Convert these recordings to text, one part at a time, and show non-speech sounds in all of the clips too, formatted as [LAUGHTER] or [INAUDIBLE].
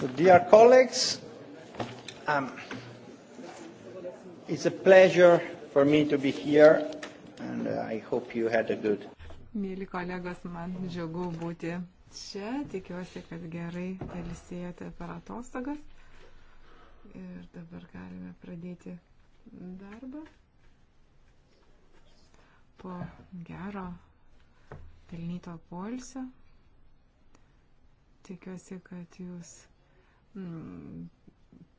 So, dear colleagues, um, it's a pleasure for me to be here, and uh, I hope you had a good. Mėly kolegos, man džiugu būti čia. Tikiuosi, kad gerai palisėjote per atostogas. Ir dabar galime pradėti darbą. Po gero pelnyto polsio. Tikiuosi, kad jūs Mm,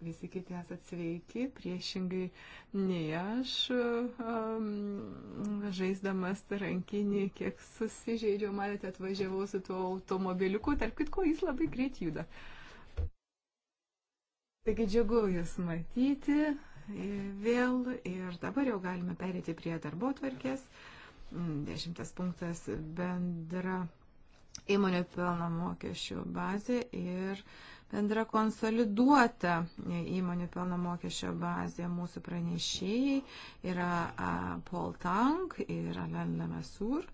visi kiti esat sveiki, priešingai nei aš, um, žaisdamas rankinį, kiek susižeidžiau, matėte, atvažiavau su tuo automobiliuku, tarp kitko jis labai greit juda. Taigi džiugu Jūs matyti vėl ir dabar jau galime perėti prie darbo tvarkės. Mm, dešimtas punktas bendra įmonių pelno mokesčių bazė ir uh, bendra konsoliduota įmonių pelno mokesčio bazė mūsų pranešėjai yra Paul Tank ir Alain Lamassur.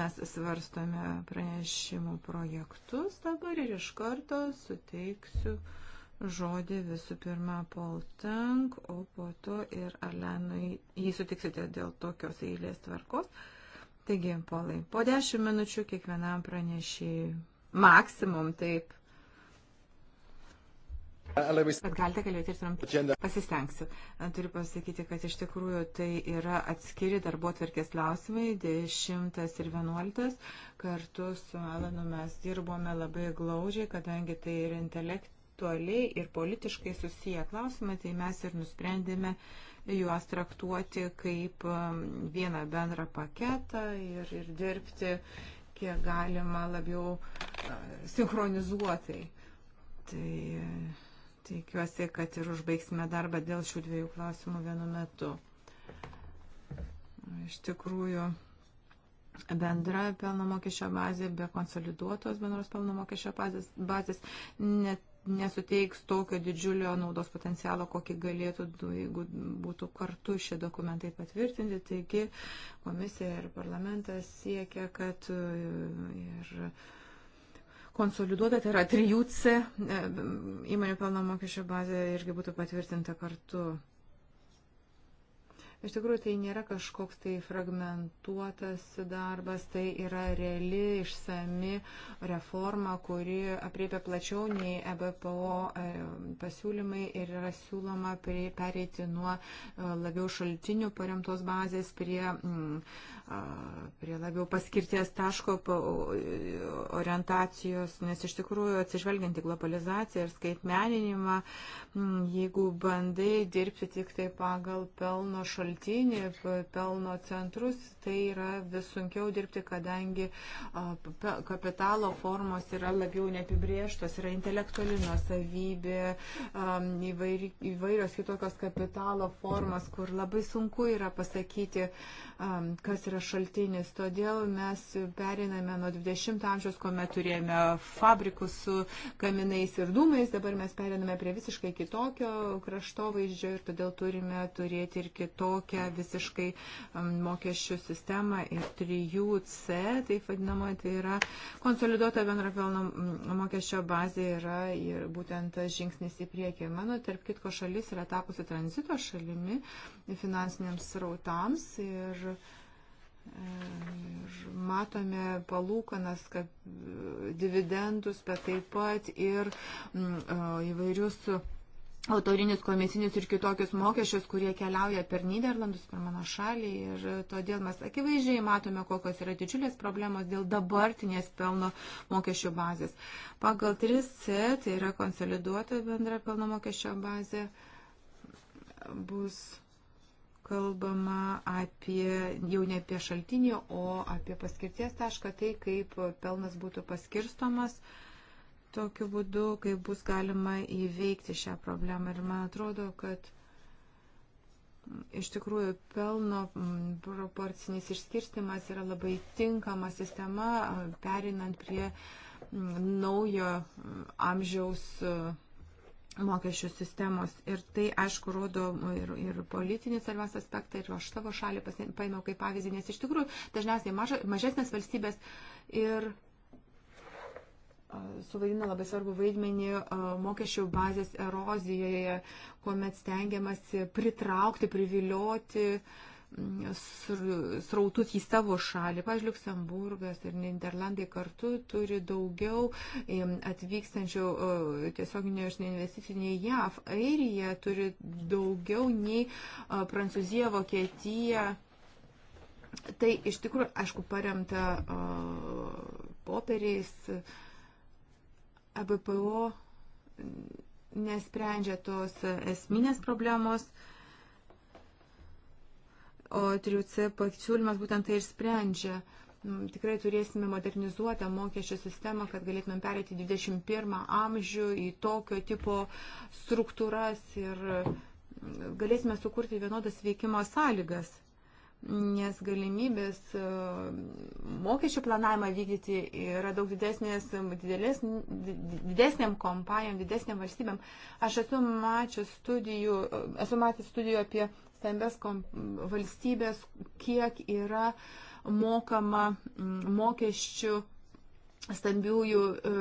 Mes svarstome pranešimų projektus dabar ir iš karto suteiksiu žodį visų pirma Paul Tank, o po to ir Alenui, jį sutiksite dėl tokios eilės tvarkos. Taigi, Polai, po 10 minučių kiekvienam pranešėjui. Maksimum, taip. Bet galite kalbėti ir trumpai. Pasistengsiu. Turiu pasakyti, kad iš tikrųjų tai yra atskiri darbo tvarkės klausimai, 10 ir 11. Kartu su Alanu mes dirbome labai glaudžiai, kadangi tai yra intelektualiai ir politiškai susiję klausimai, tai mes ir nusprendėme juos traktuoti kaip um, vieną bendrą paketą ir, ir dirbti kiek galima labiau uh, sinchronizuotai. Tai Tikiuosi, kad ir užbaigsime darbą dėl šių dviejų klausimų vienu metu. Iš tikrųjų, bendra pelno mokesčio bazė be konsoliduotos bendros pelno mokesčio bazės, bazės net nesuteiks tokio didžiulio naudos potencialo, kokį galėtų, jeigu būtų kartu šie dokumentai patvirtinti. Taigi komisija ir parlamentas siekia, kad ir. ir konsoliduota, tai yra 3C e, įmonių pelno mokesčio bazė irgi būtų patvirtinta kartu. Iš tikrųjų, tai nėra kažkoks tai fragmentuotas darbas, tai yra reali, išsami reforma, kuri apriepia plačiau nei EBPO e, pasiūlymai ir yra siūloma pereiti nuo e, labiau šaltinių paremtos bazės prie, mm, prie labiau paskirties taško orientacijos, nes iš tikrųjų atsižvelgianti globalizaciją ir skaitmeninimą, mm, jeigu bandai dirbti tik tai pagal pelno šaltinių, šaltinį, pelno centrus, tai yra vis sunkiau dirbti, kadangi kapitalo formos yra labiau neapibrieštos, yra intelektuali nuosavybė, įvairios kitokios kapitalo formas, kur labai sunku yra pasakyti, kas yra šaltinis. Todėl mes periname nuo 20 amžiaus, kuomet turėjome fabrikus su kaminais ir dūmais, dabar mes periname prie visiškai kitokio kraštovaizdžio ir todėl turime turėti ir kitokį kitokią visiškai um, mokesčių sistemą ir 3C, taip vadinama, tai yra konsoliduota bendra pelno mm, mokesčio bazė yra ir būtent tas žingsnis į priekį. Mano, tarp kitko, šalis yra tapusi tranzito šalimi finansiniams srautams ir Ir matome palūkanas, kad dividendus, bet taip pat ir mm, įvairius autorinius komisinius ir kitokius mokesčius, kurie keliauja per Niderlandus, per mano šalį. Ir todėl mes akivaizdžiai matome, kokios yra didžiulės problemos dėl dabartinės pelno mokesčių bazės. Pagal 3C, tai yra konsoliduota bendra pelno mokesčio bazė, bus kalbama apie, jau ne apie šaltinį, o apie paskirties tašką, tai kaip pelnas būtų paskirstomas. Uh, tokiu būdu, kaip bus galima įveikti šią problemą. Ir man atrodo, kad iš tikrųjų pelno proporcinis išskirstimas yra labai tinkama sistema, perinant prie naujo amžiaus mokesčių sistemos. Ir tai, aišku, rodo ir, ir politinį svarbiausią aspektą, ir aš savo šalį paėmiau kaip pavyzdį, nes iš tikrųjų dažniausiai maža, mažesnės valstybės ir suvaidina labai svarbu vaidmenį mokesčių bazės erozijoje, kuomet stengiamasi pritraukti, privilioti mm, srautus į savo šalį. Pavyzdžiui, Luksemburgas ir Niderlandai kartu turi daugiau atvykstančių tiesioginių iš investicijų nei JAV. Airija turi daugiau nei Prancūzija, Vokietija. Tai iš tikrųjų, aišku, paremta popieriais. Uh, ABPO nesprendžia tos esminės problemos, o 3C pasiūlymas būtent tai ir sprendžia. Mm, tikrai turėsime modernizuotą mokesčio sistemą, kad galėtumėm perėti 21 amžių į tokio tipo struktūras ir mm, galėsime sukurti vienodas veikimo sąlygas nes galimybės e, mokesčių planavimą vykdyti yra daug didesnės, didelės, didesniam kompanijom, didesniam valstybėm. Aš esu mačius studijų, e, esu matęs studijų apie stambės valstybės, kiek yra mokama mokesčių stambiųjų e,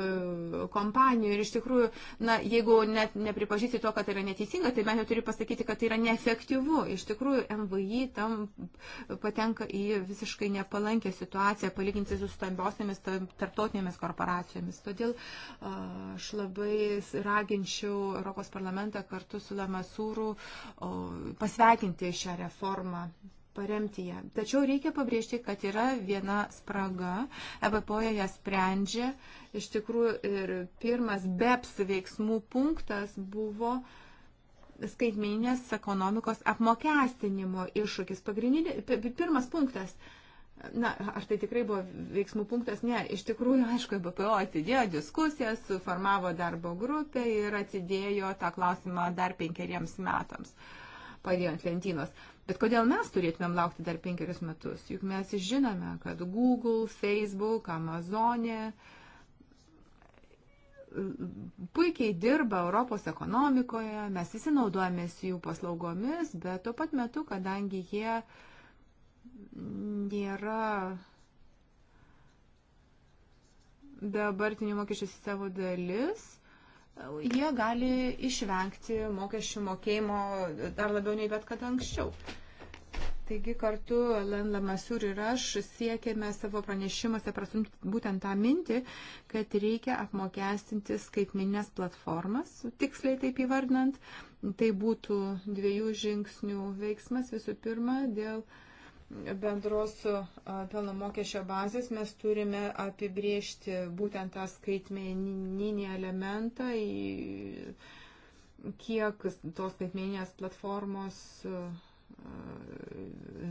kompanijų. Ir iš tikrųjų, na, jeigu net nepripažįsti to, kad tai yra neteisinga, tai bent jau turiu pasakyti, kad tai yra neefektyvu. Iš tikrųjų, MVI tam patenka į visiškai nepalankę situaciją palyginti su stambiosiamis tarptautinėmis korporacijomis. Todėl aš labai raginčiau Europos parlamentą kartu su Lamasūru pasveikinti šią reformą paremti ją. Tačiau reikia pabrėžti, kad yra viena spraga, EBPO ją sprendžia. Iš tikrųjų, ir pirmas BEPS veiksmų punktas buvo skaitmeninės ekonomikos apmokestinimo iššūkis. Pirmas punktas. Na, ar tai tikrai buvo veiksmų punktas? Ne, iš tikrųjų, aišku, BPO e atidėjo diskusijas, suformavo darbo grupę ir atidėjo tą klausimą dar penkeriems metams. Padėjo ant lentynos. Bet kodėl mes turėtumėm laukti dar penkerius metus? Juk mes žinome, kad Google, Facebook, Amazonė e, puikiai dirba Europos ekonomikoje, mes visi naudojamės jų paslaugomis, bet tuo pat metu, kadangi jie nėra dabartinių mokesčių savo dalis, jie gali išvengti mokesčių mokėjimo dar labiau nei bet kada anksčiau. Taigi kartu Len Lamasur ir aš siekėme savo pranešimuose prasumti būtent tą mintį, kad reikia apmokestinti skaitminės platformas, tiksliai taip įvardinant. Tai būtų dviejų žingsnių veiksmas visų pirma dėl uh, bendros pelno mokesčio bazės mes turime apibriežti būtent tą skaitmeninį elementą, kiek tos skaitmeninės platformos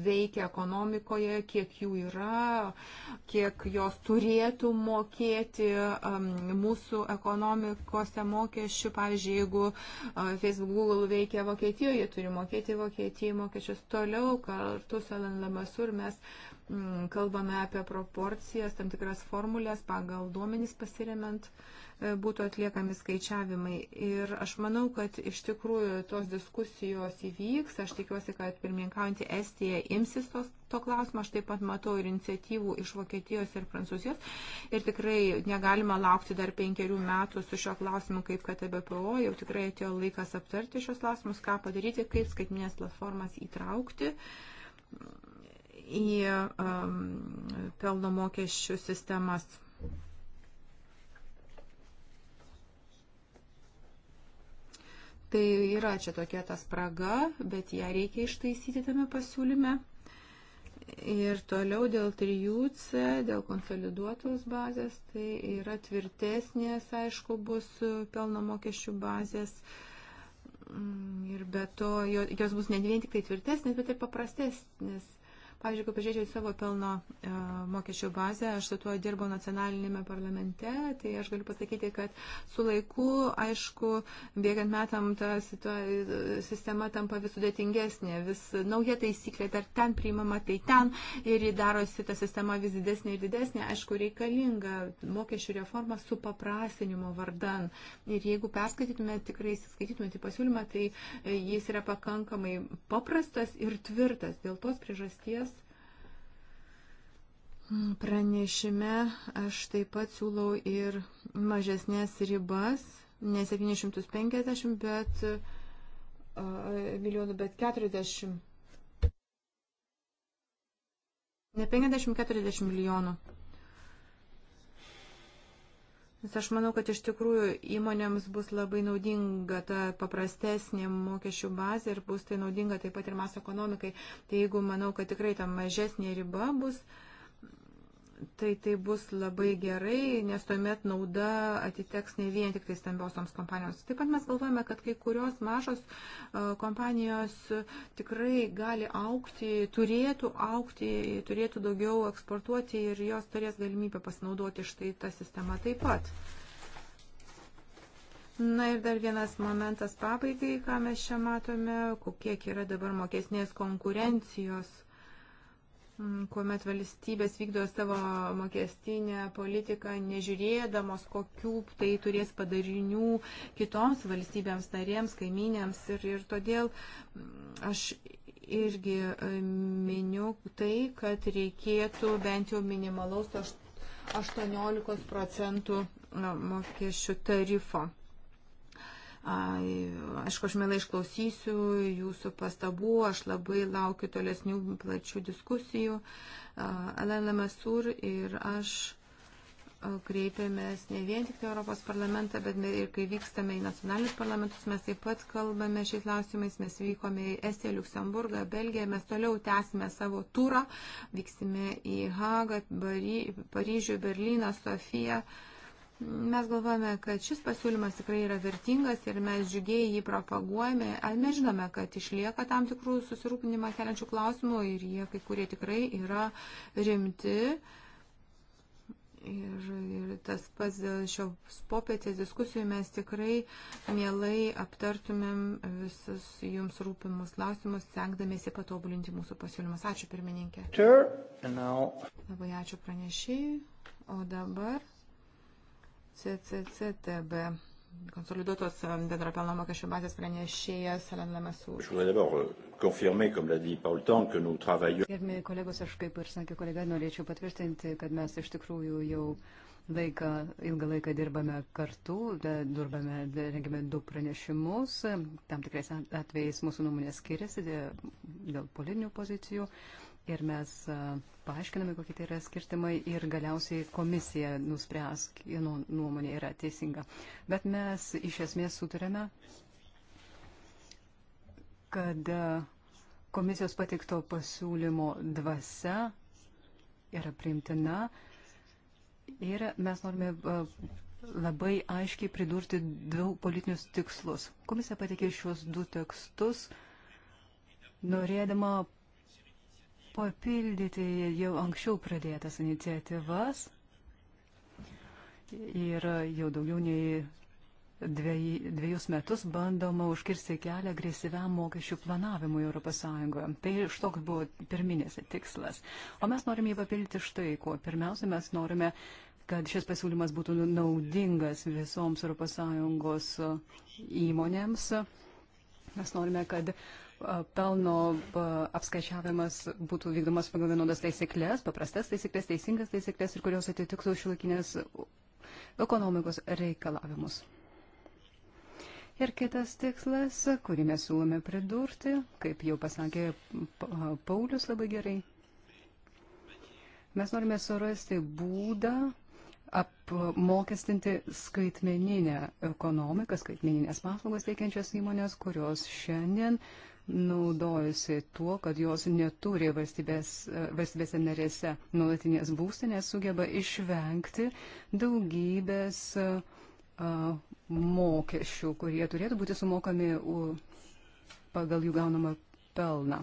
veikia ekonomikoje, kiek jų yra, kiek jos turėtų mokėti mūsų ekonomikose mokesčių. Pavyzdžiui, jeigu Facebook Google veikia Vokietijoje, turi mokėti Vokietijai mokesčius toliau, kartu su Alan Lamassur mes uh, Mm, kalbame apie proporcijas, tam tikras formulės, pagal duomenys pasiremiant e, būtų atliekami skaičiavimai. Ir aš manau, kad iš tikrųjų tos diskusijos įvyks. Aš tikiuosi, kad pirmininkaujantį Estiją imsis tos, to klausimo. Aš taip pat matau ir iniciatyvų iš Vokietijos ir Prancūzijos. Ir tikrai negalima laukti dar penkerių metų su šio klausimu, kaip kad EBPO. Jau tikrai atėjo laikas aptarti šios klausimus, ką padaryti, kaip skaitminės platformas įtraukti į um, pelno mokesčių sistemas. Tai yra čia tokia ta spraga, bet ją reikia ištaisyti tame pasiūlyme. Ir toliau dėl 3C, dėl konsoliduotos bazės, tai yra tvirtesnės, aišku, bus pelno mokesčių bazės. Mm, ir be to, jos bus ne vien tik tai tvirtesnės, bet ir paprastesnės. Pavyzdžiui, kai pažiūrėčiau į savo pelno e, mokesčių bazę, aš su tuo dirbau nacionalinėme parlamente, tai aš galiu pasakyti, kad su laiku, aišku, bėgant metam ta situa, sistema tampa vis sudėtingesnė, vis nauja taisyklė dar ten priimama, tai ten ir darosi ta sistema vis didesnė ir didesnė, aišku, reikalinga mokesčių reforma su paprasinimo vardan. Ir jeigu perskaitytume, tikrai įsiskaitytume į tai pasiūlymą, tai e, jis yra pakankamai paprastas ir tvirtas. Dėl tos priežasties Pranešime aš taip pat siūlau ir mažesnės ribas, ne 750, bet milijonų, bet 40. Ne 50-40 milijonų. Nes aš manau, kad iš tikrųjų įmonėms bus labai naudinga ta paprastesnė mokesčių bazė ir bus tai naudinga taip pat ir maso ekonomikai. Tai jeigu manau, kad tikrai ta mažesnė riba bus, uh, tai tai bus labai gerai, nes tuomet nauda atiteks ne vien tik tai stambiosioms kompanijoms. Taip pat mes galvojame, kad kai kurios mažos e, kompanijos tikrai gali aukti, turėtų aukti, turėtų daugiau eksportuoti ir jos turės galimybę pasinaudoti štai tą sistemą taip pat. Na ir dar vienas momentas pabaigai, ką mes čia matome, kiek yra dabar mokesnės konkurencijos. Uh, kuomet valstybės vykdo savo mokestinę politiką, nežiūrėdamos, kokių tai turės padarinių kitoms valstybėms, narėms, kaiminėms. Ir, ir todėl aš irgi e, miniu tai, kad reikėtų bent jau minimalaus 18 procentų mokesčių tarifo. Aišku, aš mielai išklausysiu jūsų pastabų, aš labai laukiu tolesnių plačių diskusijų. Alena Mesur ir aš kreipiamės ne vien tik į Europos parlamentą, bet ir kai vykstame į nacionalinius parlamentus, mes taip pat kalbame šiais klausimais, mes vykome į Estiją, Luksemburgą, Belgiją, mes toliau tęsime savo turą, vyksime į Hagą, Paryžių, Berliną, Sofiją. Uh, Mes galvojame, kad šis pasiūlymas tikrai yra vertingas ir mes džiugiai jį propaguojame. Ar mes žinome, kad išlieka tam tikrų susirūpinimą keliančių klausimų ir jie kai kurie tikrai yra rimti. Ir, ir tas pats dėl šios popietės diskusijų mes tikrai mielai aptartumėm visus jums rūpimus klausimus, stengdamėsi patobulinti mūsų pasiūlymus. Ačiū pirmininkė. Sure. Now... Labai ačiū pranešėjai. O dabar CCCTB. Konsoliduotos um, bendro pelno mokesčių bazės pranešėjas Elen Lemesų. Euh, Gerbimi kolegos, aš kaip ir sakė kolega, norėčiau patvirtinti, kad mes iš tikrųjų jau laiką, ilgą laiką dirbame kartu, dirbame, rengime du pranešimus, tam tikrais atvejais mūsų nuomonės skiriasi dėl politinių pozicijų. Uh, ir mes paaiškiname, kokie tai yra skirtimai ir galiausiai komisija nuspręs, kieno nu, nuomonė yra teisinga. Bet mes iš esmės sutarėme, kad komisijos pateikto pasiūlymo dvasia yra priimtina ir mes norime labai aiškiai pridurti du politinius tikslus. Komisija pateikė šios du tekstus norėdama papildyti jau anksčiau pradėtas iniciatyvas ir jau daugiau nei dviej, dviejus metus bandoma užkirsti kelią agresyviam mokesčių planavimui ES. Tai štoks buvo pirminis tikslas. O mes norime jį papildyti štai kuo. Pirmiausia, mes norime, kad šis pasiūlymas būtų naudingas visoms ES įmonėms. Mes norime, kad uh, pelno apskaičiavimas būtų vykdomas pagal vienodas taisyklės, paprastas taisyklės, teisingas taisyklės ir kurios atitiktų šilakinės ekonomikos reikalavimus. Ir kitas tikslas, kurį mes siūlome pridurti, kaip jau pasakė Paulius labai gerai, mes norime surasti būdą apmokestinti skaitmeninę ekonomiką, skaitmeninės paslaugas teikiančias įmonės, kurios šiandien uh, naudojasi tuo, kad jos neturi valstybės, e, valstybėse narėse nuolatinės būstinės, sugeba išvengti daugybės e, e, mokesčių, kurie turėtų būti sumokami pagal jų gaunamą pelną.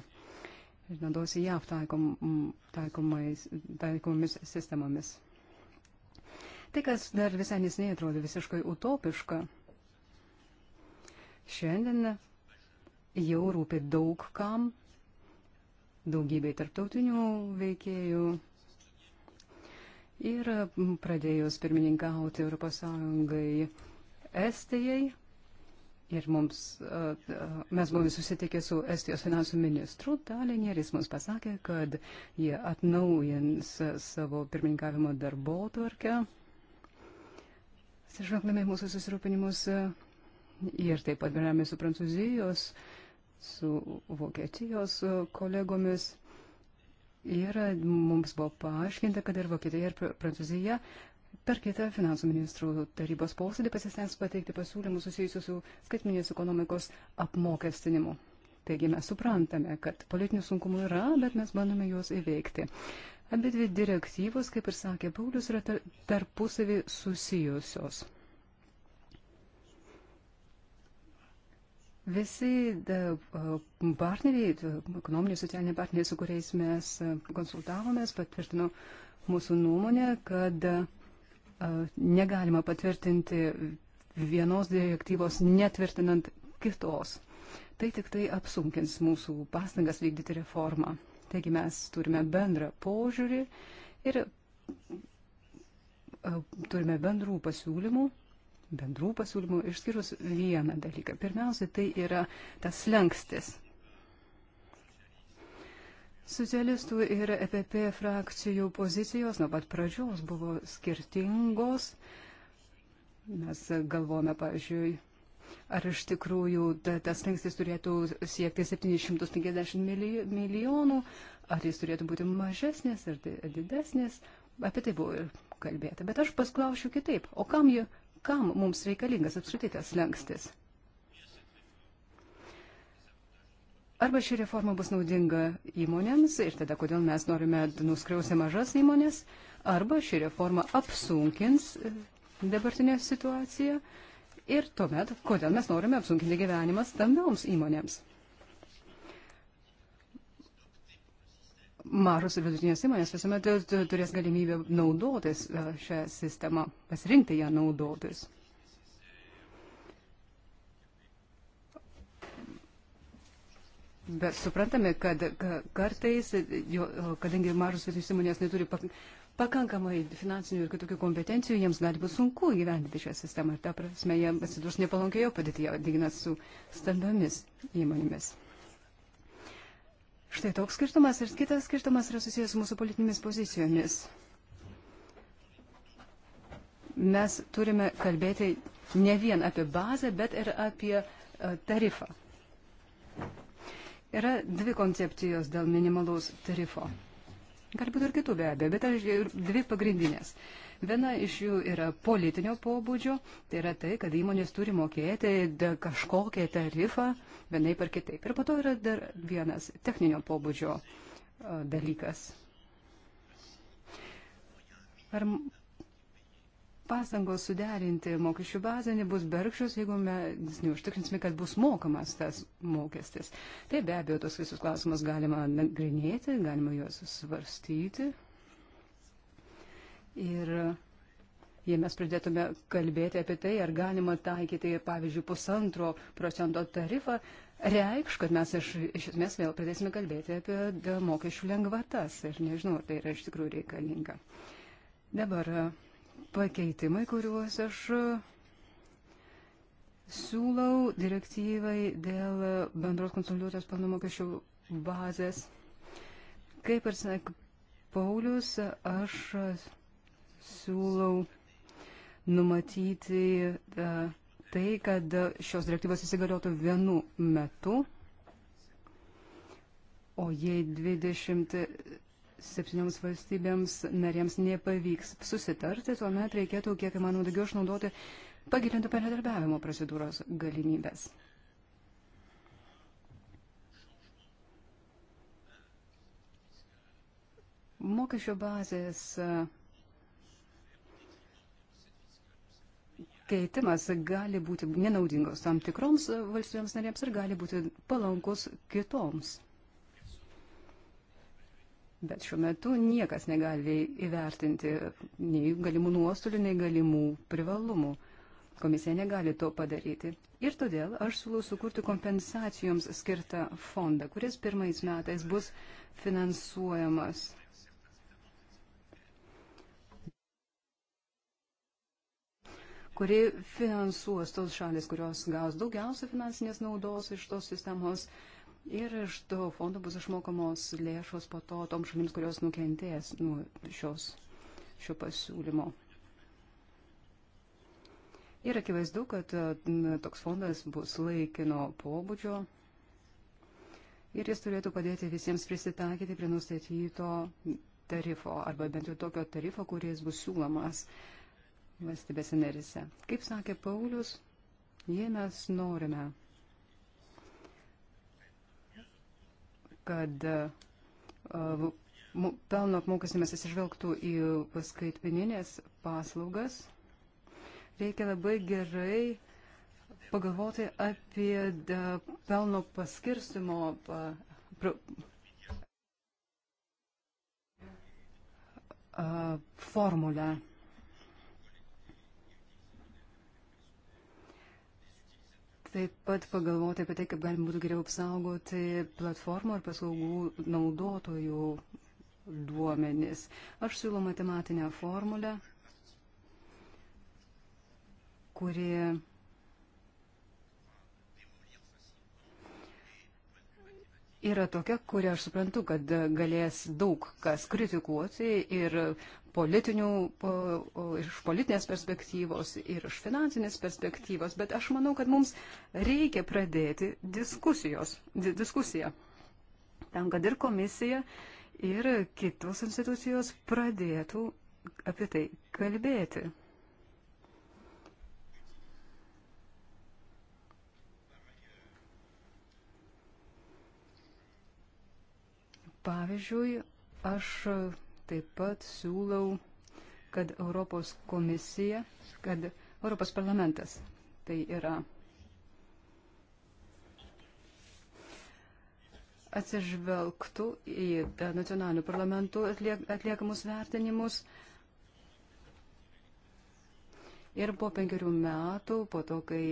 Ir naudosi JAV taikom, taikomais, taikomomis sistemomis. Tai, kas dar visai nesiniai atrodo visiškai utopiška, šiandien jau rūpi daug kam, daugybei tarptautinių veikėjų. Ir pradėjus pirmininkauti Europos Sąjungai Estijai, Ir mums, mes buvome susitikę su Estijos finansų ministru, Talinė, ir jis mums pasakė, kad jie atnaujins savo pirmininkavimo darbo tvarkę. Sižvelgdami mūsų susirūpinimus ir taip pat bendravome su Prancūzijos uh, su Vokietijos kolegomis ir mums buvo paaiškinta, kad ir Vokietija, ir Prancūzija per kitą finansų ministrų tarybos posėdį pasistengs pateikti pasiūlymus susijusius su skaitminės ekonomikos apmokestinimu. Taigi mes suprantame, kad politinių sunkumų yra, bet mes bandome juos įveikti. Abi dvi direktyvos, kaip ir sakė Paulius, yra tarpusavį susijusios. Visi partneriai, ekonominiai, socialiniai partneriai, su kuriais mes konsultavomės, patvirtino mūsų nuomonę, kad negalima patvirtinti vienos direktyvos netvirtinant kitos. Tai tik tai apsunkins mūsų pastangas vykdyti reformą. Taigi mes turime bendrą požiūrį ir turime bendrų pasiūlymų bendrų pasiūlymų, išskyrus vieną dalyką. Pirmiausia, tai yra tas lenkstis. Socialistų ir EPP frakcijų pozicijos nuo pat pradžios buvo skirtingos. Mes galvome, pavyzdžiui, ar iš tikrųjų tas lengstis turėtų siekti 750 milijonų, ar jis turėtų būti mažesnis ar didesnis. Apie tai buvo ir kalbėta. Bet aš pasklausiu kitaip. O kam jie kam mums reikalingas apskritai tas lenkstis. Arba ši reforma bus naudinga įmonėms ir tada kodėl mes norime nuskriausti mažas įmonės, arba ši reforma apsunkins e, dabartinę situaciją ir tuomet kodėl mes norime apsunkinti gyvenimas stambioms įmonėms. mažos ir vidutinės įmonės visuomet turės galimybę naudotis e, šią sistemą, pasirinkti ją naudotis. Bet suprantame, kad kartais, kadangi mažos vidutinės įmonės neturi pakankamai finansinių ir kitokių kompetencijų, jiems gali būti sunku gyventi šią sistemą ir ta prasme jie atsidurs nepalankioje padėtyje, lyginant su stambiomis įmonėmis. Štai toks skirtumas ir kitas skirtumas yra susijęs su mūsų politinėmis pozicijomis. Mes turime kalbėti ne vien apie bazę, bet ir apie e, tarifą. Yra dvi koncepcijos dėl minimalaus tarifo. Galbūt ir kitų be abejo, bet dvi pagrindinės. Uh, Viena iš jų yra politinio pobūdžio, tai yra tai, kad įmonės turi mokėti kažkokią tarifą vienai per kitaip. Ir po to yra dar vienas techninio pobūdžio dalykas. Ar pastangos suderinti mokesčių bazę nebus bergščios, jeigu mes neužtikrinsime, kad bus mokamas tas mokestis. Tai be abejo, tos visus klausimus galima nagrinėti, galima juos svarstyti. Ir jei mes pradėtume kalbėti apie tai, ar galima taikyti, pavyzdžiui, pusantro procento tarifą, reikš, kad mes iš, iš esmės vėl pradėsime kalbėti apie mokesčių lengvatas. Aš nežinau, ar tai yra iš tikrųjų reikalinga. Dabar e, pakeitimai, kuriuos aš e, siūlau direktyvai dėl bendros konsoliduotos pelno mokesčių bazės. Kaip ir sakė Paulius, aš siūlau numatyti e, tai, kad šios direktyvos įsigaliotų vienu metu, o jei 27 valstybėms narėms nepavyks susitarti, tuomet reikėtų kiek įmanoma daugiau išnaudoti pagilintų bendradarbiavimo procedūros galimybės. Mokesčio bazės uh, keitimas gali būti nenaudingos tam tikroms valstybėms narėms ir gali būti palankus kitoms. Bet šiuo metu niekas negali įvertinti nei galimų nuostolių, nei galimų privalumų. Komisija negali to padaryti. Ir todėl aš siūlau sukurti kompensacijoms skirtą fondą, kuris pirmais metais bus finansuojamas kuri finansuos tos šalis, kurios gaus daugiausia finansinės naudos iš tos sistemos. Ir iš to fondo bus išmokamos lėšos po to toms šalims, kurios nukentės nuo šios, šio pasiūlymo. Ir akivaizdu, kad toks fondas bus laikino pobūdžio ir jis turėtų padėti visiems prisitaikyti prie nustatyto tarifo arba bent jau tokio tarifo, kuris bus siūlomas uh, valstybėse narise. Kaip sakė Paulius, jei mes norime, kad e, pelno apmokestimas atsižvelgtų į skaitmeninės paslaugas, reikia labai gerai pagalvoti apie e, pelno paskirstimo e, formulę. taip pat pagalvoti apie tai, kaip galima būtų geriau apsaugoti platformų ir paslaugų naudotojų duomenis. Aš siūlau matematinę formulę, kuri yra tokia, kurią aš suprantu, kad galės daug kas kritikuoti ir politinių, iš politinės perspektyvos ir iš finansinės perspektyvos, bet aš manau, kad mums reikia pradėti diskusijos, diskusiją. Tam, kad ir komisija, ir kitos institucijos pradėtų apie tai kalbėti. Pavyzdžiui, aš taip pat siūlau, kad Europos komisija, kad Europos parlamentas tai yra atsižvelgtų į e, nacionalinių parlamentų atliek, atliekamus vertinimus. Ir po penkerių metų, po to, kai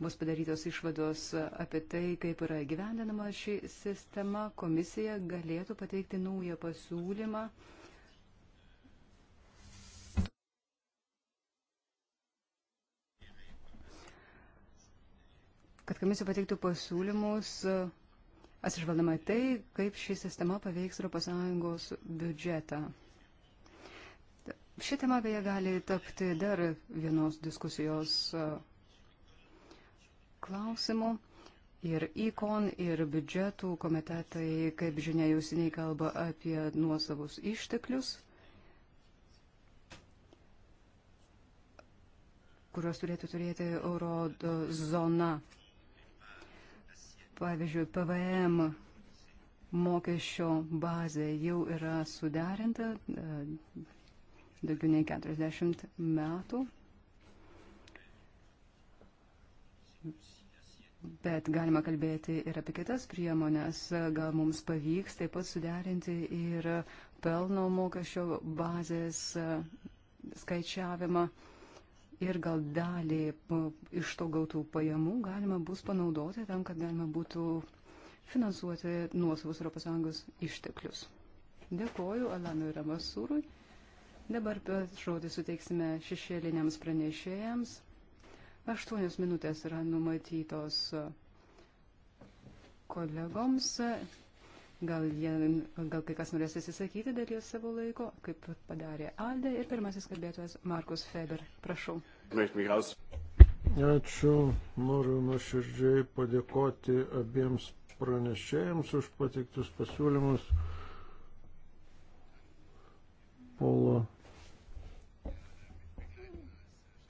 bus padarytos išvados apie tai, kaip yra gyvendinama ši sistema, komisija galėtų pateikti naują pasiūlymą. kad komisija pateiktų pasiūlymus atsižvaldama į tai, kaip ši sistema paveiks ES biudžetą. Ši tema beje gali tapti dar vienos diskusijos klausimų. Ir ikon, ir biudžetų komitetai, kaip žinia, jau seniai kalba apie nuosavus išteklius, kuriuos turėtų turėti euro zona. Pavyzdžiui, PVM mokesčio bazė jau yra suderinta e, daugiau nei 40 metų. Bet galima kalbėti ir apie kitas priemonės. Gal mums pavyks taip pat suderinti ir pelno mokesčio bazės e, skaičiavimą. Ir gal dalį e, iš to gautų pajamų galima bus panaudoti tam, kad galima būtų finansuoti nuosavus ES išteklius. Dėkoju Alanui Ramasūrui. Dabar žodį suteiksime šešėliniams pranešėjams. Aštuonios minutės yra numatytos kolegoms. Gal, jie, gal kai kas norės įsisakyti dalies savo laiko, kaip padarė Alde ir pirmasis kalbėtojas Markus Feber. Prašau. Ačiū. Noriu nuoširdžiai padėkoti abiems pranešėjams už patiktus pasiūlymus. Polo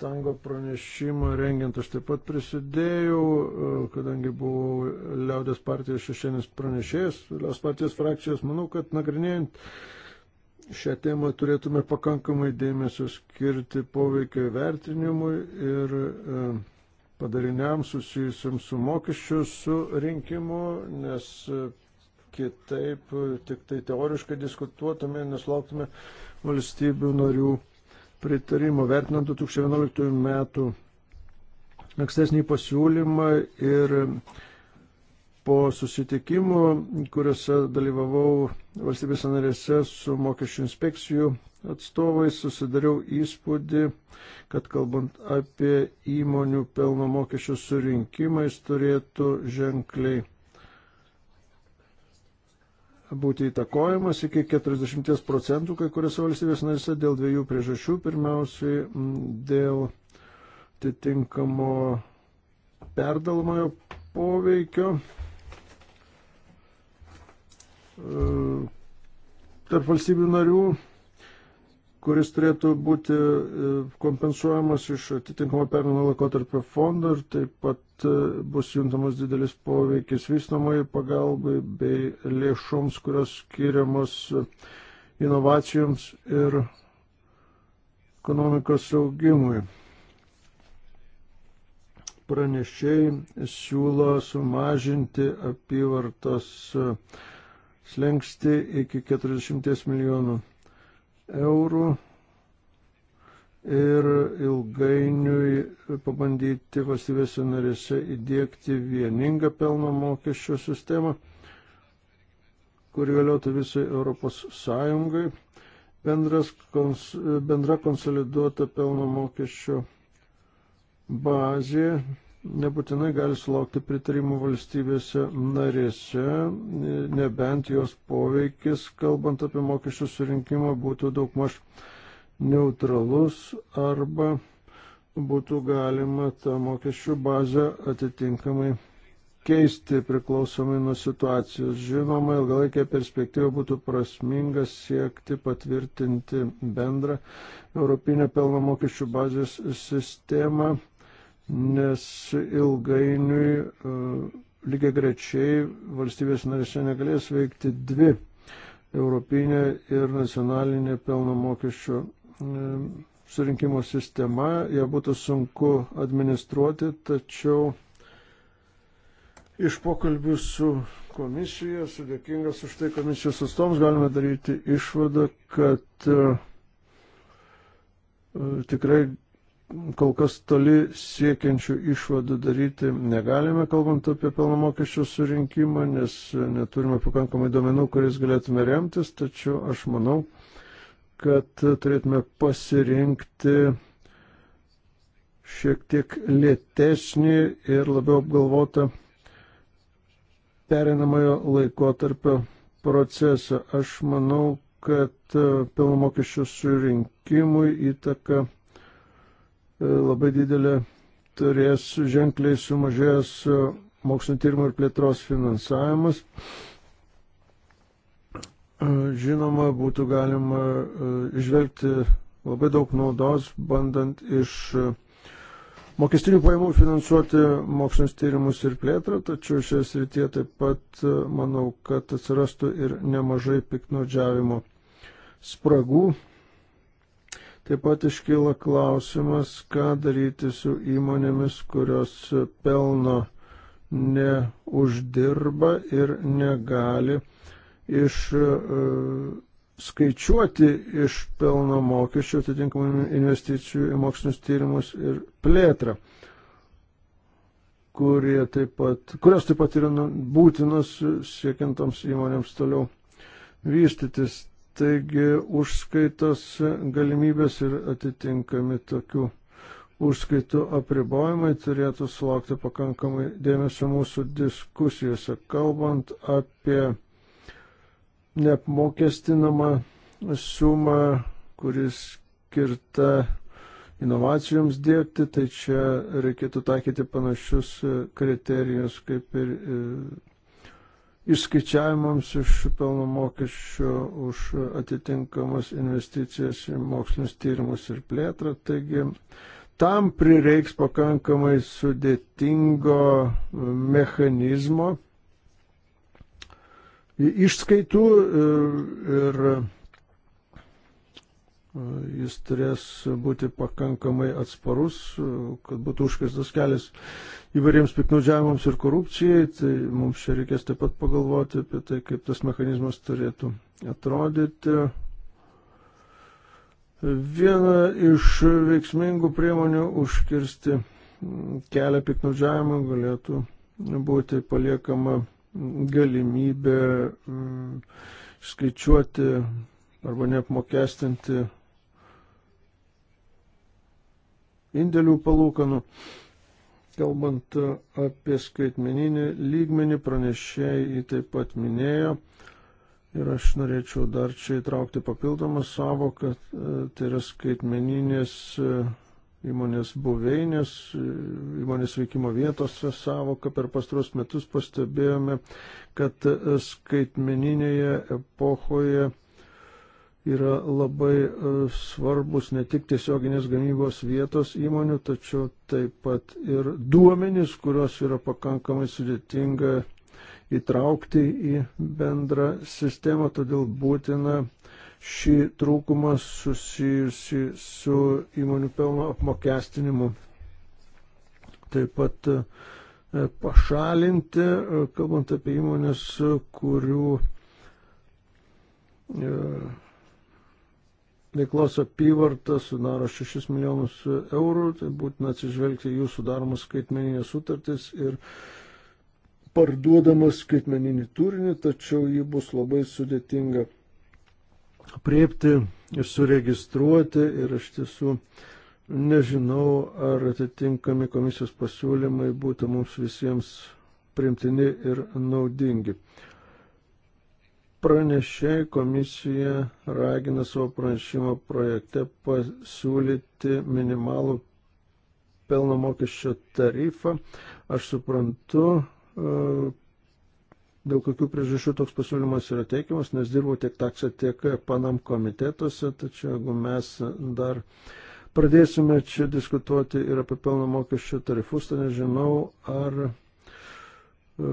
Tango pranešimą rengiant aš taip pat prisidėjau, e, kadangi buvau Liaudės partijos šešienis pranešėjas, Liaudės partijos frakcijos, manau, kad nagrinėjant šią temą turėtume pakankamai dėmesio skirti poveikio vertinimui ir e, padariniam susijusiam su mokesčių surinkimu, nes e, kitaip tik tai teoriškai diskutuotume, nes lauktume valstybių narių pritarimo vertinant 2011 metų ankstesnį pasiūlymą ir po susitikimų, kuriuose dalyvavau valstybės narėse su mokesčių inspekcijų atstovais, susidariau įspūdį, kad kalbant apie įmonių pelno mokesčių surinkimą, jis turėtų ženkliai būti įtakojamas iki 40 procentų kai kuriuose valstybės narise dėl dviejų priežasčių. Pirmiausiai dėl atitinkamo perdalomojo poveikio e, tarp valstybių narių kuris turėtų būti e, kompensuojamas iš atitinkamo permino laikotarpio fondo ir taip pat e, bus juntamas didelis poveikis vystamai pagalbai bei lėšoms, kurios skiriamos e, inovacijoms ir ekonomikos augimui. Pranešiai siūlo sumažinti apyvartos slengsti iki 40 milijonų eurų ir ilgainiui pabandyti valstybėse narėse įdėkti vieningą pelno mokesčio sistemą, kuri galėtų visai Europos Sąjungai. Bendras, kons, bendra konsoliduota pelno mokesčio bazė nebūtinai gali sulaukti pritarimų valstybėse narėse, nebent jos poveikis, kalbant apie mokesčių surinkimą, būtų daugmaž neutralus arba būtų galima tą mokesčių bazę atitinkamai keisti priklausomai nuo situacijos. Žinoma, ilgalaikė perspektyva būtų prasminga siekti patvirtinti bendrą Europinę pelno mokesčių bazės sistemą nes ilgainiui e, lygiai grečiai valstybės narėse negalės veikti dvi europinė ir nacionalinė pelno mokesčio e, surinkimo sistema, ją būtų sunku administruoti, tačiau iš pokalbių su komisija, sudėkingas už tai komisijos atstovams, galime daryti išvadą, kad e, tikrai kol kas toli siekiančių išvadų daryti negalime, kalbant apie pelno mokesčio surinkimą, nes neturime pakankamai duomenų, kuriais galėtume remtis, tačiau aš manau, kad turėtume pasirinkti šiek tiek lėtesnį ir labiau apgalvotą perinamojo laikotarpio procesą. Aš manau, kad pelno mokesčio surinkimui įtaka E, labai didelė turės ženkliai sumažėjęs e, mokslinio tyrimo ir plėtros finansavimas. E, žinoma, būtų galima išvelgti labai daug naudos, bandant iš mokestinių pajamų finansuoti mokslinius tyrimus ir plėtrą, tačiau šioje srityje taip pat manau, kad atsirastų ir nemažai piknaudžiavimo spragų Taip pat iškyla klausimas, ką daryti su įmonėmis, kurios pelno neuždirba ir negali iš e, skaičiuoti iš pelno mokesčių atitinkamų investicijų į mokslinius tyrimus ir plėtrą, taip pat, kurios taip pat yra nu, būtinos siekiantoms įmonėms toliau vystytis. Taigi užskaitos galimybės ir atitinkami tokių užskaitų apribojimai turėtų sulaukti pakankamai dėmesio mūsų diskusijose, kalbant apie neapmokestinamą sumą, kuris skirta inovacijoms dėkti, tai čia reikėtų taikyti panašius kriterijus kaip ir e, išskaičiavimams iš pelno mokesčio už atitinkamas investicijas į mokslinius tyrimus ir plėtrą. Taigi tam prireiks pakankamai sudėtingo e, mechanizmo išskaitų e, ir, ir jis turės būti pakankamai atsparus, kad būtų užkirstas kelias įvairiems piknaudžiavimams ir korupcijai. Tai mums čia reikės taip pat pagalvoti apie tai, kaip tas mechanizmas turėtų atrodyti. Viena iš veiksmingų priemonių užkirsti kelią piknaudžiavimą galėtų būti paliekama galimybė mm, skaičiuoti arba neapmokestinti indėlių palūkanų. Kalbant apie skaitmeninį lygmenį, pranešėjai jį taip pat minėjo ir aš norėčiau dar čia įtraukti papildomą savoką, tai yra skaitmeninės įmonės buveinės, įmonės veikimo vietos savoką per pastaros metus pastebėjome, kad skaitmeninėje epochoje yra labai e, svarbus ne tik tiesioginės gamybos vietos įmonių, tačiau taip pat ir duomenys, kurios yra pakankamai sudėtinga įtraukti į bendrą sistemą, todėl būtina šį trūkumą susijusi su įmonių pelno apmokestinimu. Taip pat e, pašalinti, e, kalbant apie įmonės, kurių veiklos apyvarta sudaro 6 milijonus eurų, tai būtina atsižvelgti jūsų daromas skaitmeninės sutartys ir parduodamas skaitmeninį turinį, tačiau jį bus labai sudėtinga priepti ir suregistruoti ir aš tiesų nežinau, ar atitinkami komisijos pasiūlymai būtų mums visiems primtini ir naudingi. Pranešėjai komisija ragina savo pranešimo projekte pasiūlyti minimalų pelno mokesčio tarifą. Aš suprantu, e, dėl kokių priežasčių toks pasiūlymas yra teikiamas, nes dirbau tiek taksą, tiek panam komitetuose, tačiau jeigu mes dar pradėsime čia diskutuoti ir apie pelno mokesčio tarifus, tai nežinau, ar E,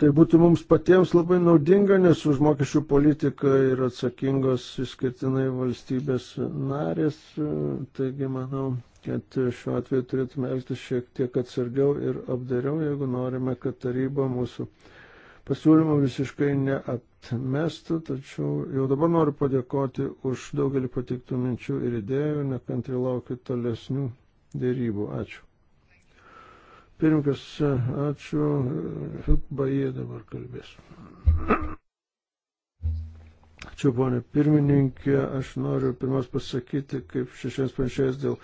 tai būtų mums patiems labai naudinga, nes už mokesčių politiką yra atsakingos išskirtinai valstybės narės. E, taigi manau, kad šiuo atveju turėtume elgtis šiek tiek atsargiau ir apdariau, jeigu norime, kad taryba mūsų pasiūlymą visiškai neatmestų. Tačiau jau dabar noriu padėkoti už daugelį patiktų minčių ir idėjų, nekantri laukiu tolesnių dėrybų. Ačiū. Pirmkas, ačiū. Baie dabar kalbės. Ačiū, ponė pirmininkė. Aš noriu pirmas pasakyti, kaip šešias panšės dėl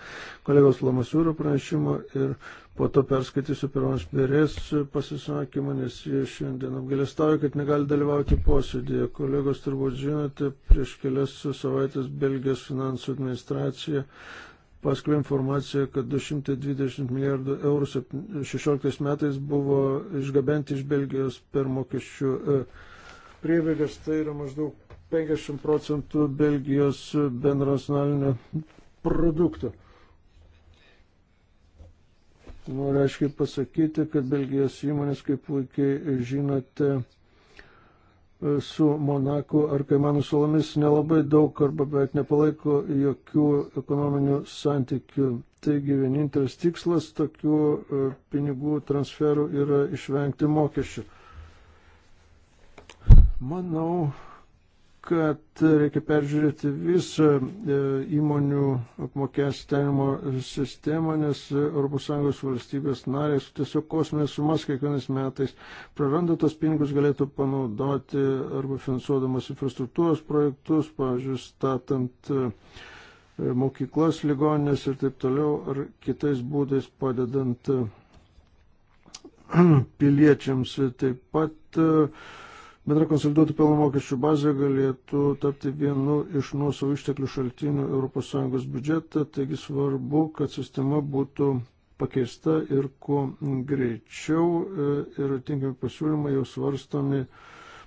kolegos Lamasūro pranešimo ir po to perskaitysiu pirmas berės pasisakymą, nes jie šiandien apgalėstauja, kad negali dalyvauti posėdėje. Kolegos turbūt žinote, prieš kelias savaitės Belgijos finansų administracija Paskui informacija, kad 220 milijardų eurų 16 metais buvo išgabenti iš Belgijos per mokesčių e, priebėgas, tai yra maždaug 50 procentų Belgijos bendro nacionalinio produkto. Noriu aiškiai pasakyti, kad Belgijos įmonės, kaip puikiai žinote, su Monaku ar Kaimanų salomis nelabai daug arba beveik nepalaiko jokių ekonominių santykių. Taigi vienintelis tikslas tokių e, pinigų transferų yra išvengti mokesčių. Manau, kad reikia peržiūrėti visą e, įmonių apmokestinimo sistemą, nes ES valstybės narės tiesiog kosminės sumas kiekvienais metais praranda tos pinigus, galėtų panaudoti arba finansuodamas infrastruktūros projektus, pavyzdžiui, statant e, mokyklas, ligoninės ir taip toliau, ar kitais būdais padedant e, [CLEARS THROAT] piliečiams. Taip pat uh, Bendra konsoliduotų pelno mokesčių bazė galėtų tapti vienu iš nuosavų išteklių šaltinių ES biudžetą, taigi svarbu, kad sistema būtų pakeista ir kuo greičiau e, ir tinkami pasiūlymai jau svarstomi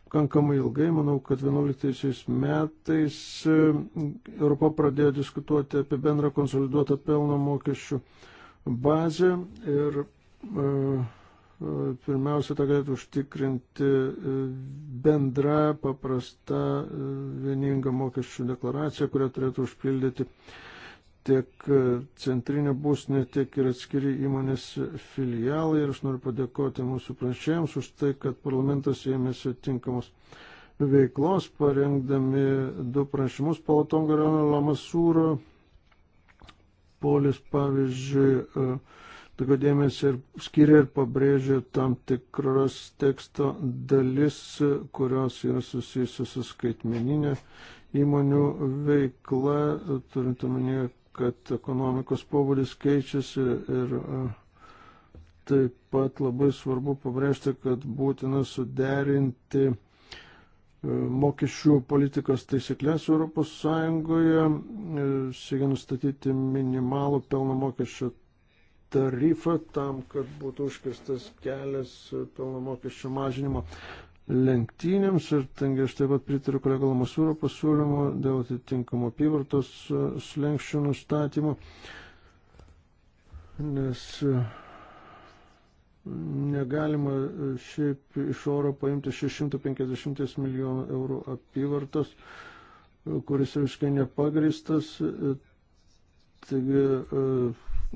pakankamai ilgai. Manau, kad 11 metais e, Europa pradėjo diskutuoti apie bendrą konsoliduotą pelno mokesčių bazę ir uh, pirmiausia, tą tai galėtų užtikrinti e, bendra, paprasta, e, vieninga mokesčių deklaracija, kurią turėtų užpildyti tiek e, centrinė būstinė, tiek ir atskiri įmonės filialai. Ir aš noriu padėkoti mūsų pranešėjams už tai, kad parlamentas ėmėsi tinkamos veiklos, parengdami du pranešimus Palatongo rajono Lamasūro polis, pavyzdžiui, daugiau dėmesio ir skiria ir pabrėžia tam tikras teksto dalis, kurios yra susijusios su skaitmeninė įmonių veikla, turint omenyje, kad ekonomikos pobūdis keičiasi ir e, taip pat labai svarbu pabrėžti, kad būtina suderinti e, mokesčių politikos taisyklės ES, e, siekia nustatyti minimalų pelno mokesčio tarifą tam, kad būtų užkirstas kelias pelno mokesčio mažinimo lenktynėms. Ir tengi aš taip pat pritariu kolego Lamasūro pasiūlymo dėl atitinkamo apyvartos slengščių nustatymo, nes negalima šiaip iš oro paimti 650 milijonų eurų apyvartos, kuris visiškai nepagristas. Taigi,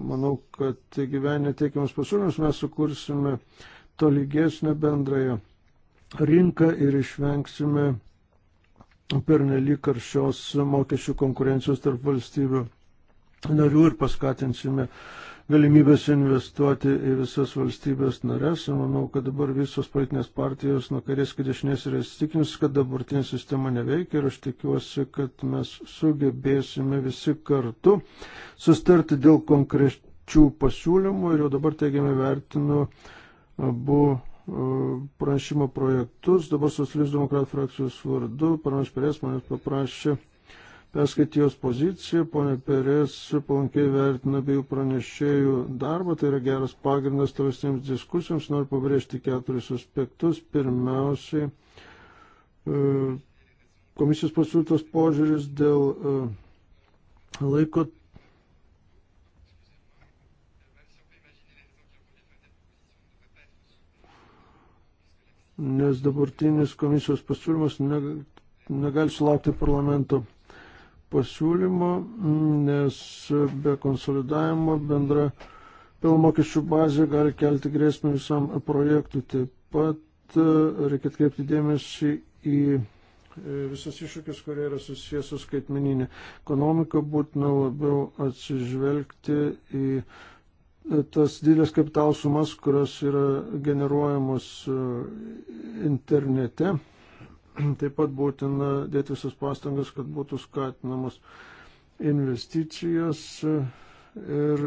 Manau, kad gyvenę teikiamus pasiūlymus mes sukursime tolygesnę bendrąją rinką ir išvengsime pernelyg karščios mokesčių konkurencijos tarp valstybių narių ir paskatinsime galimybės investuoti į visas valstybės narės. Manau, kad dabar visos politinės partijos nuo kairės iki dešinės yra įstikinus, kad dabartinė sistema neveikia ir aš tikiuosi, kad mes sugebėsime visi kartu sustarti dėl konkrečių pasiūlymų ir jau dabar teigiamai vertinu abu e, pranešimo projektus. Dabar socialistų demokratų frakcijos vardu, panas Perės manęs paprašė perskaitė jos poziciją, ponė Perės palankiai vertina abiejų pranešėjų darbą, tai yra geras pagrindas tolesnėms diskusijoms, noriu pabrėžti keturis aspektus. Pirmiausiai, e, komisijos pasiūlytas požiūris dėl e, laiko. Nes dabartinis komisijos pasiūlymas negali sulaukti parlamento pasiūlymo, mm, nes be konsolidavimo bendra pelno mokesčių bazė gali kelti grėsmę visam projektui. Taip pat e, reikia atkreipti dėmesį į e, visas iššūkis, kurie yra susijęs su skaitmeninė ekonomika, būtina labiau atsižvelgti į e, tas didelės kapital sumas, kurios yra generuojamos internete Taip pat būtina dėti visas pastangas, kad būtų skatinamos investicijos ir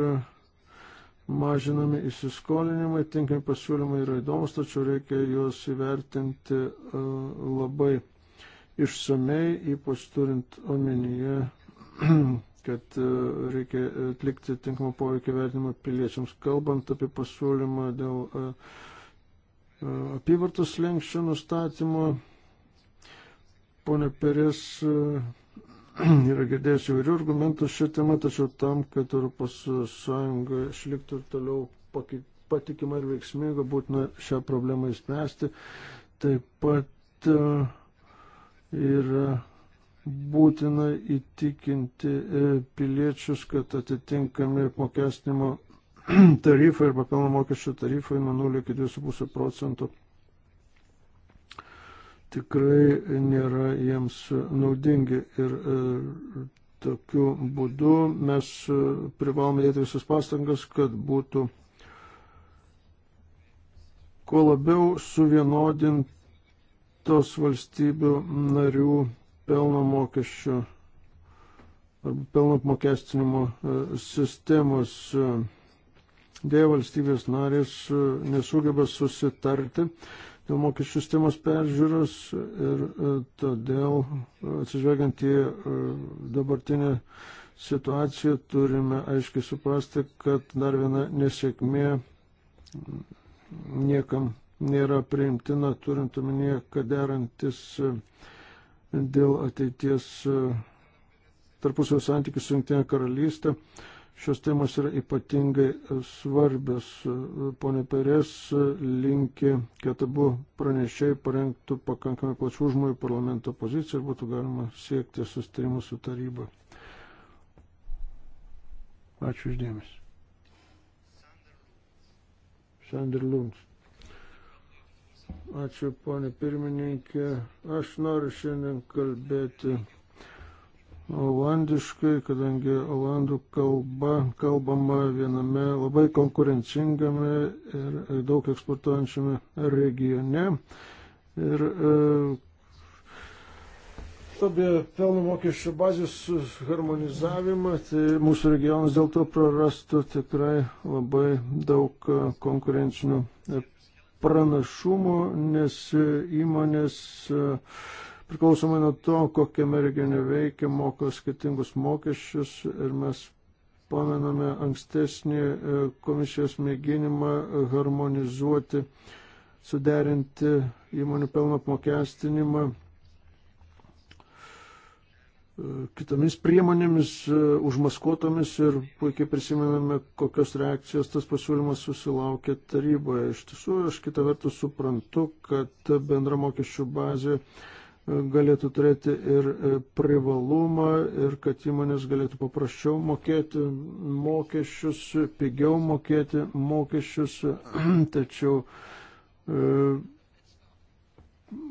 mažinami įsiskolinimai. Tinkami pasiūlymai yra įdomus, tačiau reikia juos įvertinti e, labai išsamei, ypač turint omenyje, [CLEARS THROAT] kad e, reikia atlikti tinkamą poveikį vertinimą piliečiams. Kalbant apie pasiūlymą dėl e, apyvartos lenkščio nustatymo, Pone Perės [CLEARS THROAT] yra girdėjęs įvairių argumentų šią temą, tačiau tam, kad ES išliktų ir toliau patikima ir veiksminga, būtina šią problemą įspręsti. Taip pat e, yra būtina įtikinti e, piliečius, kad atitinkami apmokestinimo [CLEARS THROAT] tarifai arba pelno mokesčio tarifai nuo 0 iki 2,5 procentų tikrai nėra jiems naudingi. Ir e, tokiu būdu mes e, privalome dėti visas pastangas, kad būtų kuo labiau suvienodintos valstybių narių pelno mokesčių arba pelno apmokestinimo e, sistemos. Dėja valstybės narės e, nesugeba susitarti dėl mokesčių sistemos peržiūros ir e, todėl e, atsižvelgiant į e, dabartinę situaciją turime aiškiai suprasti, kad dar viena nesėkmė niekam nėra priimtina, turint omenyje, kad derantis dėl ateities tarpusavio santykių su Junktinė karalystė. Uh, šios temos yra ypatingai svarbios. Pone Perės linki, kad abu pranešėjai parengtų pakankamai plačių žmonių parlamento poziciją ir būtų galima siekti sustarimų su taryba. Ačiū uždėmesi. Sander Lunds. Ačiū, ponė pirmininkė. Aš noriu šiandien kalbėti olandiškai, kadangi olandų kalba kalbama viename labai konkurencingame ir daug eksportuojančiame regione. Ir e, apie pelno mokesčio bazės harmonizavimą, tai mūsų regionas dėl to prarastų tikrai labai daug e, konkurencinių e, pranašumų, nes e, įmonės e, priklausomai nuo to, kokiame regione veikia, moka skirtingus mokesčius ir mes pamename ankstesnį e, komisijos mėginimą harmonizuoti, suderinti įmonių pelno apmokestinimą e, kitomis priemonėmis e, užmaskuotomis ir puikiai prisimename, kokios reakcijos tas pasiūlymas susilaukė taryboje. Iš tiesų, aš kitą vertus suprantu, kad bendra mokesčių bazė galėtų turėti ir e, privalumą ir kad įmonės galėtų paprasčiau mokėti mokesčius, pigiau mokėti mokesčius, [CLEARS THROAT] tačiau e,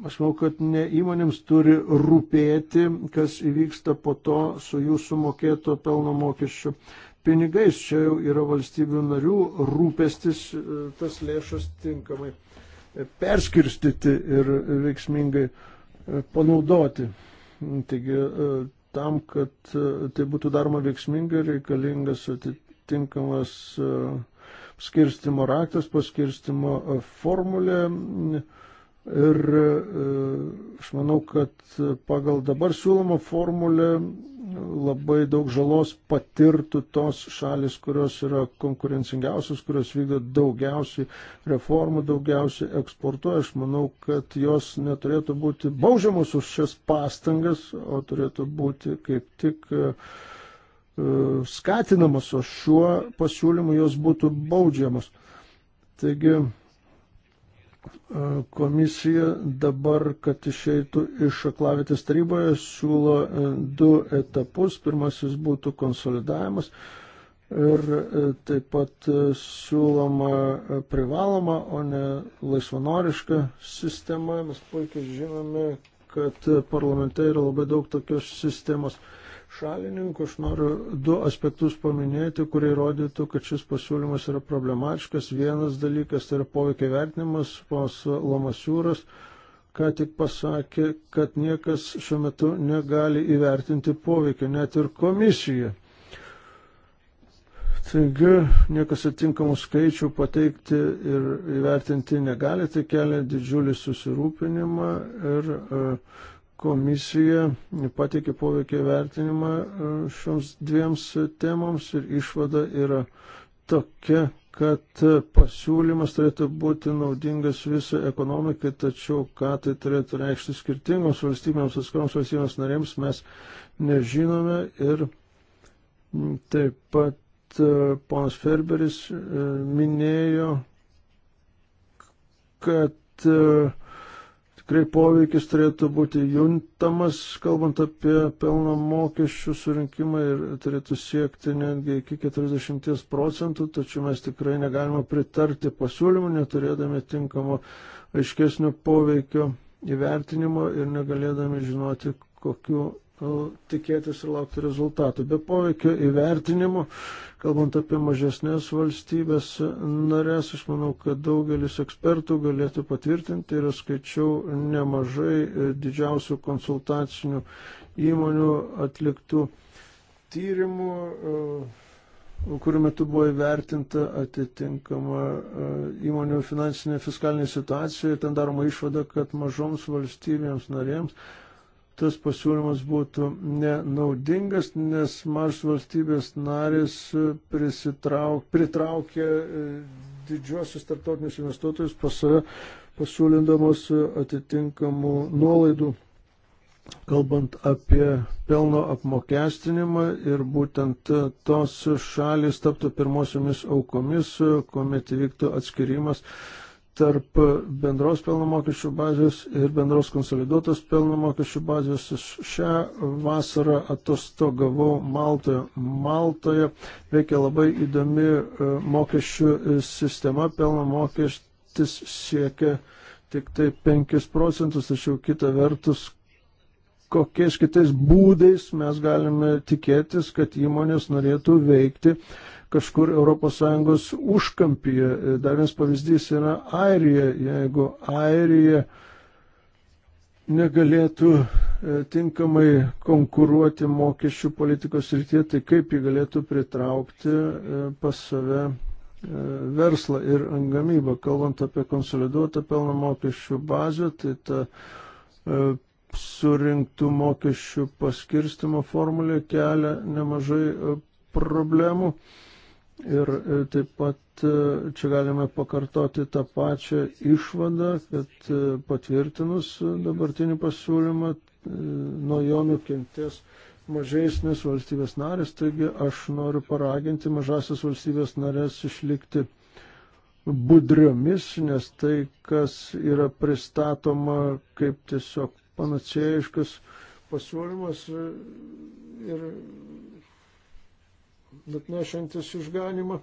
aš manau, kad ne įmonėms turi rūpėti, kas įvyksta po to su jūsų mokėto pelno mokesčiu. Pinigais čia jau yra valstybių narių rūpestis e, tas lėšas tinkamai perskirstyti ir veiksmingai uh, panaudoti. Taigi e, tam, kad e, tai būtų daroma veiksmingai, reikalingas atitinkamas e, skirstimo raktas, paskirstimo formulė. Ir aš manau, kad pagal dabar siūlomą formulę labai daug žalos patirtų tos šalis, kurios yra konkurencingiausios, kurios vykdo daugiausiai reformų, daugiausiai eksportuoja. Aš manau, kad jos neturėtų būti baudžiamos už šias pastangas, o turėtų būti kaip tik e, e, skatinamos, o šiuo pasiūlymu jos būtų baudžiamos. Taigi, Komisija dabar, kad išeitų iš aklavitės taryboje, siūlo e, du etapus. Pirmasis būtų konsolidavimas ir e, taip pat e, siūloma privaloma, o ne laisvanoriška sistema. Mes puikiai žinome, kad parlamente yra labai daug tokios sistemos šalininkų, aš noriu du aspektus paminėti, kurie rodytų, kad šis pasiūlymas yra problematiškas. Vienas dalykas tai yra poveikiai vertinimas, pas Lamasiūras ką tik pasakė, kad niekas šiuo metu negali įvertinti poveikio, net ir komisija. Taigi niekas atinkamų skaičių pateikti ir įvertinti negali, tai kelia didžiulį susirūpinimą ir uh, Komisija pateikė poveikį vertinimą e, šioms dviems temoms ir išvada yra tokia, kad pasiūlymas turėtų būti naudingas visai ekonomikai, tačiau ką tai turėtų reikšti skirtingoms valstybėms, atskiroms valstybėms narėms mes nežinome. Ir taip pat e, ponas Ferberis e, minėjo, kad tikrai poveikis turėtų būti juntamas, kalbant apie pelno mokesčių surinkimą ir turėtų siekti netgi iki 40 procentų, tačiau mes tikrai negalime pritarti pasiūlymų, neturėdami tinkamo aiškesnio poveikio įvertinimo ir negalėdami žinoti, kokiu tikėtis ir laukti rezultatų. Be poveikio įvertinimo, kalbant apie mažesnės valstybės narės, aš manau, kad daugelis ekspertų galėtų patvirtinti ir skaičiau nemažai didžiausių konsultacinių įmonių atliktų tyrimų kuriuo metu buvo įvertinta atitinkama įmonių finansinė fiskalinė situacija ir ten daroma išvada, kad mažoms valstybėms narėms tas pasiūlymas būtų nenaudingas, nes mažos valstybės narės e, prisitrauk, pritraukė e, didžiuosius tarptautinius investuotojus pas save, pasiūlindamos e, atitinkamų nuolaidų, kalbant apie pelno apmokestinimą ir būtent tos šalis taptų pirmosiomis aukomis, kuomet įvyktų atskirimas tarp bendros pelno mokesčių bazės ir bendros konsoliduotos pelno mokesčių bazės. Aš šią vasarą atostogavau Maltoje. Maltoje veikia labai įdomi e, mokesčių sistema. Pelno mokestis siekia tik tai 5 procentus, tačiau kita vertus, kokiais kitais būdais mes galime tikėtis, kad įmonės norėtų veikti kažkur ES užkampyje. Dar vienas pavyzdys yra Airija. Jeigu Airija negalėtų e, tinkamai konkuruoti mokesčių politikos rytie, tai kaip ji galėtų pritraukti e, pas save e, verslą ir gamybą. Kalbant apie konsoliduotą pelno mokesčių bazę, tai ta surinktų mokesčių paskirstimo formulė kelia nemažai problemų. Ir e, taip pat e, čia galime pakartoti tą pačią išvadą, kad e, patvirtinus dabartinį pasiūlymą nuo jo nukentės mažesnės valstybės narės, taigi aš noriu paraginti mažasias valstybės narės išlikti budriomis, nes tai, kas yra pristatoma kaip tiesiog panacėjiškas pasiūlymas ir atnešantis išganimą.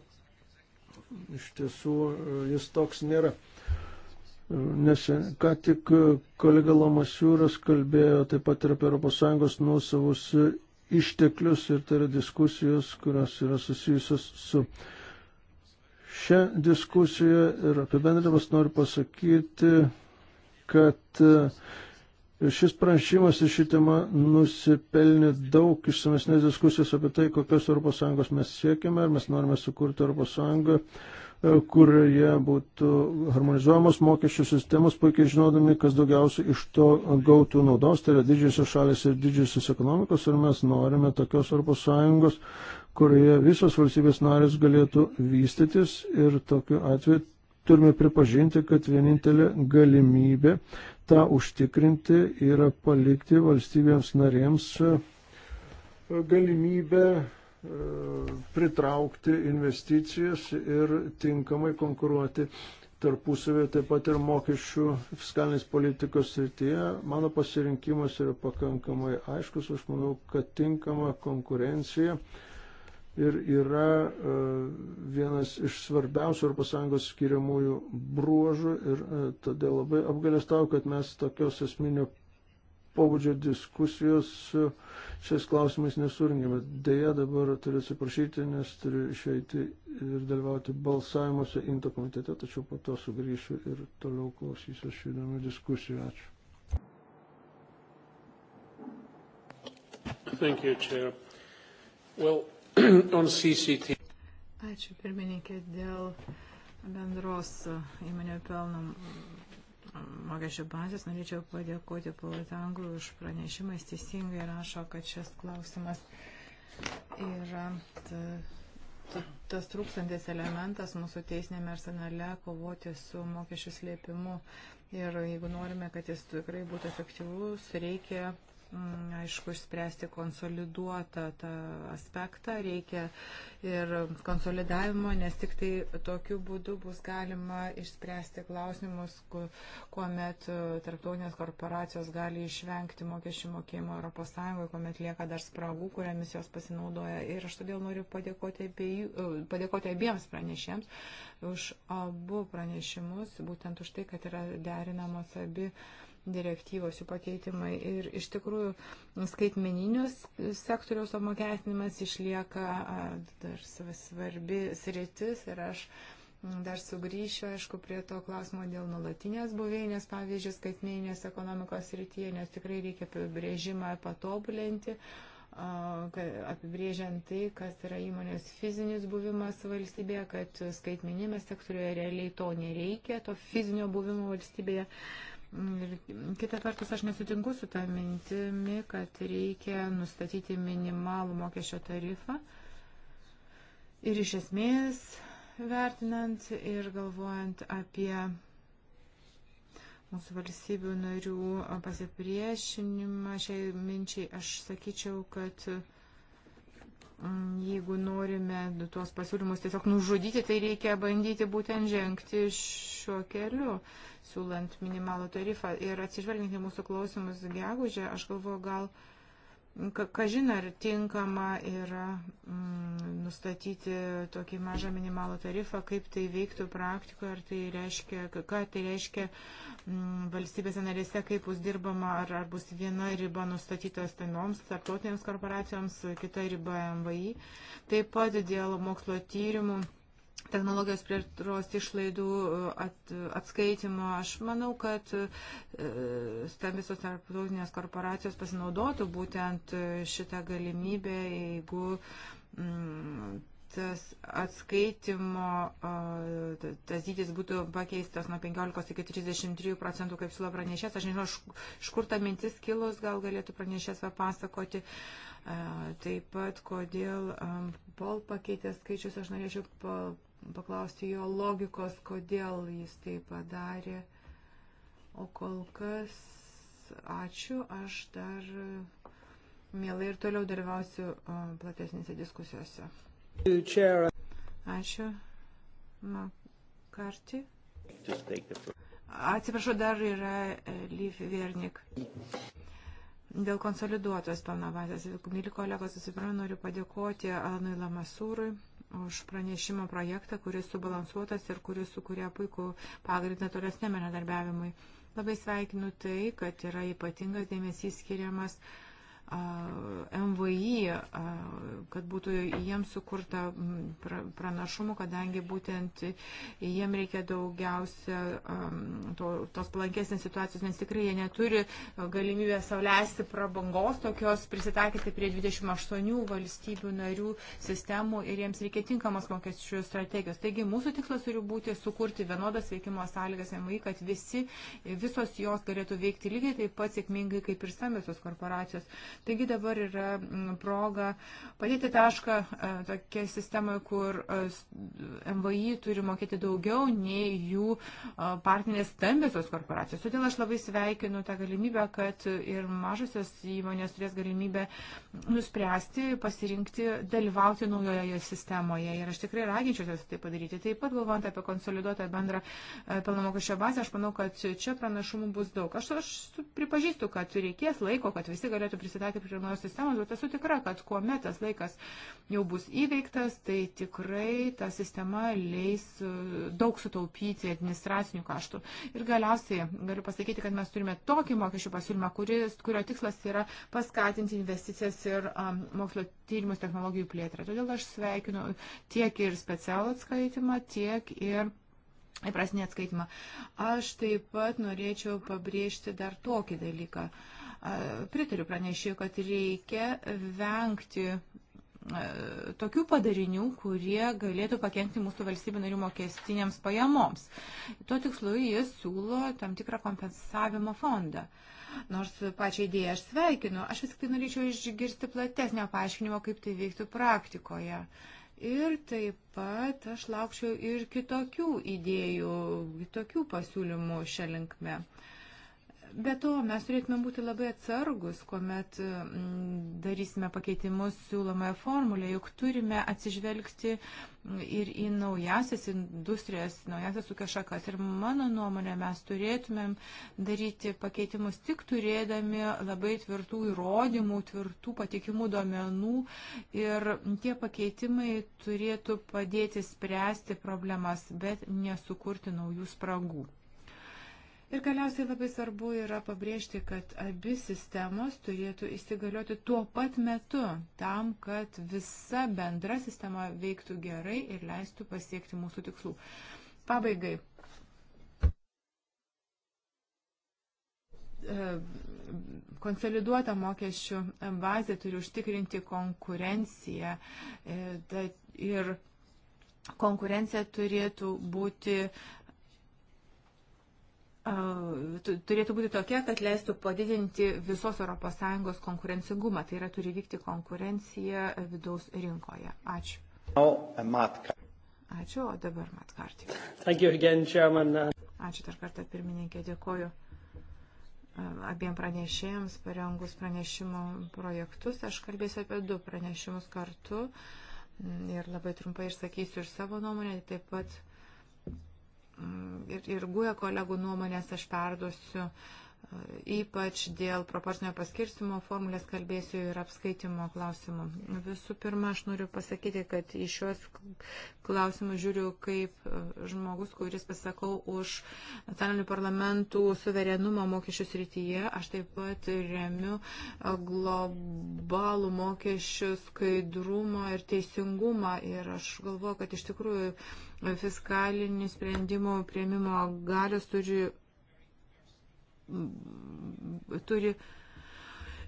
Iš tiesų e, jis toks nėra. E, nes e, ką tik kolega Lamasiūras kalbėjo taip pat ir apie ES nuosavus išteklius ir tai yra diskusijos, kurios yra susijusios su šią diskusiją ir apibendrinamas noriu pasakyti, kad Šis pranešimas ir ši tema nusipelnė daug išsamesnės diskusijos apie tai, kokios ES mes siekime, ar mes norime sukurti ES, e, kurioje būtų harmonizuojamos mokesčių sistemos, puikiai žinodami, kas daugiausiai iš to gautų naudos, tai yra didžiosios šalis ir didžiosios ekonomikos, ar mes norime tokios ES, kurioje visos valstybės narės galėtų vystytis ir tokiu atveju turime pripažinti, kad vienintelė galimybė tą užtikrinti yra palikti valstybėms narėms e, galimybę e, pritraukti investicijas ir tinkamai konkuruoti tarpusavėje, taip pat ir mokesčių fiskalinės politikos srityje. Mano pasirinkimas yra pakankamai aiškus, aš manau, kad tinkama konkurencija uh, ir yra e, vienas iš svarbiausių ES skiriamųjų bruožų ir e, todėl labai apgalėstau, kad mes tokios esminio pobūdžio diskusijos šiais klausimais nesurinkime. Deja, dabar turiu atsiprašyti, nes turiu išeiti ir dalyvauti balsavimuose INTO komitete, tačiau po to sugrįšiu ir toliau klausysiu šių įdomių diskusijų. Ačiū. Thank you, Chair. Well, Ačiū pirmininkė dėl bendros įmonių pelno mokesčio bazės. Norėčiau padėkoti Palatangui už pranešimą. Jis teisingai rašo, kad šis klausimas yra ta, ta, tas trūkstantis elementas mūsų teisinėme arsenale kovoti su mokesčių slėpimu. Ir jeigu norime, kad jis tikrai būtų efektyvus, reikia Mm, aišku, išspręsti konsoliduotą tą aspektą, reikia ir konsolidavimo, nes tik tai tokiu būdu bus galima išspręsti klausimus, kuomet e, tarptautinės korporacijos gali išvengti mokesčių mokėjimo ES, kuomet lieka dar spragų, kuriamis jos pasinaudoja. Ir aš todėl noriu padėkoti, apie, e, padėkoti abiems pranešėms už abu pranešimus, būtent už tai, kad yra derinamos abi uh, direktyvos, jų pakeitimai. Ir iš tikrųjų skaitmeninius sektoriaus apmokestinimas išlieka dar svarbi sritis ir aš Dar sugrįšiu, aišku, prie to klausimo dėl nulatinės buveinės, pavyzdžiui, skaitmeninės ekonomikos rytyje, nes tikrai reikia apibrėžimą patobulinti, apibrėžiant tai, kas yra įmonės fizinis buvimas valstybėje, kad skaitmeninėme sektoriuje realiai to nereikia, to fizinio buvimo valstybėje. Ir kita vertus, aš nesutinku su tą mintimi, kad reikia nustatyti minimalų mokesčio tarifą. Ir iš esmės, vertinant ir galvojant apie mūsų valstybių narių pasipriešinimą šiai minčiai, aš sakyčiau, kad uh, Mm, jeigu norime tuos pasiūlymus tiesiog nužudyti, tai reikia bandyti būtent žengti šiuo keliu, siūlant minimalų tarifą. Ir atsižvelgiant į mūsų klausimus gegužę, aš galvoju, gal Kažin ar tinkama yra mm, nustatyti tokį mažą minimalų tarifą, kaip tai veiktų praktikoje, ar tai reiškia, ką tai reiškia mm, valstybėse narėse, kaip bus dirbama, ar, ar bus viena riba nustatyta stambioms tarptautinėms korporacijoms, kita riba MVI. Taip pat dėl mokslo tyrimų technologijos plėtros išlaidų e, at, atskaitimo. Aš manau, kad e, stambisos tarptautinės korporacijos pasinaudotų būtent e, šitą galimybę, jeigu mm, tas atskaitimo, tas dydis būtų pakeistas nuo 15 iki 33 procentų, kaip siūlo pranešės. Aš nežinau, iš kur ta mintis kilus, gal galėtų pranešės papasakoti. Taip pat, kodėl Pol pakeitė skaičius, aš norėčiau paklausti jo logikos, kodėl jis tai padarė. O kol kas ačiū, aš dar mielai ir toliau dalyvausiu platesnėse diskusijose. Ačiū. Makarti. Atsiprašau, dar yra e, Lyf Vernik. Dėl konsoliduotos pelno bazės, mili kolegos, visų pirma, noriu padėkoti Alanui Lamasūrui už pranešimo projektą, kuris subalansuotas ir kuris sukuria puikų pagrindą tolesnėme nedarbiavimui. Labai sveikinu tai, kad yra ypatingas dėmesys skiriamas uh, MVI, kad būtų jiems sukurta pranašumų, kadangi būtent jiem reikia daugiausia to, tos palankesnės situacijos, nes tikrai jie neturi galimybę sauliaisti prabangos tokios prisitaikyti prie 28 valstybių narių sistemų ir jiems reikia tinkamos mokesčių strategijos. Taigi mūsų tikslas turi būti sukurti vienodas veikimo sąlygas MVI, kad visi, visos jos galėtų veikti lygiai taip pat sėkmingai kaip ir stambiosios korporacijos. Taigi dabar yra mm, proga padėti tašką e, tokiai sistemai, kur e, MVI turi mokėti daugiau nei jų e, partnerės stambiosios korporacijos. Todėl aš labai sveikinu tą galimybę, kad ir mažosios įmonės turės galimybę nuspręsti, pasirinkti, dalyvauti naujoje sistemoje. Ir aš tikrai raginčiau jas tai padaryti. Taip pat galvojant apie konsoliduotą bendrą pelno mokesčio bazę, aš manau, kad čia pranašumų bus daug. Aš, aš pripažįstu, kad reikės laiko, kad visi galėtų prisitaikyti prisitaikė prie naujos sistemos, bet esu tikra, kad kuomet tas laikas jau bus įveiktas, tai tikrai ta sistema leis e, daug sutaupyti administracinių kaštų. Ir galiausiai galiu pasakyti, kad mes turime tokį mokesčių pasiūlymą, kuris, kurio tikslas yra paskatinti investicijas ir um, mokslo tyrimus technologijų plėtrą. Todėl aš sveikinu tiek ir specialų atskaitimą, tiek ir įprasinį atskaitimą. Aš taip pat norėčiau pabrėžti dar tokį dalyką. Uh, Pritariu pranešėjui, kad reikia vengti tokių padarinių, kurie galėtų pakengti mūsų valstybių narių mokestinėms pajamoms. Tuo tikslu jis siūlo tam tikrą kompensavimo fondą. Nors pačią idėją aš sveikinu, aš vis tik tai norėčiau išgirsti platesnio paaiškinimo, kaip tai veiktų praktikoje. Ir taip pat aš laukčiau ir kitokių idėjų, kitokių pasiūlymų šią linkmę. Uh, Be to, mes turėtume būti labai atsargus, kuomet mm, darysime pakeitimus siūlomąją formulę, juk turime atsižvelgti mm, ir į naujasias industrijas, naujasias ūkio šakas. Ir mano nuomonė, mes turėtumėm daryti pakeitimus tik turėdami labai tvirtų įrodymų, tvirtų patikimų duomenų. Ir tie pakeitimai turėtų padėti spręsti problemas, bet nesukurti naujų spragų. Ir galiausiai labai svarbu yra pabrėžti, kad abi sistemos turėtų įsigalioti tuo pat metu, tam, kad visa bendra sistema veiktų gerai ir leistų pasiekti mūsų tikslų. Pabaigai. E, konsoliduota mokesčių bazė turi užtikrinti konkurenciją e, ir konkurencija turėtų būti turėtų būti tokia, kad leistų padidinti visos ES konkurencingumą. Tai yra turi vykti konkurencija vidaus rinkoje. Ačiū. Ačiū, o dabar Matkartį. Ačiū dar kartą pirmininkė, dėkoju abiem pranešėjams parengus pranešimo projektus. Aš kalbėsiu apie du pranešimus kartu ir labai trumpai išsakysiu ir savo nuomonę, taip pat ir, ir guoja kolegų nuomonės aš perduosiu Ypač dėl proporcinio paskirstimo formulės kalbėsiu ir apskaitimo klausimų. Visų pirma, aš noriu pasakyti, kad į šios klausimus žiūriu kaip e, žmogus, kuris pasakau už nacionalinių parlamentų suverenumą mokesčių srityje. Aš taip pat remiu e, globalų mokesčių skaidrumą ir teisingumą. Ir aš galvoju, kad iš tikrųjų fiskalinių sprendimų prieimimo galios turi turi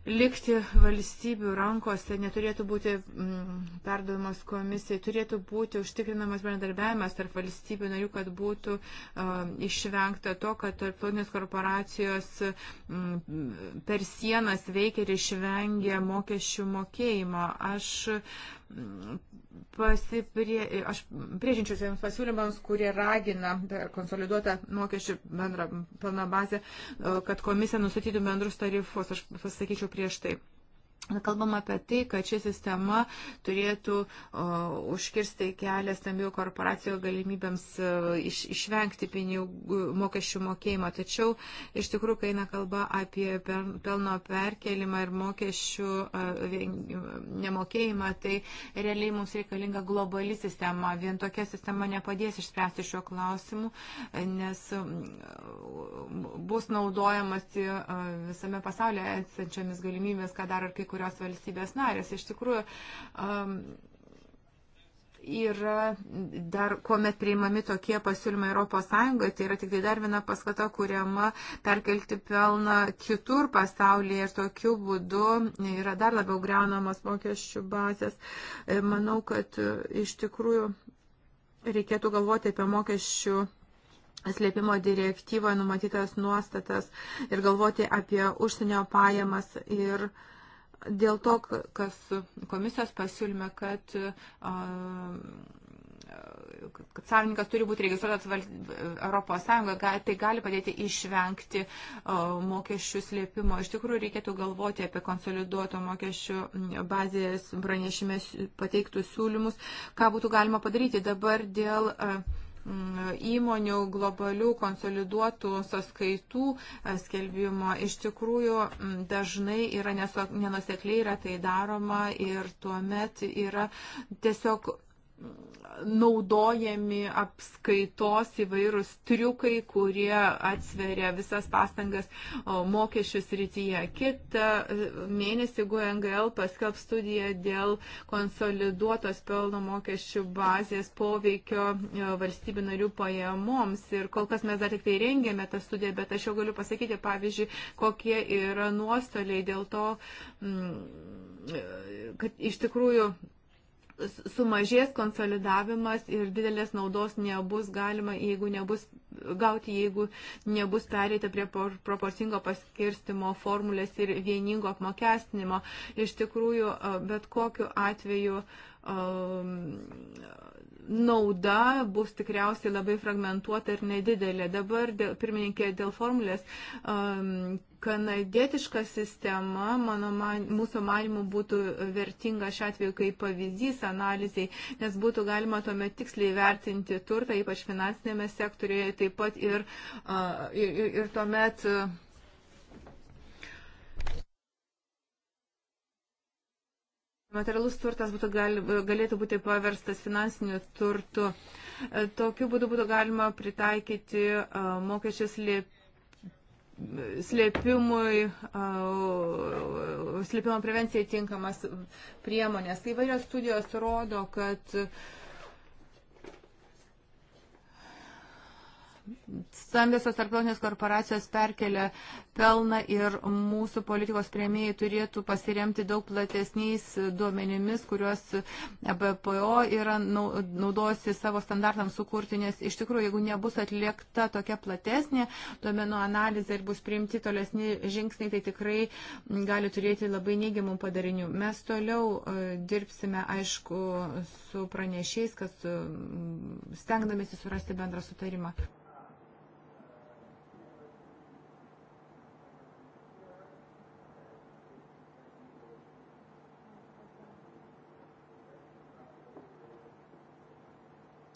likti valstybių rankose, neturėtų būti perdavimas komisijai, turėtų būti užtikrinamas bendradarbiavimas tarp valstybių narių, kad būtų um, išvengta to, kad tarptautinės korporacijos um, per sienas veikia ir išvengia mokesčių mokėjimo. Aš pasiprie, aš priešinčiausi jums pasiūlymams, kurie ragina konsoliduotą mokesčių bendrą pelną bazę, kad komisija nustatytų bendrus tarifus. Aš pasakyčiau prieš tai. Kalbam apie tai, kad ši sistema turėtų o, užkirsti kelią stambių korporacijų galimybėms iš, išvengti pinigų mokesčių mokėjimo. Tačiau iš tikrųjų, kai eina kalba apie pelno perkelimą ir mokesčių a, vien, nemokėjimą, tai realiai mums reikalinga globali sistema. Vien tokia sistema nepadės išspręsti šiuo klausimu, nes bus naudojamas visame pasaulyje esančiomis galimybėmis, ką daro ir kai kurie kurios valstybės narės. Iš tikrųjų, um, yra dar, kuomet priimami tokie pasiūlymai ES, tai yra tik tai dar viena paskata kuriama perkelti pelną kitur pasaulyje ir tokiu būdu yra dar labiau greunamas mokesčių bazės. E, manau, kad e, iš tikrųjų reikėtų galvoti apie mokesčių slėpimo direktyvoje numatytas nuostatas ir galvoti apie užsienio pajamas ir uh, dėl to, kas komisijos pasiūlyme, kad, kad savininkas turi būti registruotas Europos Sąjungoje, tai gali padėti išvengti mokesčių slėpimo. Iš tikrųjų, reikėtų galvoti apie konsoliduoto mokesčių bazės pranešimės pateiktus siūlymus, ką būtų galima padaryti dabar dėl. Uh, įmonių globalių konsoliduotų sąskaitų e, skelbimo iš tikrųjų dažnai yra nenusekliai yra tai daroma ir tuomet yra tiesiog naudojami apskaitos įvairūs triukai, kurie atsveria visas pastangas mokesčių srityje. Kita e, mėnesį, jeigu NGL paskelb studiją dėl konsoliduotos pelno mokesčių bazės poveikio e, valstybių narių pajamoms. Ir kol kas mes dar tik tai rengėme tą studiją, bet aš jau galiu pasakyti, pavyzdžiui, kokie yra nuostoliai dėl to, e, kad iš tikrųjų sumažės konsolidavimas ir didelės naudos nebus galima, jeigu nebus gauti, jeigu nebus pereita prie proporcingo paskirstimo formulės ir vieningo apmokestinimo. Iš tikrųjų, bet kokiu atveju nauda bus tikriausiai labai fragmentuota ir nedidelė. Dabar, dėl, pirmininkė, dėl formulės. Um, Kanadietiška sistema, mano man, mūsų manimų, būtų vertinga šiuo atveju kaip pavyzdys analizai, nes būtų galima tuomet tiksliai vertinti turtą, ypač finansinėme sektorėje, taip pat ir, uh, ir, ir tuomet. Uh, Materialus turtas būtų gal, galėtų būti paverstas finansiniu turtu. E, tokiu būdu būtų galima pritaikyti e, mokesčius lėp, slėpimui, e, slėpimo prevencijai tinkamas priemonės. Tai vairios studijos rodo, kad stambiosios tarptautinės korporacijos perkelia pelną ir mūsų politikos prieimėjai turėtų pasiremti daug platesniais duomenimis, kuriuos BPO yra naudosi savo standartams sukurti, nes iš tikrųjų, jeigu nebus atliekta tokia platesnė duomenų analizė ir bus priimti tolesni žingsniai, tai tikrai gali turėti labai neigiamų padarinių. Mes toliau e, dirbsime, aišku, su pranešiais, kad e, stengdamėsi surasti bendrą sutarimą.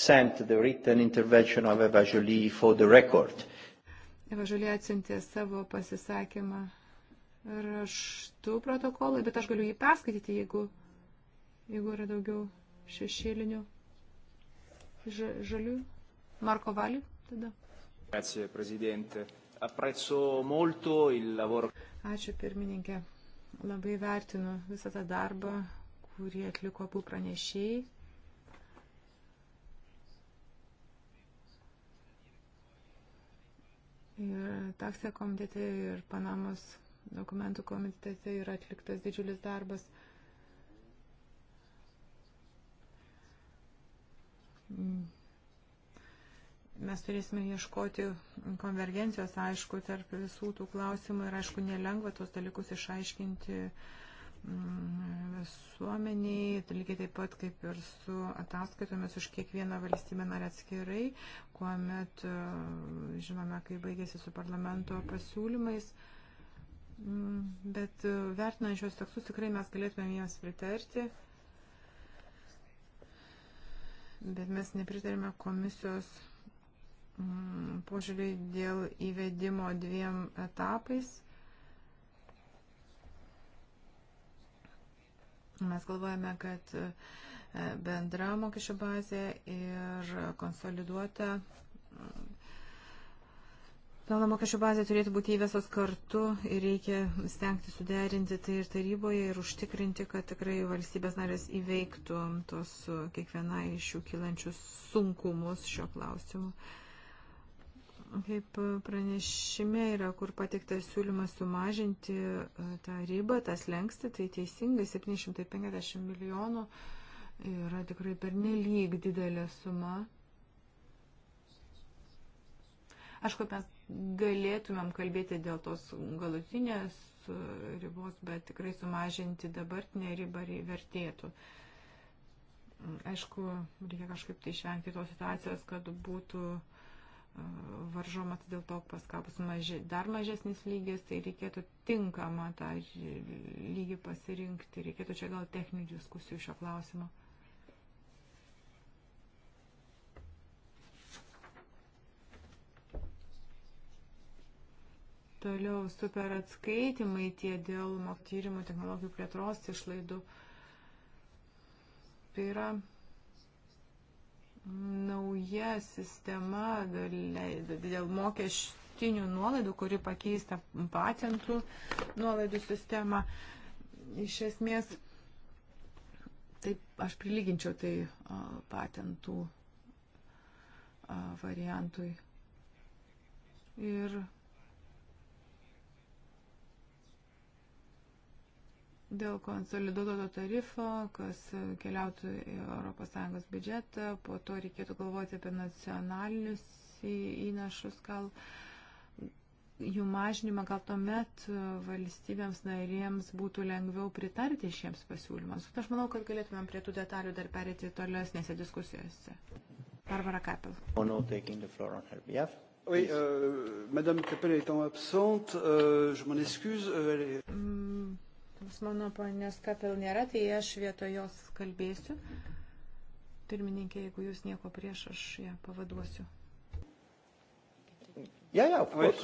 sent the written intervention of Eva Jolie for the record. Eva Jolie atsintė savo pasisakymą raštu protokolą, bet aš galiu jį perskaityti, jeigu, jeigu yra daugiau šešėlinių žalių. Marko Valį tada. Grazie, prezidente. Apprezzo molto il lavoro. Ačiū, pirmininkė. Labai vertinu visą tą darbą, kurį atliko abu pranešėjai. ir taksė komitete, ir Panamos dokumentų komitete yra atliktas didžiulis darbas. Mes turėsime ieškoti konvergencijos, aišku, tarp visų tų klausimų ir, aišku, nelengva tos dalykus išaiškinti uh, visuomeniai, tai lygiai taip pat kaip ir su ataskaitomis už kiekvieną valstybę narę atskirai, kuomet e, žinome, kai baigėsi su parlamento pasiūlymais. Mm, bet e, vertinant šios tekstus tikrai mes galėtume jiems pritarti. Bet mes nepritarėme komisijos mm, požiūriui dėl įvedimo dviem etapais Mes galvojame, kad e, bendra mokesčių bazė ir konsoliduota mm, Pelno mokesčio bazė turėtų būti įvestos kartu ir reikia stengti suderinti tai ir taryboje ir užtikrinti, kad tikrai valstybės narės įveiktų tos e, kiekvienai iš jų kilančius sunkumus šio klausimu. Uh, Kaip pranešime yra, kur pateiktas siūlymas sumažinti e, tą ribą, tas lengsti, tai teisingai 750 milijonų yra tikrai per nelyg didelė suma. Aišku, mes galėtumėm kalbėti dėl tos galutinės e, ribos, bet tikrai sumažinti dabartinę ribą vertėtų. Aišku, reikia kažkaip tai išvengti tos situacijos, kad būtų uh, varžomas dėl to, pas ką bus maži, dar mažesnis lygis, tai reikėtų tinkamą tą lygį pasirinkti. Reikėtų čia gal techninių diskusijų šio klausimo. Toliau super atskaitimai tie dėl tyrimų technologijų plėtros išlaidų. Tai yra nauja sistema dėl mokestinių nuolaidų, kuri pakeista patentų nuolaidų sistemą. Iš esmės, taip aš prilyginčiau tai patentų variantui. Ir dėl konsoliduoto tarifo, kas keliautų į ES biudžetą, po to reikėtų galvoti apie nacionalinius įnašus, gal jų mažinimą, gal tuomet valstybėms narėms būtų lengviau pritarti šiems pasiūlymams. Aš manau, kad galėtumėm prie tų detalių dar perėti tolesnėse diskusijose. Barbara Kapel. Oui, euh, Madame Capel étant absente, euh, je m'en excuse. Euh, elle est... mm Nors mano ponės kapel nėra, tai aš vietoj jos kalbėsiu. Pirmininkė, jeigu jūs nieko prieš, aš ją pavaduosiu. Ja, ja, taip,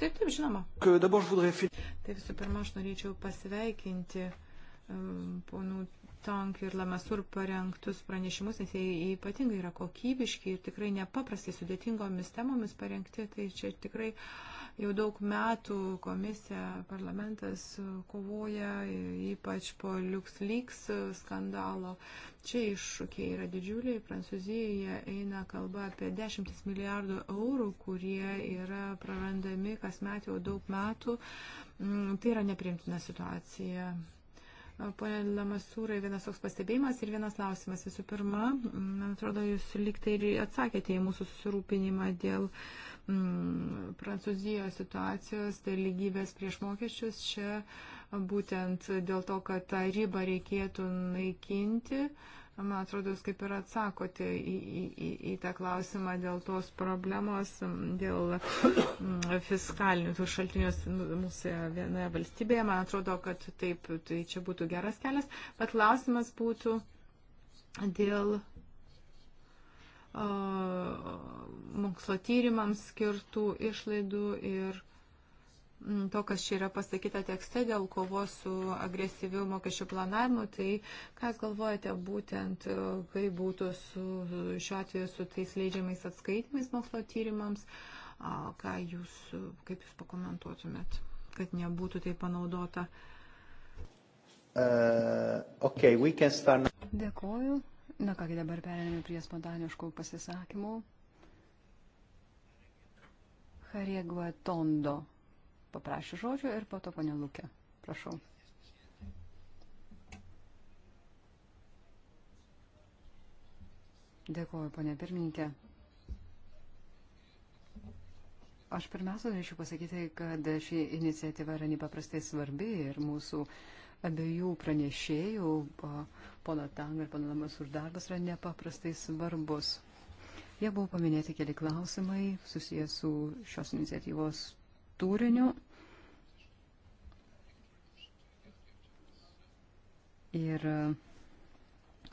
taip, žinoma. Tai visų pirma, aš norėčiau pasveikinti um, ponų Tank ir Lamasur parengtus pranešimus, nes jie ypatingai yra kokybiški ir tikrai nepaprastai sudėtingomis temomis parengti. Tai čia tikrai jau daug metų komisija, parlamentas kovoja, ypač po LuxLeaks skandalo. Čia iššūkiai yra didžiuliai. Prancūzijoje eina kalba apie dešimtis milijardų eurų, kurie yra prarandami kasmet jau daug metų. Mm, tai yra neprimtina situacija Pone Lamasūrai, vienas toks pastebėjimas ir vienas klausimas. Visų pirma, man atrodo, jūs liktai ir atsakėte į mūsų susirūpinimą dėl mm, Prancūzijos situacijos, tai lygybės prieš mokesčius čia būtent dėl to, kad tą ribą reikėtų naikinti. Uh, man atrodo, jūs kaip ir atsakote į, į, į, į tą klausimą dėl tos problemos, dėl fiskalinių tų šaltinių mūsų vienoje valstybėje. Man atrodo, kad taip, tai čia būtų geras kelias. Bet klausimas būtų dėl o, mokslo tyrimams skirtų išlaidų ir to, kas čia yra pasakyta tekste dėl kovos su agresyviu mokesčių planavimu, tai kas galvojate būtent, e, kai būtų su, šiuo atveju su tais leidžiamais atskaitimais mokslo tyrimams, ką jūs, kaip jūs pakomentuotumėt, kad nebūtų tai panaudota. Uh, e, okay, start... Dėkoju. Na kągi dabar perėmėme prie spontaniškų pasisakymų. Harieguetondo paprašė žodžio ir po to ponė Lūkė. Prašau. Dėkuoju, ponė pirmininkė. Aš pirmiausia norėčiau pasakyti, kad ši iniciatyva yra nepaprastai svarbi ir mūsų abiejų pranešėjų, pono Tang ir pono Lamas už darbas, yra nepaprastai svarbus. Jie buvo paminėti keli klausimai susijęs su šios iniciatyvos turiniu. Ir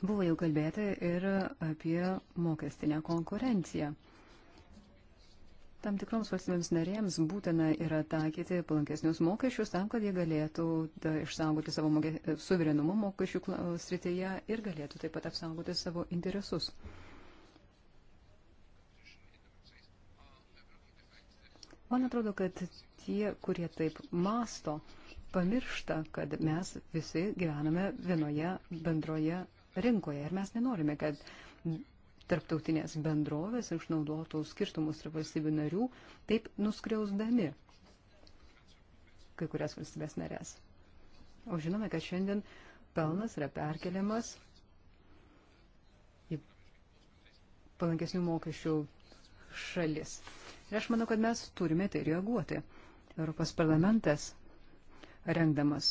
buvo jau kalbėta ir apie mokestinę konkurenciją. Tam tikroms valstybėms narėms būtina yra taikyti palankesnius mokesčius tam, kad jie galėtų da, išsaugoti savo mokė... suverenumo mokesčių srityje ir galėtų taip pat apsaugoti savo interesus. Man atrodo, kad tie, kurie taip masto, pamiršta, kad mes visi gyvename vienoje bendroje rinkoje ir mes nenorime, kad tarptautinės bendrovės išnaudotų skirtumus tarp valstybių narių, taip nuskriausdami kai kurias valstybės narės. O žinome, kad šiandien pelnas yra perkeliamas į palankesnių mokesčių šalis. Ir aš manau, kad mes turime tai reaguoti. Europos parlamentas, rengdamas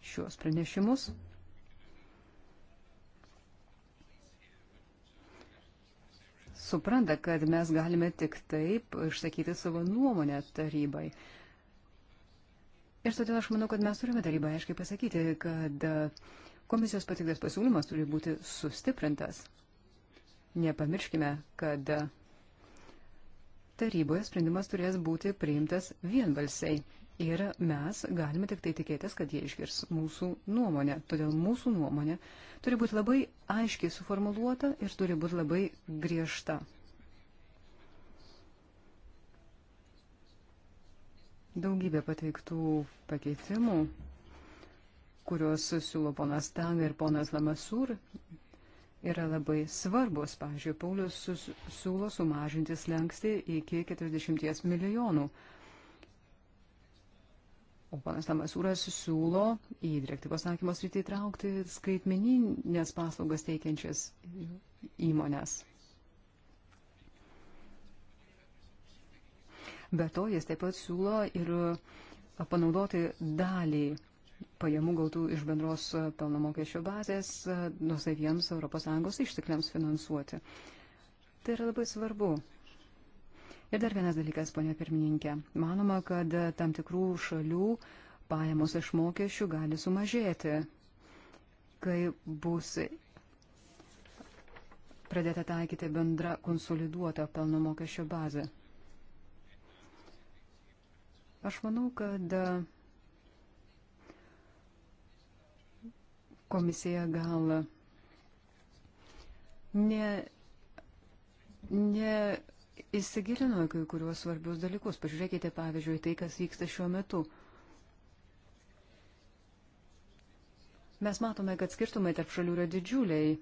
šios pranešimus, supranta, kad mes galime tik taip išsakyti savo nuomonę tarybai. Ir todėl aš manau, kad mes turime tarybai aiškiai pasakyti, kad komisijos patiktas pasiūlymas turi būti sustiprintas. Nepamirškime, kad taryboje sprendimas turės būti priimtas vienbalsiai. Ir mes galime tik tai tikėtis, kad jie išgirs mūsų nuomonę. Todėl mūsų nuomonė turi būti labai aiškiai suformuluota ir turi būti labai griežta. Daugybė pateiktų pakeitimų, kuriuos siūlo ponas Tang ir ponas Lamasur, yra labai svarbus. Pavyzdžiui, Paulius sus, siūlo sumažinti slengsti iki 40 milijonų. O panas Lamasūras siūlo į direktyvos sakymo sritį įtraukti skaitmeninės paslaugas teikiančias įmonės. Be to, jis taip pat siūlo ir panaudoti dalį pajamų gautų iš bendros e, pelno mokesčio bazės e, nusaviems ES ištekliams finansuoti. Tai yra labai svarbu. Ir dar vienas dalykas, ponia pirmininkė. Manoma, kad e, tam tikrų šalių pajamos iš mokesčių gali sumažėti, kai bus pradėta taikyti bendra konsoliduota pelno mokesčio bazė. Aš manau, kad komisija gal ne, ne įsigilino į kai kuriuos svarbius dalykus. Pažiūrėkite, pavyzdžiui, tai, kas vyksta šiuo metu. Mes matome, kad skirtumai tarp šalių yra didžiuliai.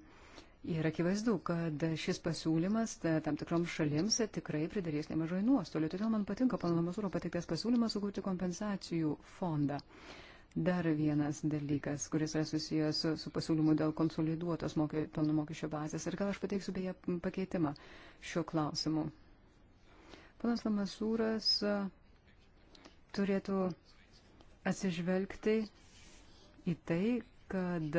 Ir akivaizdu, kad šis pasiūlymas tam tikroms šalims tikrai pridarys nemažai nuostolių. Todėl man patinka pana Lamasūro pateiktas pasiūlymas sukurti kompensacijų fondą. Uh, Dar vienas dalykas, kuris yra susijęs su, su pasiūlymu dėl konsoliduotos mokė, pelno mokesčio bazės. Ir gal aš pateiksiu beje pakeitimą šiuo klausimu. Panas Lamasūras e, turėtų atsižvelgti į tai, kad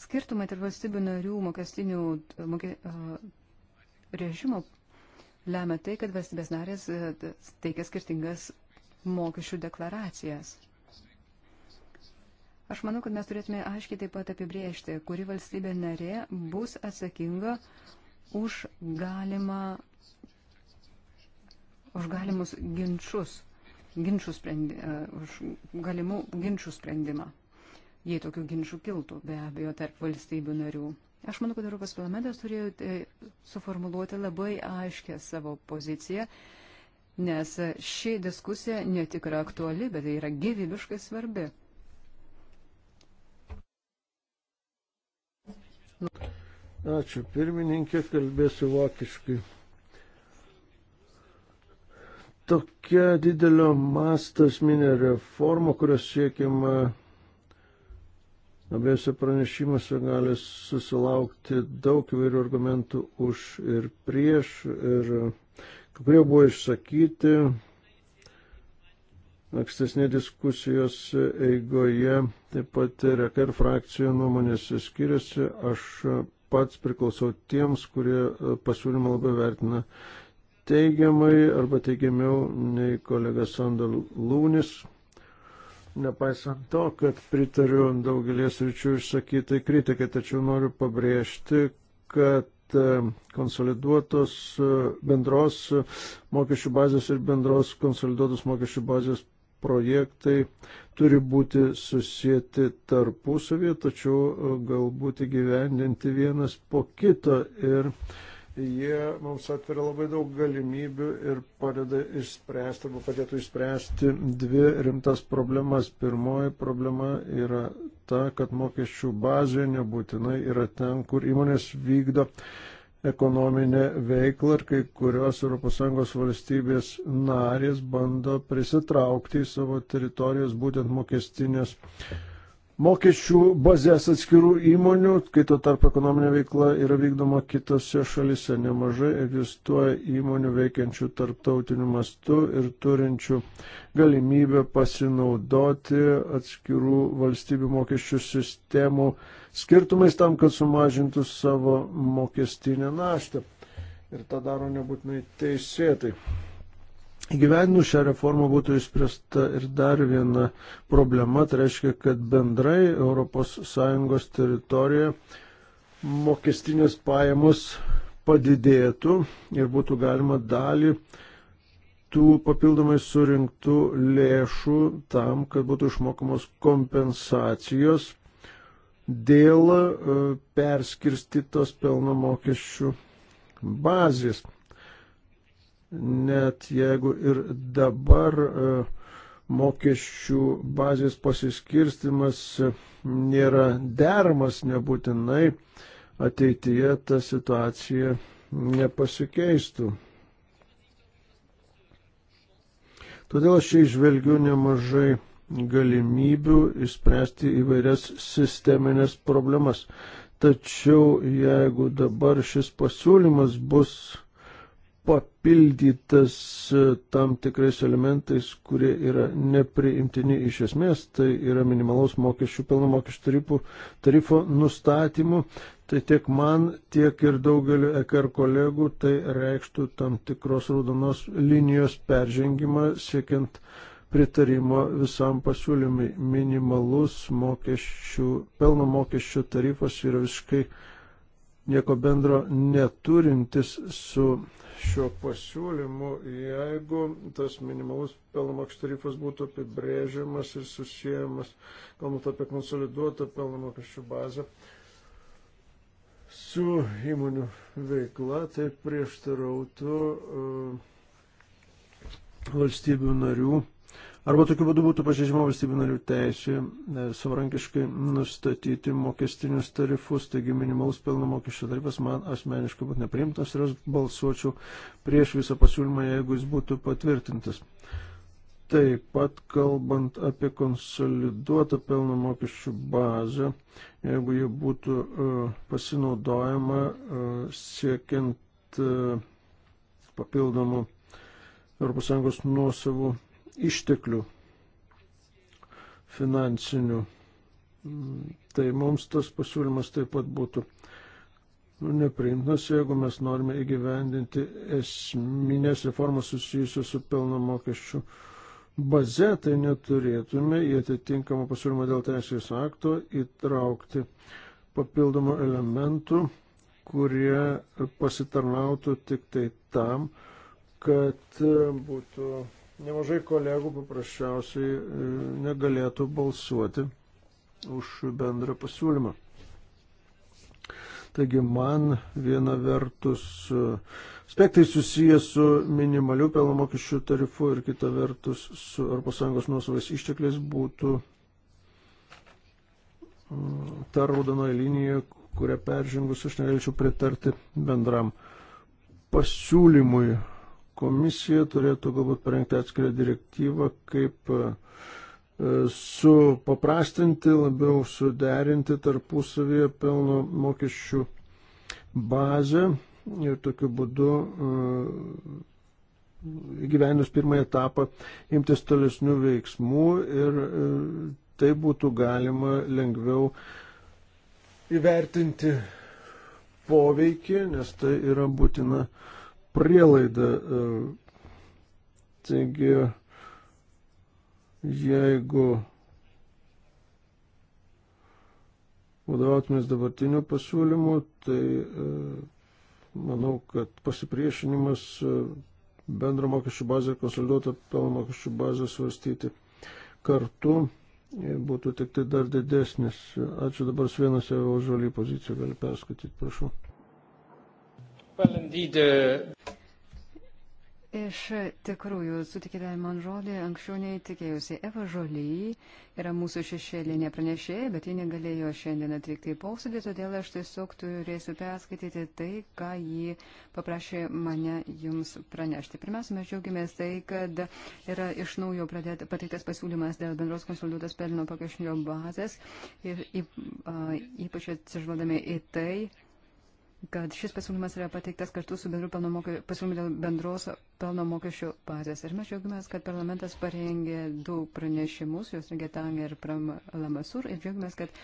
skirtumai tarp valstybių narių mokestinių mokė, e, režimo lemia tai, kad valstybės narės e, teikia skirtingas mokesčių deklaracijas. Aš manau, kad mes turėtume aiškiai taip pat apibriežti, kuri valstybė narė bus atsakinga už, galima, už galimus ginčius, ginčių sprendi, e, už galimų ginčių sprendimą, jei tokių ginčių kiltų be abejo tarp valstybių narių. Aš manau, kad Europos parlamentas turėjo e, suformuluoti labai aiškę savo poziciją, nes ši diskusija ne tik yra aktuali, bet yra gyvybiškai svarbi. Ačiū pirmininkė, kalbėsiu vokiškai. Tokia didelio masto esminė reforma, kurios siekiama Abiejose pranešimuose gali susilaukti daug įvairių argumentų už ir prieš, ir kai kurie buvo išsakyti ankstesnė diskusijos eigoje, taip pat reka ir frakcijų nuomonės skiriasi. Aš pats priklausau tiems, kurie pasiūlymą labai vertina teigiamai arba teigiamiau nei kolega Sandal Lūnis nepaisant to, kad pritariu daugelės ryčių išsakytai kritikai, tačiau noriu pabrėžti, kad e, konsoliduotos e, bendros e, mokesčių bazės ir bendros konsoliduotos mokesčių bazės projektai turi būti susijęti tarpusavėje, tačiau galbūt įgyvendinti vienas po kito ir jie mums atveria labai daug galimybių ir padeda išspręsti arba padėtų išspręsti dvi rimtas problemas. Pirmoji problema yra ta, kad mokesčių bazė nebūtinai yra ten, kur įmonės vykdo ekonominę veiklą ir kai kurios ES valstybės narės bando prisitraukti į savo teritorijos būtent mokestinės mokesčių bazės atskirų įmonių, kai tuo tarp ekonominė veikla yra vykdoma kitose šalise. Nemažai egzistuoja įmonių veikiančių tarptautiniu mastu ir turinčių galimybę pasinaudoti atskirų valstybių mokesčių sistemų skirtumais tam, kad sumažintų savo mokestinę naštą. Ir tą daro nebūtinai teisėtai. Įgyvendinus šią reformą būtų išspręsta ir dar viena problema, tai reiškia, kad bendrai ES teritorijoje mokestinės pajamos padidėtų ir būtų galima dalį tų papildomai surinktų lėšų tam, kad būtų išmokamos kompensacijos dėl e, perskirstytos pelno mokesčių bazės net jeigu ir dabar e, mokesčių bazės pasiskirstimas nėra deramas, nebūtinai ateityje ta situacija nepasikeistų. Todėl aš čia išvelgiu nemažai galimybių įspręsti įvairias sisteminės problemas. Tačiau jeigu dabar šis pasiūlymas bus papildytas e, tam tikrais elementais, kurie yra nepriimtini iš esmės, tai yra minimalaus mokesčių, pelno mokesčių tarifų, tarifo nustatymų, tai tiek man, tiek ir daugeliu EKR kolegų tai reikštų tam tikros raudonos linijos peržengimą siekiant pritarimo visam pasiūlymui. Minimalus mokesčių, pelno mokesčių tarifas yra visiškai nieko bendro neturintis su šiuo pasiūlymu, jeigu tas minimalus pelno mokesčio tarifas būtų apibrėžiamas ir susijęs, kalbant apie konsoliduotą pelno mokesčio bazę, su įmonių veikla, tai prieštarautų uh, valstybių narių Arba tokiu būdu būtų pažeidžiama valstybių narių teisė e, savarankiškai nustatyti mokestinius tarifus, taigi minimalus pelno mokesčio tarifas man asmeniškai būtų nepriimtas ir aš balsuočiau prieš visą pasiūlymą, jeigu jis būtų patvirtintas. Taip pat kalbant apie konsoliduotą pelno mokesčių bazę, jeigu ji būtų uh, pasinaudojama uh, siekiant uh, papildomų ES nuosavų išteklių finansinių. Tai mums tas pasiūlymas taip pat būtų nepriimtinas, jeigu mes norime įgyvendinti esminės reformas susijusios su pelno mokesčių baze, tai neturėtume į atitinkamą pasiūlymą dėl teisės akto įtraukti papildomų elementų, kurie pasitarnautų tik tai tam, kad būtų nemažai kolegų paprasčiausiai e, negalėtų balsuoti už bendrą pasiūlymą. Taigi man viena vertus e, aspektai susijęs su minimaliu pelno mokesčių tarifu ir kita vertus su ES nuosavais ištekliais būtų mm, ta raudonoji linija, kurią peržengus aš negalėčiau pritarti bendram pasiūlymui Komisija turėtų galbūt parengti atskirą direktyvą, kaip e, supaprastinti, labiau suderinti tarpusavyje pelno mokesčių bazę ir tokiu būdu e, įgyvenus pirmąją etapą imtis tolesnių veiksmų ir e, tai būtų galima lengviau įvertinti poveikį, nes tai yra būtina uh, prielaida. E, taigi, jeigu vadovautumės dabartiniu pasiūlymu, tai e, manau, kad pasipriešinimas e, bendro mokesčių bazę ir konsoliduotą pelno mokesčių bazę svarstyti kartu būtų tik tai dar didesnis. Ačiū dabar Svenas Evo žalį poziciją gali perskaityti, prašau. Well, indeed, uh... Iš tikrųjų, sutikite man žodį, anksčiau neįtikėjusi. Eva Žoly yra mūsų šešėlinė pranešėja, bet ji negalėjo šiandien atvykti į posėdį, todėl aš tiesiog turėsiu perskaityti tai, ką ji paprašė mane jums pranešti. Pirmiausia, mes džiaugiamės tai, kad yra iš naujo pradėt, pateiktas pasiūlymas dėl bendros konsoliduotos pelno pakešinio bazės ir ypač atsižvaldami į tai, kad šis pasiūlymas yra pateiktas kartu su pasiūlymu dėl bendros pelno mokesčio bazės. Ir mes džiaugiamės, kad parlamentas parengė du pranešimus, jos rengė Tangė ir Pram Lamasur, ir džiaugiamės, kad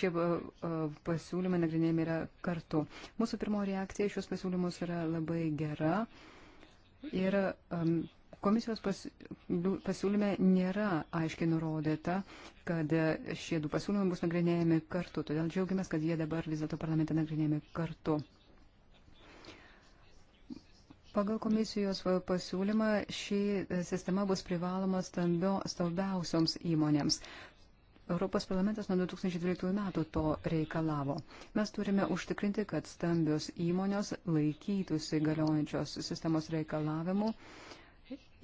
šie pasiūlymai nagrinėjami yra kartu. Mūsų pirmo reakcija šios pasiūlymus yra labai gera. Ir um, Komisijos pasiūlyme nėra aiškiai nurodyta, kad šie du pasiūlymai bus nagrinėjami kartu. Todėl džiaugiamės, kad jie dabar vis dėlto parlamente nagrinėjami kartu. Pagal komisijos pasiūlymą ši sistema bus privaloma stambio, stambiausioms įmonėms. Europos parlamentas nuo 2012 metų to reikalavo. Mes turime užtikrinti, kad stambios įmonės laikytųsi galiojančios sistemos reikalavimų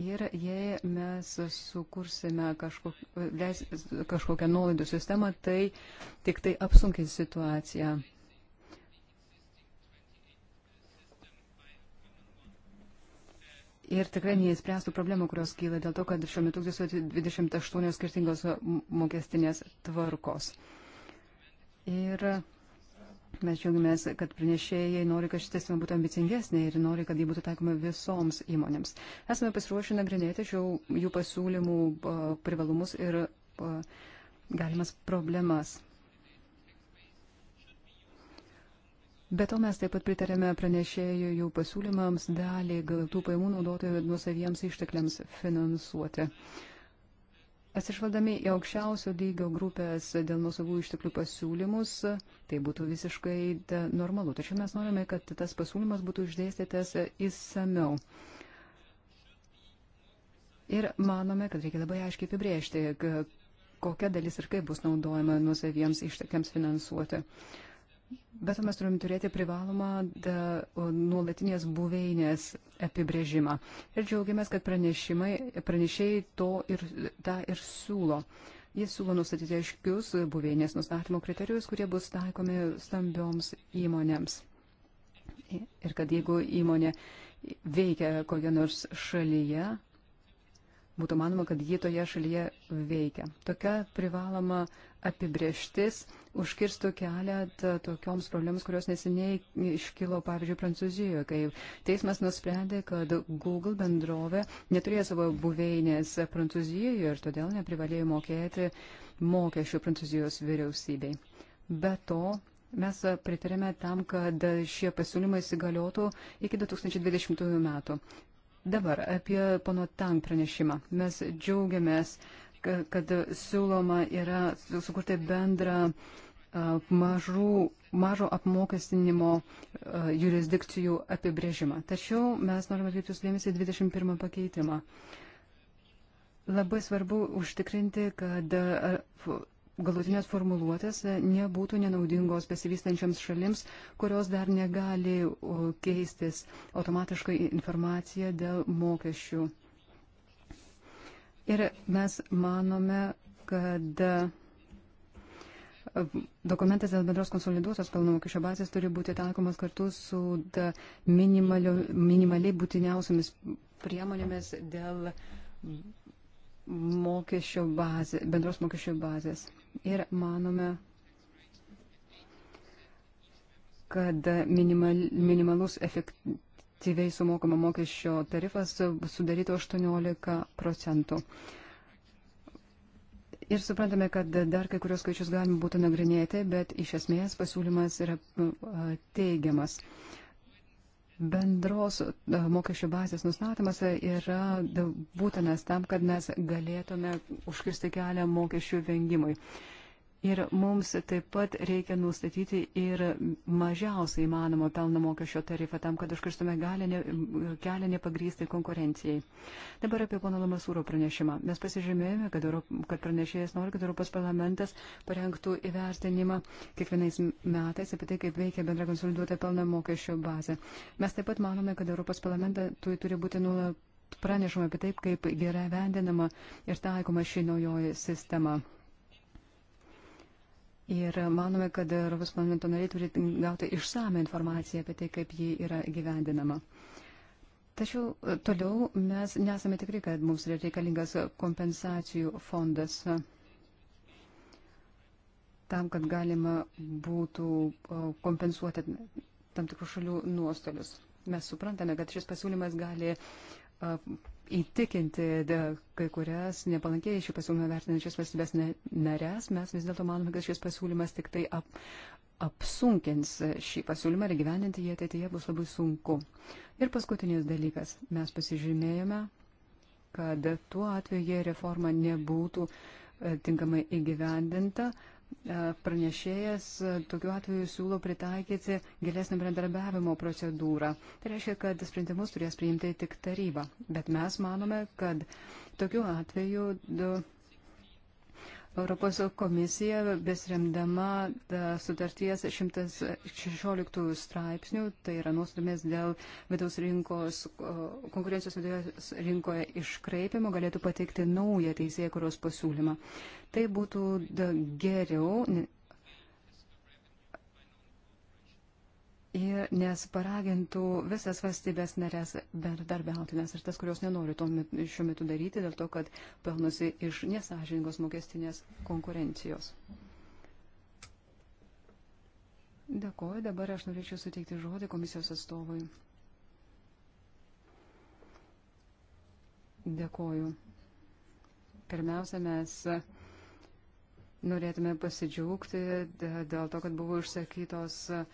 Ir jei mes sukursime kažkok, leis, kažkokią nuolaidų sistemą, tai tik tai apsunkins situaciją. Ir tikrai neįspręstų problemų, kurios kyla dėl to, kad šiuo metu egzistuoja 28 skirtingos mokestinės tvarkos. Ir Mes džiaugiamės, kad pranešėjai nori, kad šitą sistemą būtų ambicingesnė ir nori, kad ji būtų taikoma visoms įmonėms. Esame pasiruošę nagrinėti šių jų pasiūlymų privalumus ir galimas problemas. Be to mes taip pat pritarėme pranešėjų jų pasiūlymams dalį gautų pajamų naudoti nuosaviems ištekliams finansuoti. Uh, Atsižvaldami į aukščiausio lygio grupės dėl nuosavų išteklių pasiūlymus, tai būtų visiškai e, normalu. Tačiau mes norime, kad tas pasiūlymas būtų išdėstytas įsameu. Ir manome, kad reikia labai aiškiai apibrėžti, kokia dalis ir kaip bus naudojama nuosaviems ištekiams finansuoti. Uh, Bet mes turim turėti privalomą nuolatinės buveinės apibrėžimą. Ir džiaugiamės, kad pranešėjai to ir, tą ir siūlo. Jis siūlo nustatyti aiškius buveinės nustatymo kriterijus, kurie bus taikomi stambioms įmonėms. Ir kad jeigu įmonė veikia kokią nors šalyje, būtų manoma, kad ji toje šalyje veikia. Tokia privaloma apibrieštis užkirstų kelią tokioms problemams, kurios neseniai iškilo, pavyzdžiui, Prancūzijoje, kai teismas nusprendė, kad Google bendrovė neturėjo savo buveinės Prancūzijoje ir todėl neprivalėjo mokėti mokesčių Prancūzijos vyriausybei. Be to, mes pritarėme tam, kad šie pasiūlymai įsigaliotų iki 2020 metų. Dabar apie pono Tang pranešimą. Mes džiaugiamės, kad, kad siūloma yra sukurti bendrą uh, mažų, mažo apmokestinimo jurisdikcijų apibrėžimą. Tačiau mes norime atkreipti jūsų dėmesį į 21 pakeitimą. Labai svarbu užtikrinti, kad galutinės formuluotės nebūtų nenaudingos besivystančiams šalims, kurios dar negali keistis automatiškai informacija dėl mokesčių. Ir mes manome, kad Dokumentas dėl bendros konsoliduotos pelno mokesčio bazės turi būti taikomas kartu su minimaliai būtiniausiamis priemonėmis dėl mokesčio bazė, bendros mokesčio bazės. Ir manome, kad minimal, minimalus efektyviai sumokama mokesčio tarifas sudarytų 18 procentų. Uh, Ir suprantame, kad dar kai kurios skaičius galima būtų nagrinėti, bet iš esmės pasiūlymas yra teigiamas. Bendros mokesčių bazės nustatymas yra būtinas tam, kad mes galėtume užkirsti kelią mokesčių vengimui. Ir mums taip pat reikia nustatyti ir mažiausiai įmanomą pelno mokesčio tarifą tam, kad užkirstume kelią nepagrystai konkurencijai. Dabar apie pono Lamasūro pranešimą. Mes pasižymėjome, kad, Europ, kad pranešėjas nori, kad Europos parlamentas parengtų įvertinimą kiekvienais metais apie tai, kaip veikia bendra konsoliduota pelno mokesčio bazė. Mes taip pat manome, kad Europos parlamentą turi būti nuolat pranešama apie taip, kaip gerai vendinama ir taikoma ši naujoji sistema. Ir manome, kad Europos parlamento nariai turi gauti išsame informaciją apie tai, kaip ji yra gyvendinama. Tačiau e, toliau mes nesame tikri, kad mums yra reikalingas kompensacijų fondas e, tam, kad galima būtų e, kompensuoti tam tikrų šalių nuostolius. Mes suprantame, kad šis pasiūlymas gali įtikinti kai kurias nepalankiai šį pasiūlymą vertinančias valstybės narės, mes vis dėlto manome, kad šis pasiūlymas tik tai ap, apsunkins šį pasiūlymą ir gyveninti jį ateityje bus labai sunku. Ir paskutinis dalykas, mes pasižymėjome, kad tuo atveju reforma nebūtų e, tinkamai įgyvendinta, E, pranešėjas e, tokiu atveju siūlo pritaikyti gilesnio bendradarbiavimo procedūrą. Tai reiškia, kad sprendimus turės priimti tik taryba. Bet mes manome, kad tokiu atveju Europos komisija, besiremdama sutarties 116 straipsnių, tai yra nuostumės dėl vidaus rinkos, konkurencijos vidaus rinkoje iškreipimo, galėtų pateikti naują teisėkuros pasiūlymą. Tai būtų geriau, ir nes paragintų visas valstybės narės bendradarbiauti, nes ir tas, kurios nenori to šiuo metu daryti, dėl to, kad pelnosi iš nesažiningos mokestinės konkurencijos. Dėkuoju, dabar aš norėčiau suteikti žodį komisijos atstovui. Dėkuoju. Pirmiausia, mes norėtume pasidžiaugti dėl to, kad buvo išsakytos uh,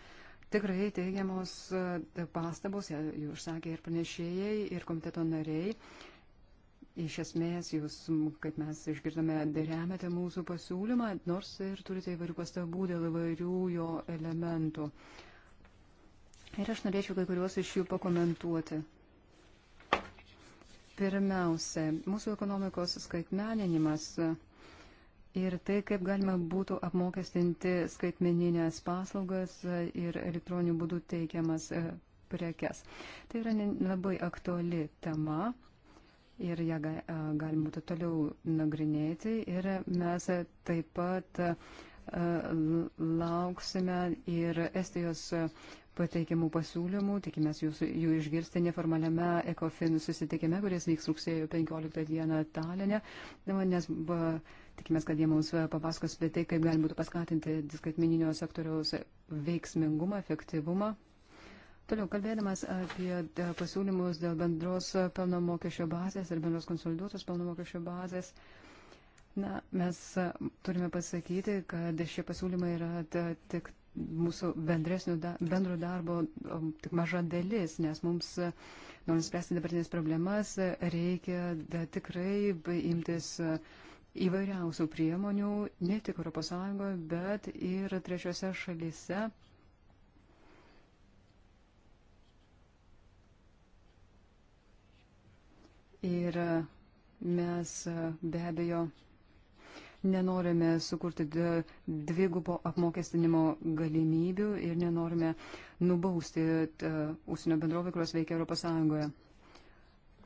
Tikrai teigiamos e, pastabos, e, jų užsakė ir pranešėjai, ir komiteto nariai. Iš esmės, jūs, kaip mes išgirdome, remiate mūsų pasiūlymą, nors ir turite įvairių pastabų dėl įvairių jo elementų. Ir aš norėčiau kai kuriuos iš jų pakomentuoti. Pirmiausia, mūsų ekonomikos skaitmeninimas ir tai, kaip galima būtų apmokestinti skaitmeninės paslaugas ir elektroninių būdų teikiamas e, prekes. Tai yra labai aktuali tema ir ją e, galima būtų toliau nagrinėti ir mes taip pat e, lauksime ir Estijos pateikiamų pasiūlymų, tikimės jūsų, jų išgirsti neformaliame ECOFIN susitikime, kuris vyks rugsėjo 15 dieną Talinė, nes ba, Tikimės, kad jie mums papasakos apie tai, kaip galima būtų paskatinti diskatmininio sektoriaus veiksmingumą, efektyvumą. Toliau, kalbėdamas apie e, pasiūlymus dėl bendros pelno mokesčio bazės ir bendros konsoliduotos pelno mokesčio bazės, na, mes e, turime pasakyti, kad šie pasiūlymai yra tik mūsų da, bendro darbo tik maža dalis, nes mums, e, norint spręsti dabartinės problemas, reikia da, tikrai imtis. Uh, įvairiausių priemonių, ne tik ES, bet ir trečiose šalyse. Ir mes be abejo nenorime sukurti dvigubo apmokestinimo galimybių ir nenorime nubausti užsienio bendrovė, kurios veikia ES.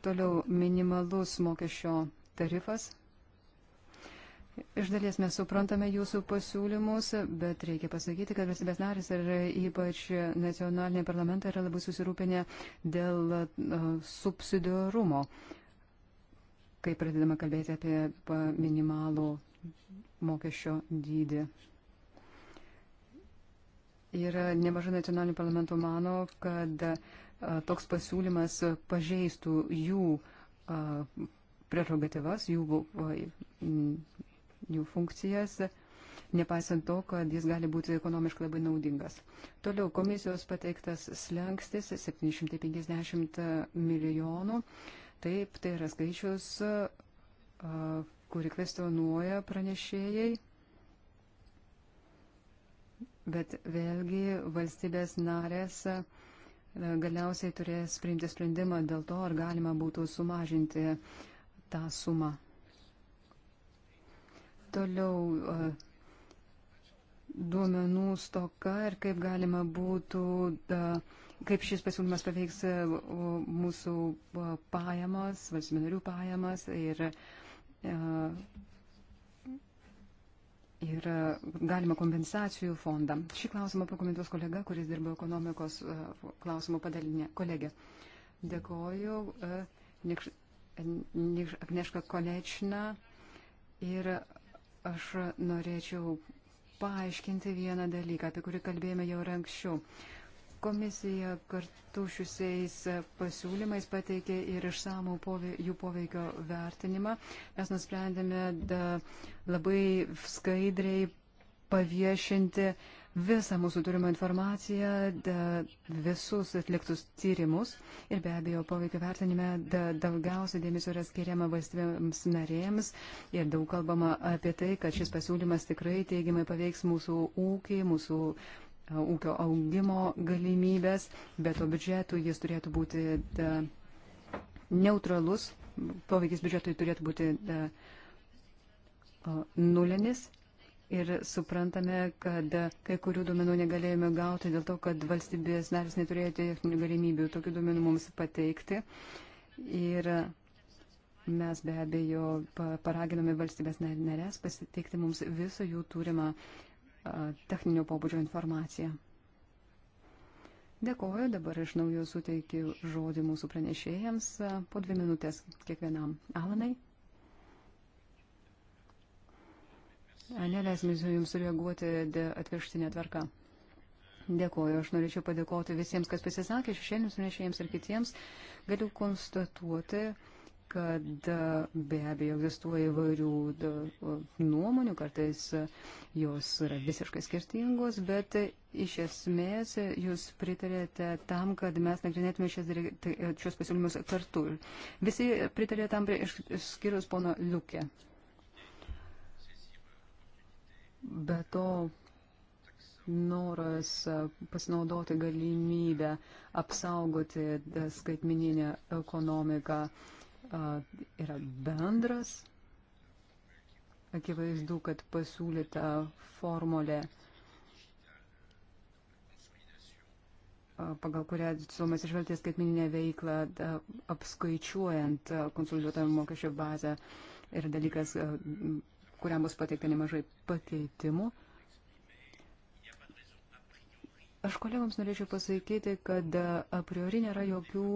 Toliau minimalus mokesčio tarifas Iš dalies mes suprantame jūsų pasiūlymus, bet reikia pasakyti, kad valstybės narys ir ypač nacionaliniai parlamentai yra labai susirūpinę dėl subsidiarumo, kai pradedama kalbėti apie minimalų mokesčio dydį. Ir nemažai nacionalinių parlamentų mano, kad toks pasiūlymas pažeistų jų prerogatyvas, jų jų funkcijas, nepaisant to, kad jis gali būti ekonomiškai labai naudingas. Toliau komisijos pateiktas slengstis 750 milijonų. Taip, tai yra skaičius, kurį kvestionuoja pranešėjai. Bet vėlgi valstybės narės galiausiai turės priimti sprendimą dėl to, ar galima būtų sumažinti tą sumą toliau duomenų stoka ir kaip galima būtų, kaip šis pasiūlymas paveiks mūsų pajamas, valstybinarių pajamas ir, ir galima kompensacijų fondą. Šį klausimą pakomentuos kolega, kuris dirbo ekonomikos klausimų padalinė. Kolegė, dėkoju. Agnieszka Konečna ir aš norėčiau paaiškinti vieną dalyką, apie kurį kalbėjome jau ir anksčiau. Komisija kartu šiusiais pasiūlymais pateikė ir išsamų povei, jų poveikio vertinimą. Mes nusprendėme da, labai skaidriai paviešinti uh, visą mūsų turimą informaciją, da, visus atliktus tyrimus ir be abejo poveikio vertinime da, daugiausia dėmesio yra skiriama valstybėms narėms ir daug kalbama apie tai, kad šis pasiūlymas tikrai teigiamai paveiks mūsų ūkį, mūsų ūkio augimo galimybės, bet to biudžetų jis turėtų būti da, neutralus, poveikis biudžetui turėtų būti da, nulinis ir suprantame, kad kai kurių duomenų negalėjome gauti dėl to, kad valstybės narys neturėjo techninių galimybių tokių duomenų mums pateikti. Ir mes be abejo paraginome valstybės narės pasiteikti mums visą jų turimą techninio pobūdžio informaciją. Dėkoju, dabar iš naujo suteikiu žodį mūsų pranešėjams po dvi minutės kiekvienam. Alanai. Neleisime jums sureaguoti atvirštinę tvarką. Dėkuoju, aš norėčiau padėkoti visiems, kas pasisakė, šešėlėms nešėjams ir kitiems. Galiu konstatuoti, kad be abejo egzistuoja įvairių nuomonių, kartais jos yra visiškai skirtingos, bet iš esmės jūs pritarėte tam, kad mes nagrinėtume tai, šios pasiūlymus kartu. Visi pritarė tam, išskyrus pono Liukė. Be to, noras pasinaudoti galimybę apsaugoti skaitmininę ekonomiką yra bendras. Akivaizdu, kad pasiūlyta formulė, pagal kurią siūlomas išvelgti skaitmininę veiklą, apskaičiuojant konsoliduotą mokesčio bazę, yra dalykas kuriam bus pateikta nemažai pakeitimų. Aš kolegams norėčiau pasakyti, kad a priori nėra jokių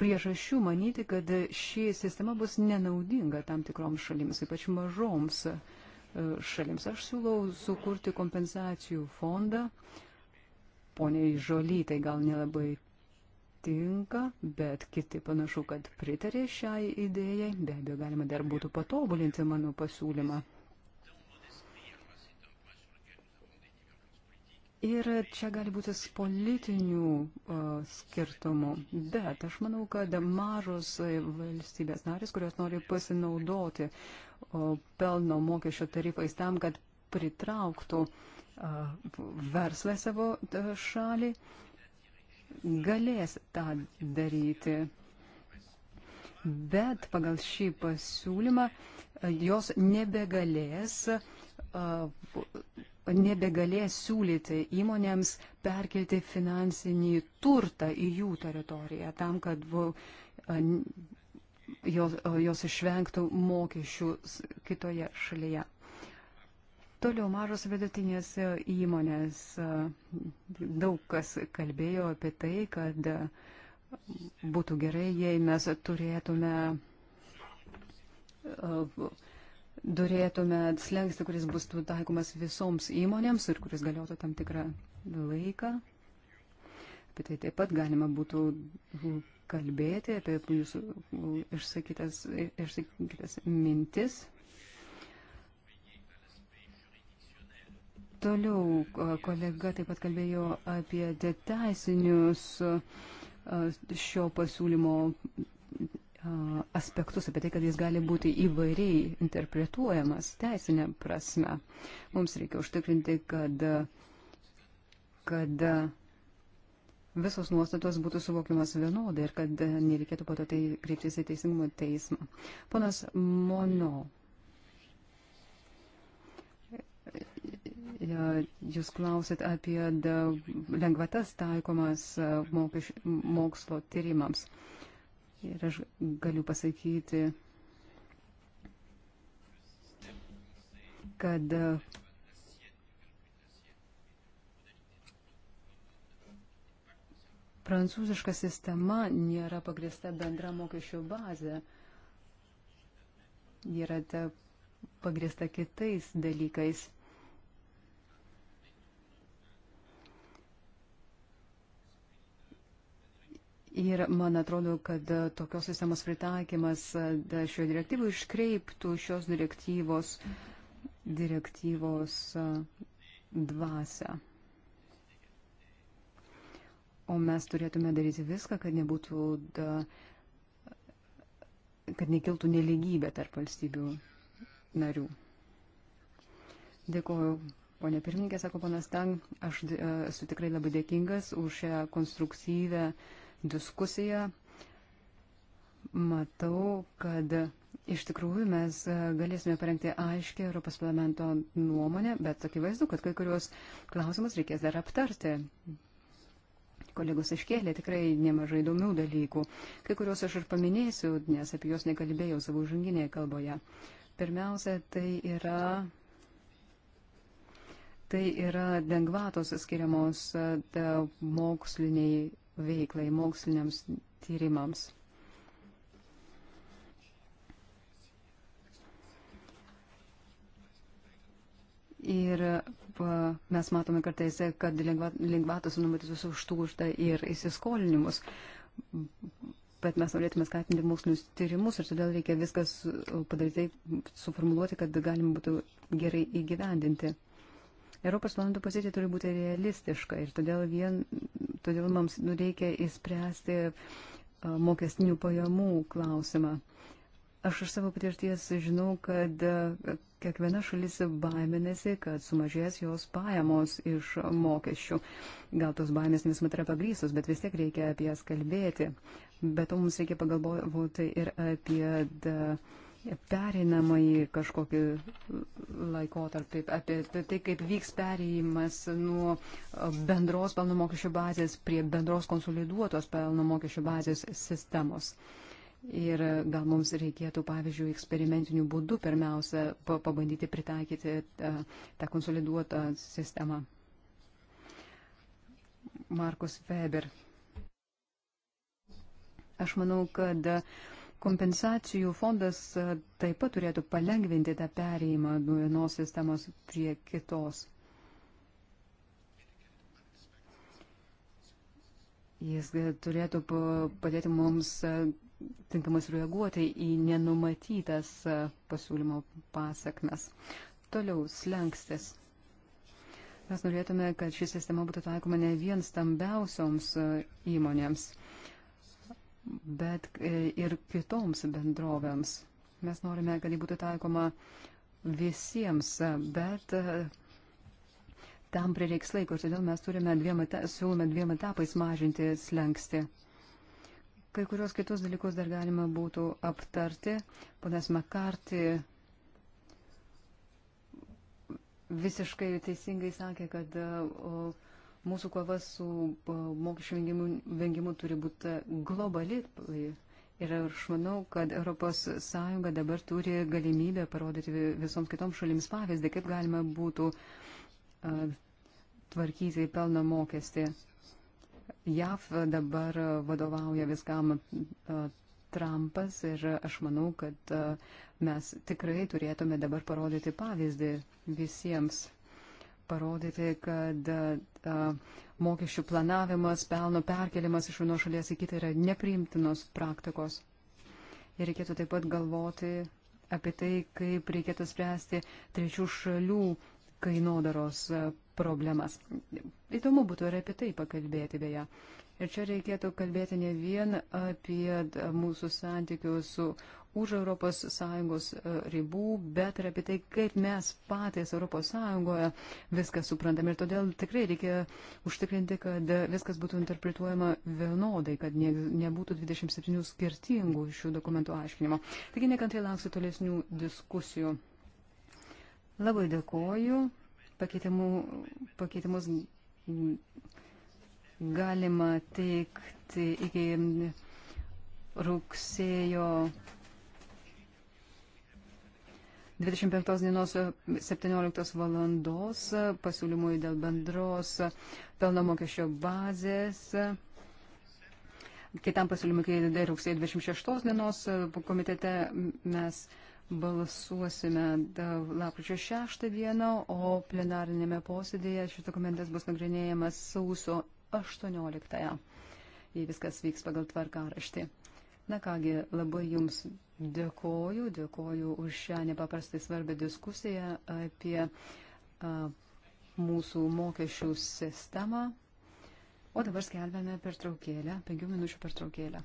priežasčių manyti, kad ši sistema bus nenaudinga tam tikroms šalims, ypač mažoms e, šalims. Aš siūlau sukurti kompensacijų fondą. Poniai Žolytai gal nelabai tinka, bet kiti panašu, kad pritarė šiai idėjai. Be abejo, galima dar būtų patobulinti mano pasiūlymą. Ir čia gali būti politinių uh, skirtumų, bet aš manau, kad mažos valstybės narės, kurios nori pasinaudoti uh, pelno mokesčio tarifais tam, kad pritrauktų uh, verslą savo uh, šalį, uh, galės tą daryti. Bet pagal šį pasiūlymą e, jos nebegalės, e, nebegalės siūlyti įmonėms perkelti finansinį turtą į jų teritoriją tam, kad e, jos, jos išvengtų mokesčių kitoje šalyje. Toliau mažos vidutinės e, įmonės. E, daug kas kalbėjo apie tai, kad e, būtų gerai, jei mes turėtume, turėtume slengsti, kuris bus taikomas visoms įmonėms ir kuris galėtų tam tikrą laiką. Apie tai taip pat galima būtų kalbėti, apie jūsų išsakytas, išsakytas mintis. Toliau kolega taip pat kalbėjo apie teisinius šio pasiūlymo aspektus, apie tai, kad jis gali būti įvairiai interpretuojamas teisinė prasme. Mums reikia užtikrinti, kad, kad visos nuostatos būtų suvokiamas vienodai ir kad nereikėtų po to tai kreiptis į teisingumo teismą. Ponas Mono E, jūs klausit apie lengvatas taikomas e, mokeš, mokslo tyrimams. Ir aš galiu pasakyti, kad e, prancūziška sistema nėra pagrįsta bendra mokesčių bazė. Yra ta pagrįsta kitais dalykais. Ir man atrodo, kad e, tokios sistemos pritaikymas e, šio direktyvų iškreiptų šios direktyvos, direktyvos e, dvasę. O mes turėtume daryti viską, kad nebūtų, da, kad nekiltų neligybė tarp valstybių narių. Dėkuoju, ponė pirmininkė, sako ponas Tang, aš esu tikrai labai dėkingas už šią konstruktyvę uh, diskusiją. Matau, kad iš tikrųjų mes e, galėsime parengti aiškę Europos parlamento nuomonę, bet akivaizdu, kad kai kurios klausimus reikės dar aptarti. Kolegos iškėlė tikrai nemažai įdomių dalykų. Kai kuriuos aš ir paminėsiu, nes apie juos nekalbėjau savo žanginėje kalboje. Pirmiausia, tai yra tai yra lengvatos skiriamos e, moksliniai veiklai, moksliniams tyrimams. Ir mes matome kartais, kad lengvatos numatytos už tūždą ir įsiskolinimus. Bet mes norėtume skatinti mokslinius tyrimus ir todėl reikia viskas padaryti, suformuluoti, kad galima būtų gerai įgyvendinti. Europos parlamento pozicija turi būti realistiška ir todėl, vien, todėl mums nu, reikia įspręsti mokestinių pajamų klausimą. Aš iš savo patirties žinau, kad kiekviena šalis baiminasi, kad sumažės jos pajamos iš mokesčių. Gal tos baimės ne visuomet yra pagrystos, bet vis tiek reikia apie jas kalbėti. Bet to mums reikia pagalvoti ir apie da, uh, perinamąjį kažkokį laikotarpį, apie tai, tai, kaip vyks perėjimas nuo bendros pelno mokesčių bazės prie bendros konsoliduotos pelno mokesčių bazės sistemos. Ir gal mums reikėtų, pavyzdžiui, eksperimentiniu būdu pirmiausia pabandyti pritaikyti tą, e, tą konsoliduotą sistemą. Markus Weber. Aš manau, kad uh, Kompensacijų fondas e, taip pat turėtų palengvinti tą perėjimą nuo vienos sistemos prie kitos. Jis e, turėtų padėti mums e, tinkamai sureaguoti į nenumatytas pasiūlymo pasakmes. Toliau slengstis. Mes norėtume, kad ši sistema būtų taikoma ne vien stambiausioms įmonėms. Uh, bet e, ir kitoms bendrovėms. Mes norime, kad ji būtų taikoma visiems, bet e, tam prireiks laiko ir todėl mes turime dviem, siūlome dviem etapais mažinti slengsti. Kai kurios kitus dalykus dar galima būtų aptarti. Ponas Makarti visiškai teisingai sakė, kad e, o, Mūsų kova su mokesčių vengimu, vengimu turi būti e, globali. Ir aš manau, kad ES dabar turi galimybę parodyti visoms kitoms šalims pavyzdį, kaip galima būtų uh, tvarkyti pelno mokestį. JAV dabar vadovauja viskam uh, Trumpas ir aš manau, kad uh, mes tikrai turėtume dabar parodyti pavyzdį visiems parodyti, kad a, mokesčių planavimas, pelno perkelimas iš vienos šalies į kitą yra nepriimtinos praktikos. Ir reikėtų taip pat galvoti apie tai, kaip reikėtų spręsti trečių šalių kainodaros problemas. Įdomu būtų ir apie tai pakalbėti beje. Ir čia reikėtų kalbėti ne vien apie mūsų santykių su už ES e, ribų, bet ir apie tai, kaip mes patys ES viską suprantame. Ir todėl tikrai reikia užtikrinti, kad viskas būtų interpretuojama vienodai, kad ne, nebūtų 27 skirtingų šių dokumentų aiškinimo. Taigi nekantrai lauksiu tolesnių diskusijų. Labai dėkoju. Pakeitimų, pakeitimus galima teikti iki rugsėjo 25 dienos 17 valandos pasiūlymui dėl bendros pelno mokesčio bazės. Kitam pasiūlymui, kai rugsėjo 26 dienos komitete mes balsuosime lapkričio 6 dieną, o plenarinėme posėdėje šis dokumentas bus nagrinėjamas sauso 18. -ąją jei viskas vyks pagal tvarkaraštį. Na kągi, labai jums Dėkoju, dėkoju už šią nepaprastai svarbią diskusiją apie a, mūsų mokesčių sistemą. O dabar skelbėme pertraukėlę, penkių minučių pertraukėlę.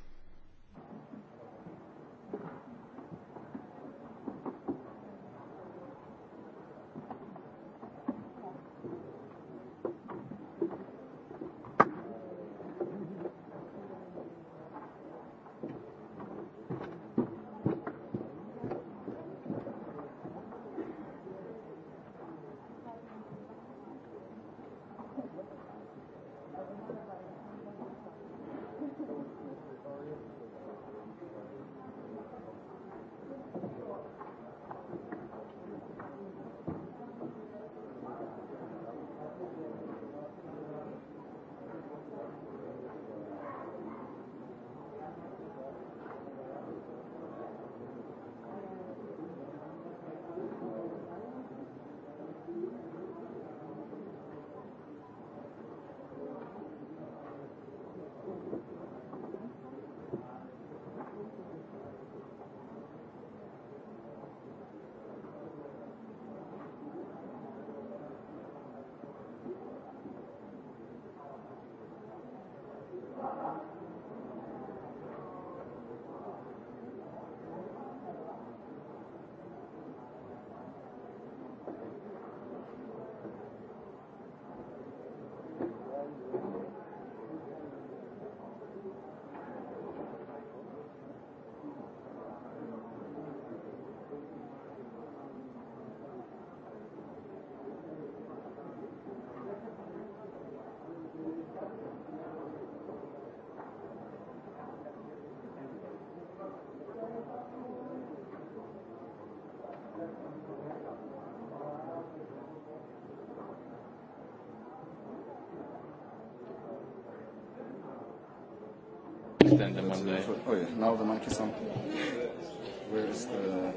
extend them one day. Oh yeah, now the monkeys on. Where is the...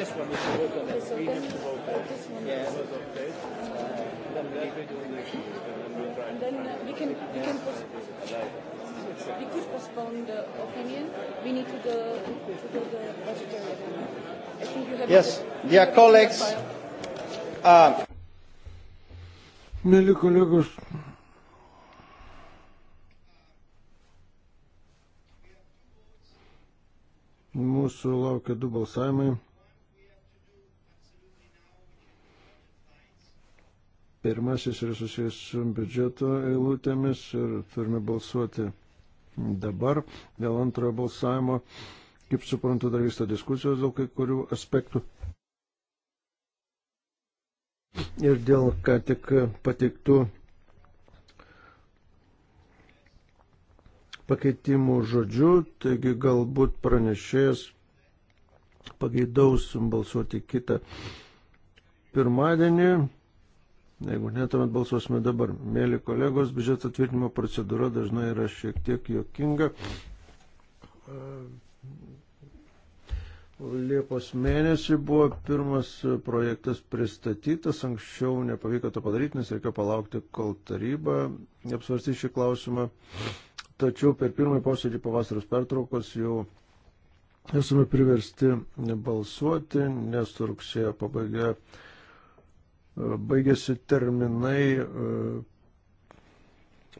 this one we should vote on that. We have to vote on this one. Yeah. And then we do the next one. And then we can, we can postpone. We could postpone the opinion. We need to go to go the budgetary opinion. I think you have. Yes, dear colleagues. Uh, Mėly kolegos, mūsų laukia du balsavimai. Pirmasis yra susijęs su biudžeto eilutėmis ir turime balsuoti dabar. Dėl antrojo balsavimo, kaip suprantu, dar vyksta diskusijos dėl kai kurių aspektų. Ir dėl ką tik pateiktų pakeitimų žodžių, taigi galbūt pranešėjas pageidaus balsuoti kitą pirmadienį. Jeigu ne, tuomet balsuosime dabar. Mėly kolegos, biudžeto tvirtinimo procedūra dažnai yra šiek tiek jokinga. Ehm, Liepos mėnesį buvo pirmas projektas pristatytas, anksčiau nepavyko to padaryti, nes reikėjo palaukti, kol taryba apsvarstys šį klausimą. Tačiau per pirmąjį posėdį po vasaros pertraukos jau esame priversti balsuoti, nes rugsėjo pabaigoje baigėsi terminai, e,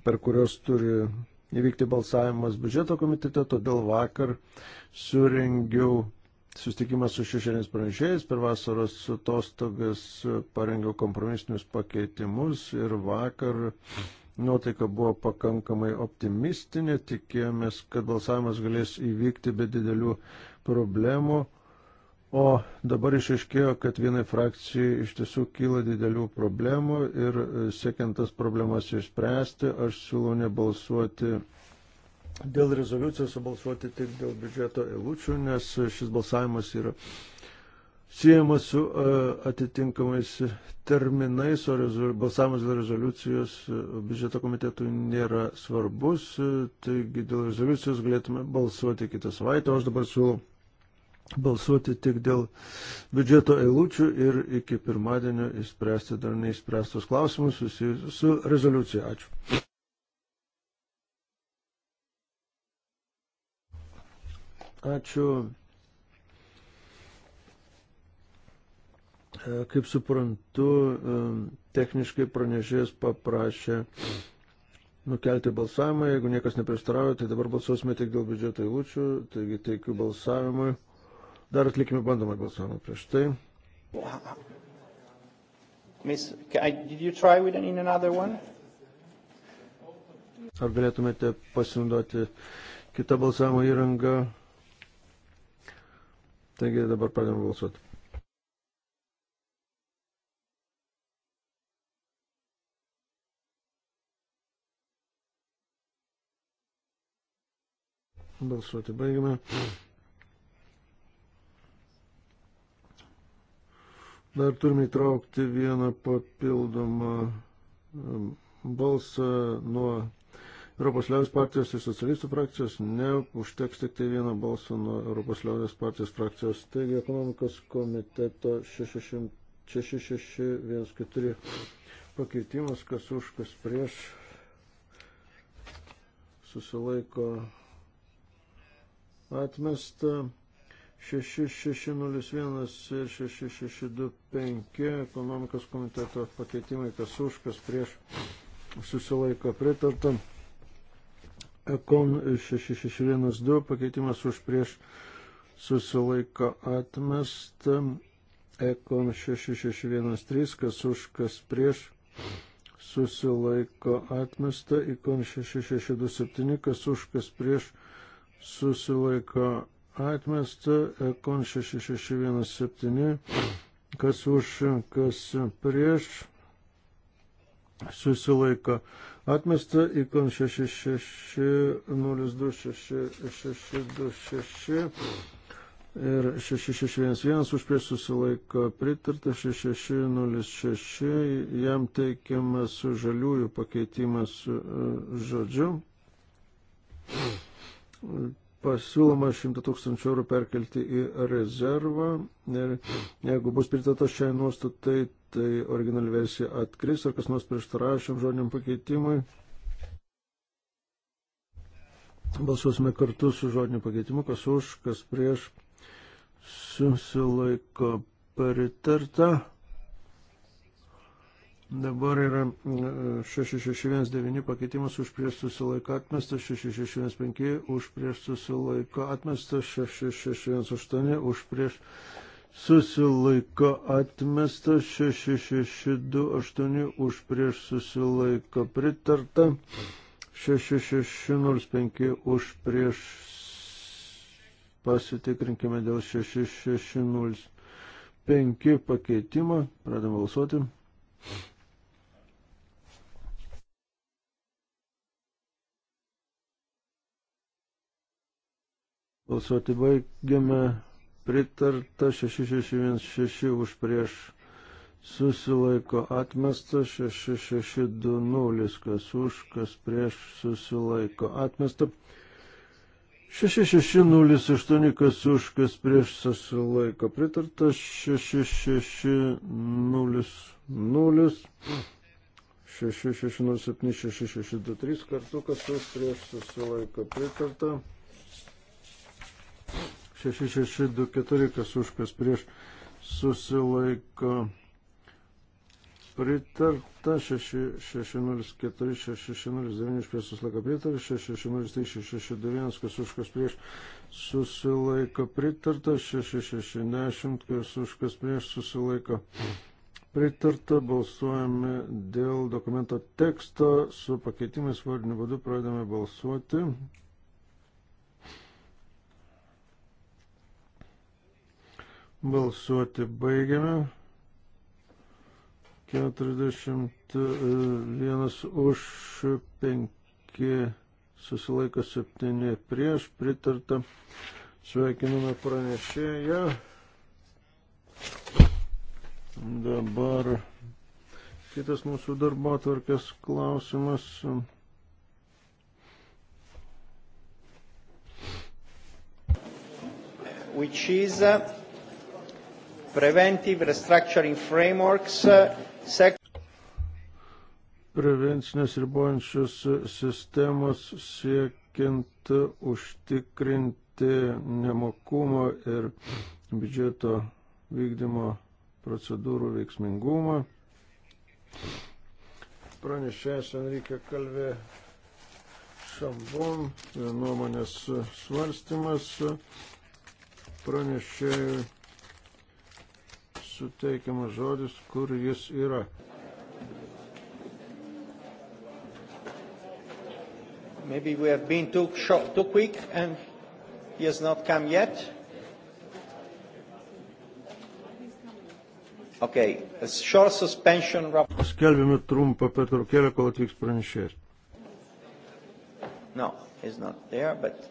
per kurios turi įvykti balsavimas biudžeto komitete, todėl vakar surengiau sustikimą su šešėniais pranešėjais, per vasaros atostogas parengiau kompromisinius pakeitimus ir vakar nuotaika buvo pakankamai optimistinė, tikėjomės, kad balsavimas galės įvykti be didelių problemų. O dabar išaiškėjo, kad vienai frakcijai iš tiesų kyla didelių problemų ir e, siekiant tas problemas išspręsti, aš siūlau nebalsuoti dėl rezoliucijos, o balsuoti tik dėl biudžeto eilučių, nes šis balsavimas yra siejamas su e, atitinkamais terminais, o balsavimas dėl rezoliucijos e, biudžeto komitetų nėra svarbus, taigi dėl rezoliucijos galėtume balsuoti kitą savaitę, o aš dabar siūlau balsuoti tik dėl biudžeto eilučių ir iki pirmadienio įspręsti dar neįspręstus klausimus susijusius su rezoliucija. Ačiū. Ačiū. E, kaip suprantu, e, techniškai pranešėjas paprašė nukelti balsavimą. Jeigu niekas neprieštarauja, tai dabar balsuosime tik dėl biudžeto eilučių. Taigi teikiu balsavimui. Dar atlikime bandomą balsavimą prieš tai. Miss, I, did you try with an, in another one? Ar galėtumėte pasinaudoti kitą balsavimo įrangą? Taigi dabar pradėjome balsuoti. Balsuoti baigime. Mm. Dar turime įtraukti vieną papildomą balsą nuo Europos liaudės partijos ir socialistų frakcijos, neužteks tik tai vieno balso nuo Europos liaudės partijos frakcijos. Taigi ekonomikos komiteto 6614 pakeitimas, kas už, kas prieš, susilaiko atmesta. 6601 ir 6625 ekonomikos komiteto pakeitimai, kas už, kas prieš susilaiko pritartam. Ekon 6612 pakeitimas už prieš susilaiko atmestam. Ekon 6613 kas už, kas prieš susilaiko atmesta. Ekon 6627 kas už, kas prieš susilaiko atmestam atmesta, Ekon 6617, kas už, kas prieš, susilaiko. Atmesta, Ekon 66026626 ir 6611 už prieš susilaiko pritarta, 6606, jam teikiamas žaliųjų pakeitimas žodžiu pasiūloma 100 tūkstančių eurų perkelti į rezervą ir jeigu bus pritarta šiai nuostatai, tai originali versija atkris ar kas nors prieštarauja šiam žodiniam pakeitimui. Balsuosime kartu su žodiniu pakeitimu, kas už, kas prieš, susilaiko pritarta. Dabar yra 6619 e, pakeitimas už prieš susilaiko atmestas, 6615 už prieš susilaiko atmestas, 6618 už prieš susilaiko atmestas, 6628 už prieš susilaiko pritarta, 6605 už prieš pasitikrinkime dėl 6605 pakeitimo, pradam balsuoti. Thank you. Balsuoti baigiame. Pritarta 6616 už prieš susilaiko atmesta 6620, kas už, kas prieš susilaiko atmesta. 6608, kas už, kas prieš susilaiko pritarta 6600. 6607, 6623 kartu, kas už prieš susilaiko pritarta. 6624, kas už, kas prieš susilaiko. Pritarta 6604, 6609, prieš susilaiko pritarta, 6603, 6691, kas už, kas prieš susilaiko pritarta, 6610, kas už, kas prieš susilaiko pritarta, balsuojame dėl dokumento teksto su pakeitimais vardiniu būdu, pradedame balsuoti. Balsuoti baigiame. 41 už 5 susilaiko 7 prieš pritarta. Sveikiname pranešėją. Dabar kitas mūsų darbo atvarkės klausimas. Which is uh, preventive restructuring frameworks, uh, sec prevencinės ribojančios sistemos siekiant užtikrinti nemokumo ir biudžeto vykdymo procedūrų veiksmingumą. Pranešėjas Enrique Kalvė Šambon, nuomonės svarstymas pranešėjai suteikiamas žodis, kur jis yra. Maybe we have been too short, too quick, and he has not come yet. Okay, a short suspension. Skelbėme trumpą pertraukėlę, kol atvyks pranešėjas. No, he's not there, but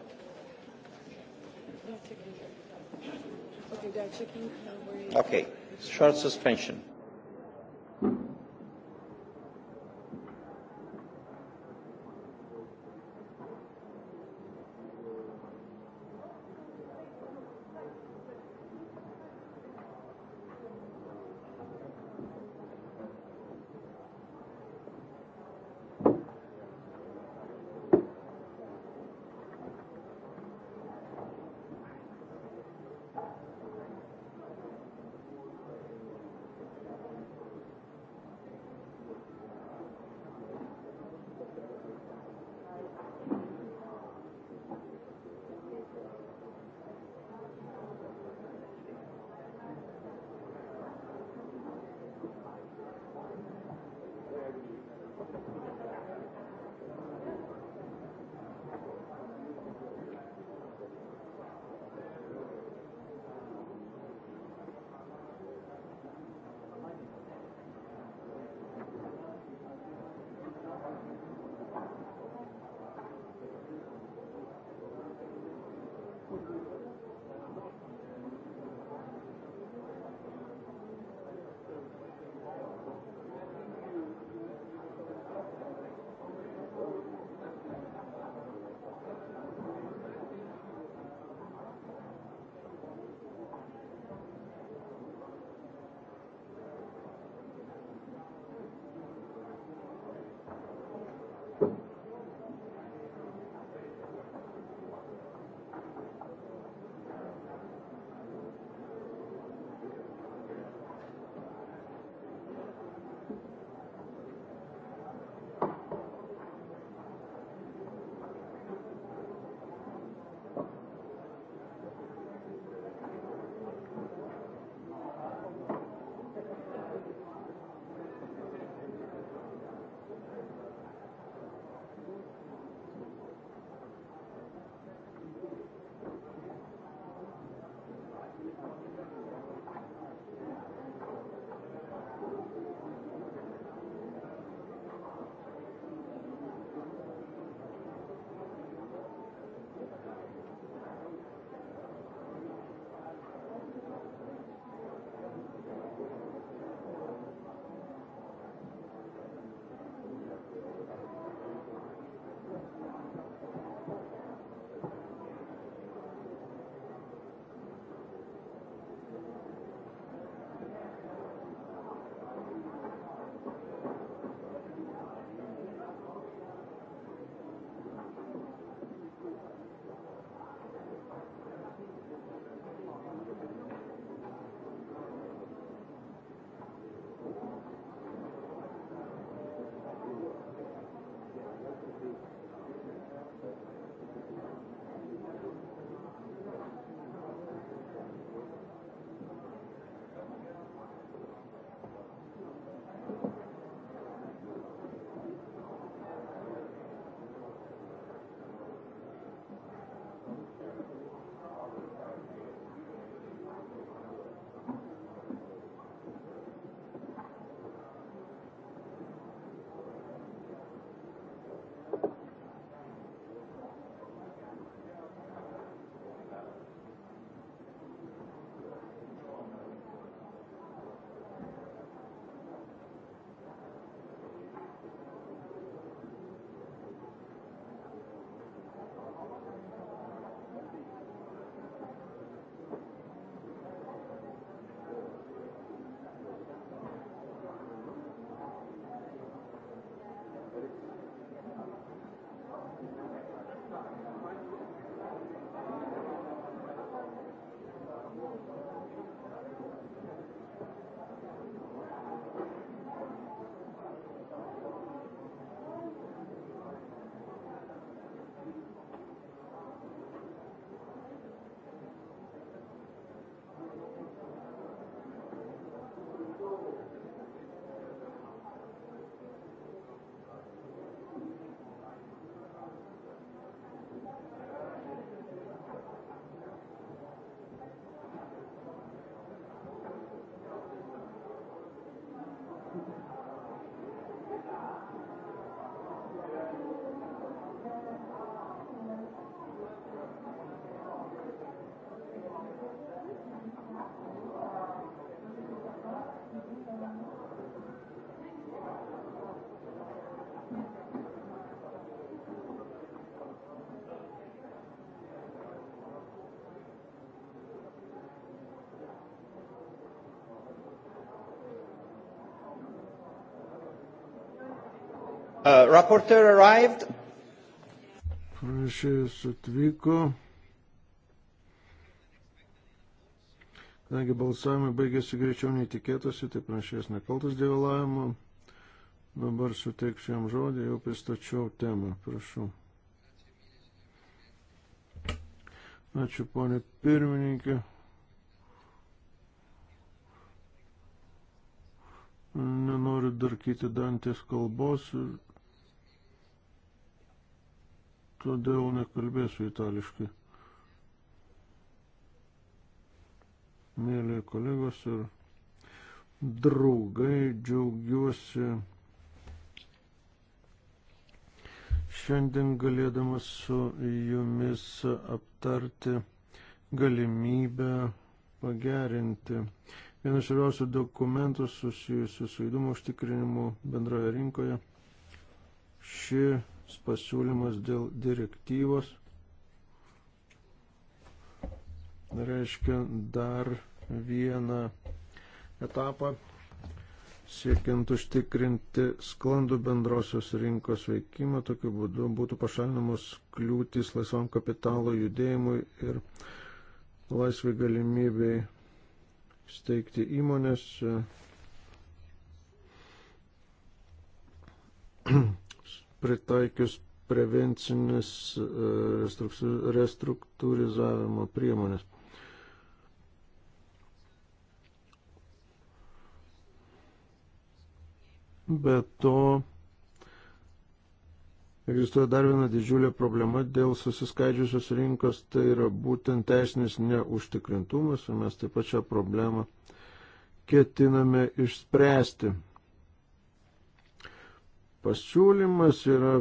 Okay short suspension. Uh, rapporteur arrived. Pranešėjas atvyko. Kadangi balsavimai baigėsi greičiau nei tikėtasi, tai pranešėjas nekaltas dėlavimo. Dabar suteiksiu jam žodį, jau pristačiau temą, prašau. Ačiū, ponė pirmininkė. Nenoriu darkyti dantės kalbos ir todėl nekalbėsiu itališkai. Mėly kolegos ir draugai, džiaugiuosi šiandien galėdamas su jumis aptarti galimybę pagerinti vienas svarbiausių dokumentų susijusių su įdomu užtikrinimu bendroje rinkoje. Ši pasiūlymas dėl direktyvos reiškia dar vieną etapą siekiant užtikrinti sklandų bendrosios rinkos veikimą, tokiu būdu būtų pašalinamos kliūtis laisvam kapitalo judėjimui ir laisvai galimybei steigti įmonės. [CLEARS THROAT] pritaikius prevencinis e, restruktūrizavimo priemonės. Be to, egzistuoja dar viena didžiulė problema dėl susiskaidžiusios rinkos, tai yra būtent teisinis neužtikrintumas, ir mes taip pat šią problemą ketiname išspręsti. Pasiūlymas yra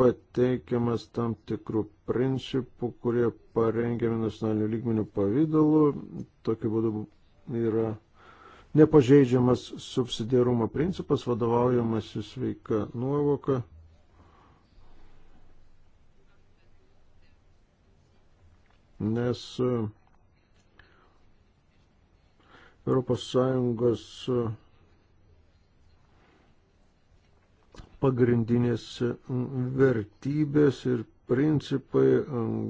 pateikiamas tam tikrų principų, kurie parengiami nacionalinių lygmenių pavydalu. Tokiu būdu yra nepažeidžiamas subsidiarumo principas, vadovaujamas į sveiką nuovoką. Nes uh, ES pagrindinės vertybės ir principai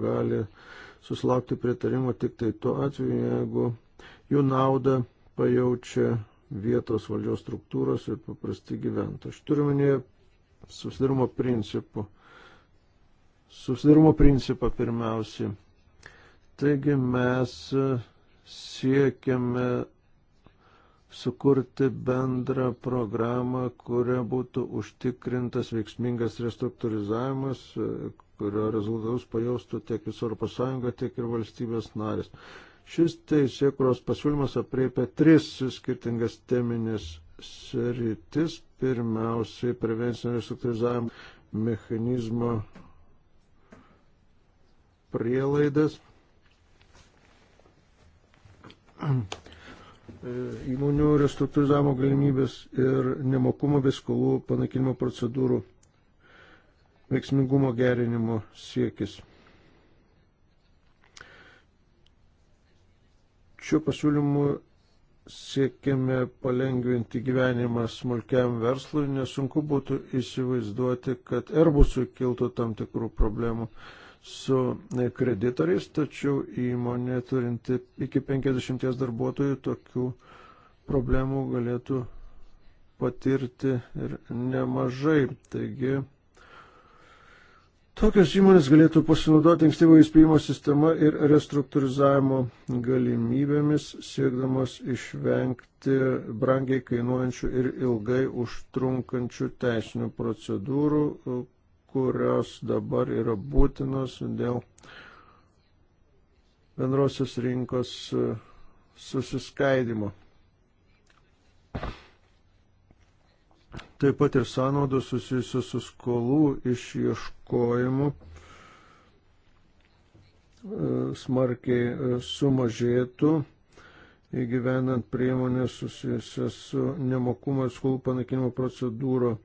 gali susilaukti pritarimo tik tai tuo atveju, jeigu jų naudą pajaučia vietos valdžios struktūros ir paprasti gyventojai. Aš turiu minėję susidarimo principų. Susidarimo principą pirmiausiai. Taigi mes siekiame sukurti bendrą programą, kuria būtų užtikrintas veiksmingas restruktūrizavimas, kurio rezultatus pajaustų tiek visų ES, tiek ir valstybės narės. Šis teisėkuros pasiūlymas apriepia tris skirtingas teminės sritis. Pirmiausiai prevencinio restruktūrizavimo mechanizmo prielaidas E, įmonių restruktūrizavimo galimybės ir nemokumo bei skolų panaikinimo procedūrų veiksmingumo gerinimo siekis. Šiuo pasiūlymu siekiame palengvinti gyvenimą smulkiam verslui, nesunku būtų įsivaizduoti, kad Airbusui kiltų tam tikrų problemų. Uh, su kreditoriais, tačiau įmonė turinti iki 50 darbuotojų tokių problemų galėtų patirti ir nemažai. Taigi, tokios įmonės galėtų pasinaudoti ankstyvo įspėjimo sistema ir restruktūrizavimo galimybėmis, siekdamos išvengti brangiai kainuojančių ir ilgai užtrunkančių teisinių procedūrų, kurios dabar yra būtinos dėl bendrosios rinkos e, susiskaidimo. Taip pat ir sąnaudos susijusios su skolų išieškojimu e, smarkiai e, sumažėtų įgyvenant priemonės susijusias su nemokumo ir skolų panaikinimo procedūro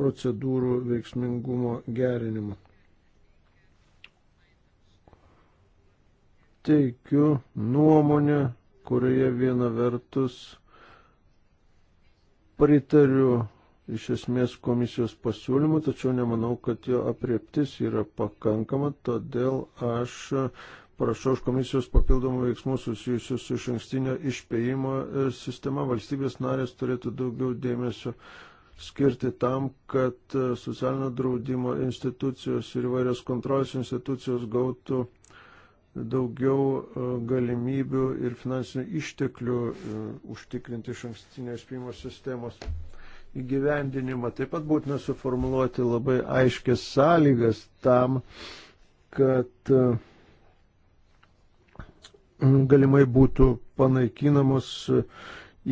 procedūrų veiksmingumo gerinimu. Teikiu nuomonę, kurioje viena vertus pritariu iš esmės komisijos pasiūlymų, tačiau nemanau, kad jo apriektis yra pakankama, todėl aš prašau iš komisijos papildomų veiksmų susijusių su iš ankstinio išpėjimo sistema. Valstybės narės turėtų daugiau dėmesio skirti tam, kad e, socialinio draudimo institucijos ir įvairios kontrolės institucijos gautų daugiau e, galimybių ir finansinių išteklių e, užtikrinti iš ankstinio įspėjimo sistemos įgyvendinimą. Taip pat būtina suformuluoti labai aiškias sąlygas tam, kad galimai būtų panaikinamos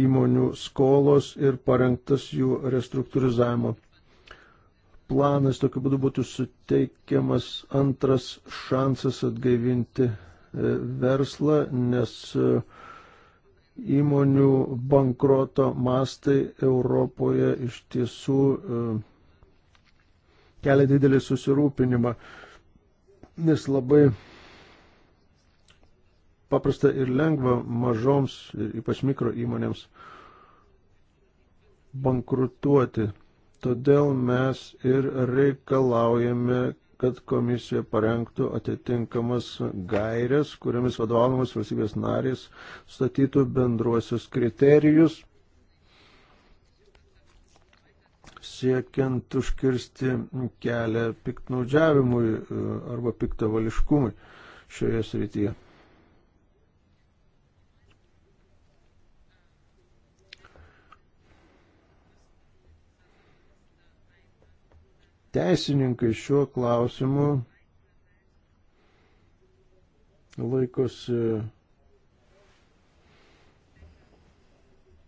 įmonių skolos ir parengtas jų restruktūrizavimo planas. Tokiu būdu būtų suteikiamas antras šansas atgaivinti e, verslą, nes e, įmonių bankroto mastai Europoje iš tiesų e, kelia didelį susirūpinimą, nes labai paprasta ir lengva mažoms, ypač mikro įmonėms, bankrutuoti. Todėl mes ir reikalaujame, kad komisija parengtų atitinkamas gairias, kuriamis vadovaujamas valstybės narės statytų bendruosius kriterijus, siekiant užkirsti kelią piktnaudžiavimui e, arba piktavališkumui šioje srityje. teisininkai šiuo klausimu laikosi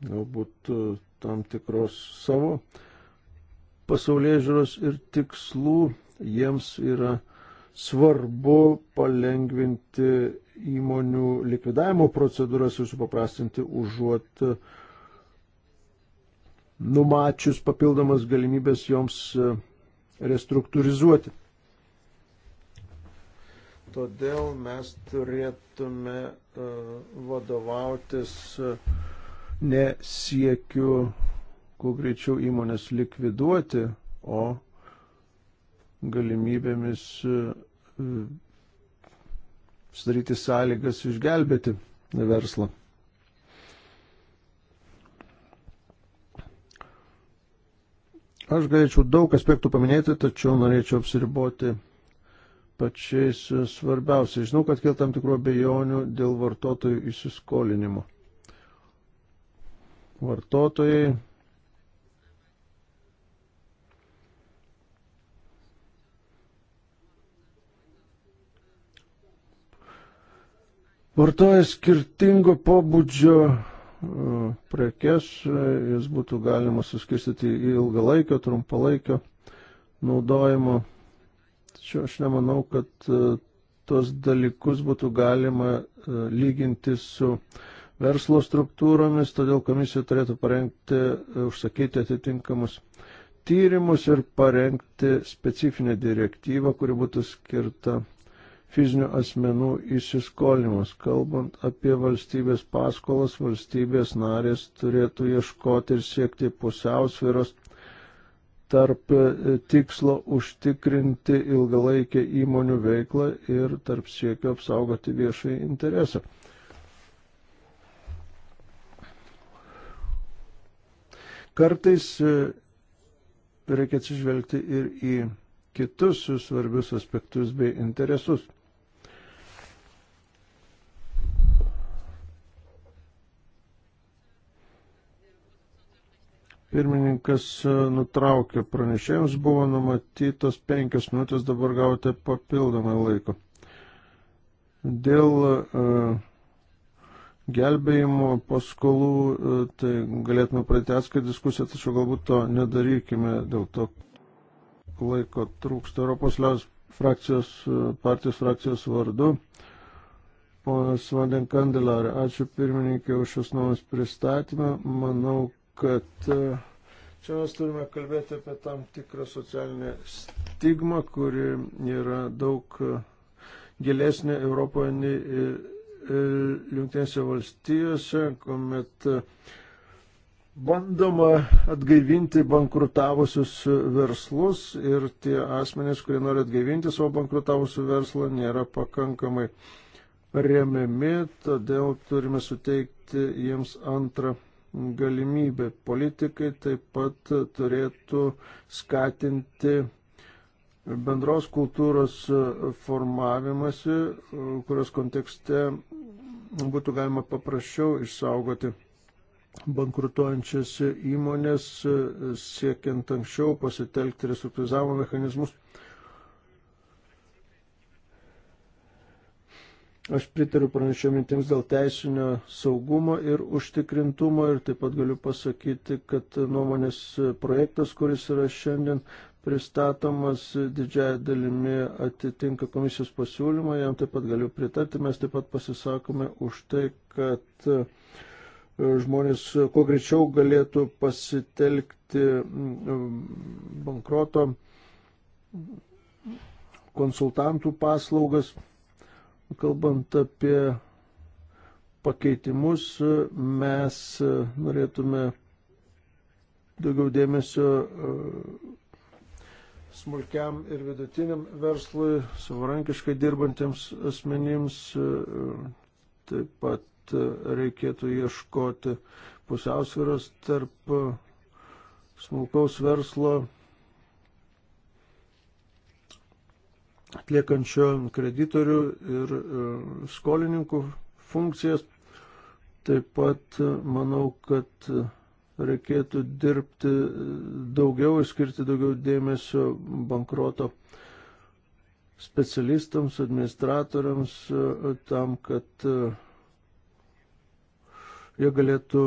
galbūt e, tam tikros savo pasaulyje žiūros ir tikslų. Jiems yra svarbu palengvinti įmonių likvidavimo procedūras ir supaprastinti užuot e, numačius papildomas galimybės joms e, restruktūrizuoti. Todėl mes turėtume uh, vadovautis uh, e, ne siekiu kuo greičiau įmonės likviduoti, o galimybėmis e, sudaryti sąlygas išgelbėti verslą. Aš galėčiau daug aspektų paminėti, tačiau norėčiau apsiriboti pačiais svarbiausiais. Žinau, kad kiel tam tikrų abejonių dėl vartotojų įsiskolinimo. Vartotojai vartoja skirtingo pobūdžio prekes, jis būtų galima suskirstyti į ilgalaikio, trumpalaikio naudojimo. Tačiau aš nemanau, kad e, tuos dalykus būtų galima e, lyginti su verslo struktūromis, todėl komisija turėtų parengti, e, užsakyti atitinkamus tyrimus ir parengti specifinę direktyvą, kuri būtų skirta fizinių asmenų įsiskolinimus. Kalbant apie valstybės paskolas, valstybės narės turėtų ieškoti ir siekti pusiausviros tarp e, tikslo užtikrinti ilgalaikę įmonių veiklą ir tarp siekio apsaugoti viešai interesą. Kartais e, reikia atsižvelgti ir į kitus svarbius aspektus bei interesus. Pirmininkas e, nutraukė pranešėjams, buvo numatytos penkios minutės, dabar gavote papildomai laiko. Dėl uh, gelbėjimo paskolų, uh, tai galėtume pratęsti diskusiją, tačiau galbūt to nedarykime, dėl to laiko trūksta Europos liaus frakcijos, partijos frakcijos vardu. Ponas Vandenkandelarė, ačiū pirmininkė už šios naujos pristatymą. Manau, kad e, čia mes turime kalbėti apie tam tikrą socialinę stigmą, kuri yra daug e, gilesnė Europoje nei e, Junktinėse valstijose, kuomet bandoma atgaivinti bankrutavusius verslus ir tie asmenys, kurie nori atgaivinti savo bankrutavusių verslą, nėra pakankamai remiami, todėl turime suteikti jiems antrą galimybė. Politikai taip pat turėtų skatinti bendros kultūros formavimasi, kurios kontekste būtų galima paprasčiau išsaugoti bankrutuojančias įmonės, siekiant anksčiau pasitelkti restruktūrizavimo mechanizmus Aš pritariu pranešio mintims dėl teisinio saugumo ir užtikrintumo ir taip pat galiu pasakyti, kad nuomonės projektas, kuris yra šiandien pristatomas didžiai dalimi atitinka komisijos pasiūlymą, jam taip pat galiu pritarti, mes taip pat pasisakome už tai, kad e, žmonės kuo greičiau galėtų pasitelkti bankroto konsultantų paslaugas. Kalbant apie pakeitimus, mes norėtume daugiau dėmesio e, smulkiam ir vidutiniam verslui, savarankiškai dirbantiems asmenims. E, taip pat e, reikėtų ieškoti pusiausvėros tarp smulkaus verslo atliekančio kreditorių ir e, skolininkų funkcijas. Taip pat e, manau, kad e, reikėtų dirbti daugiau ir skirti daugiau dėmesio bankroto specialistams, administratoriams, tam, kad jie galėtų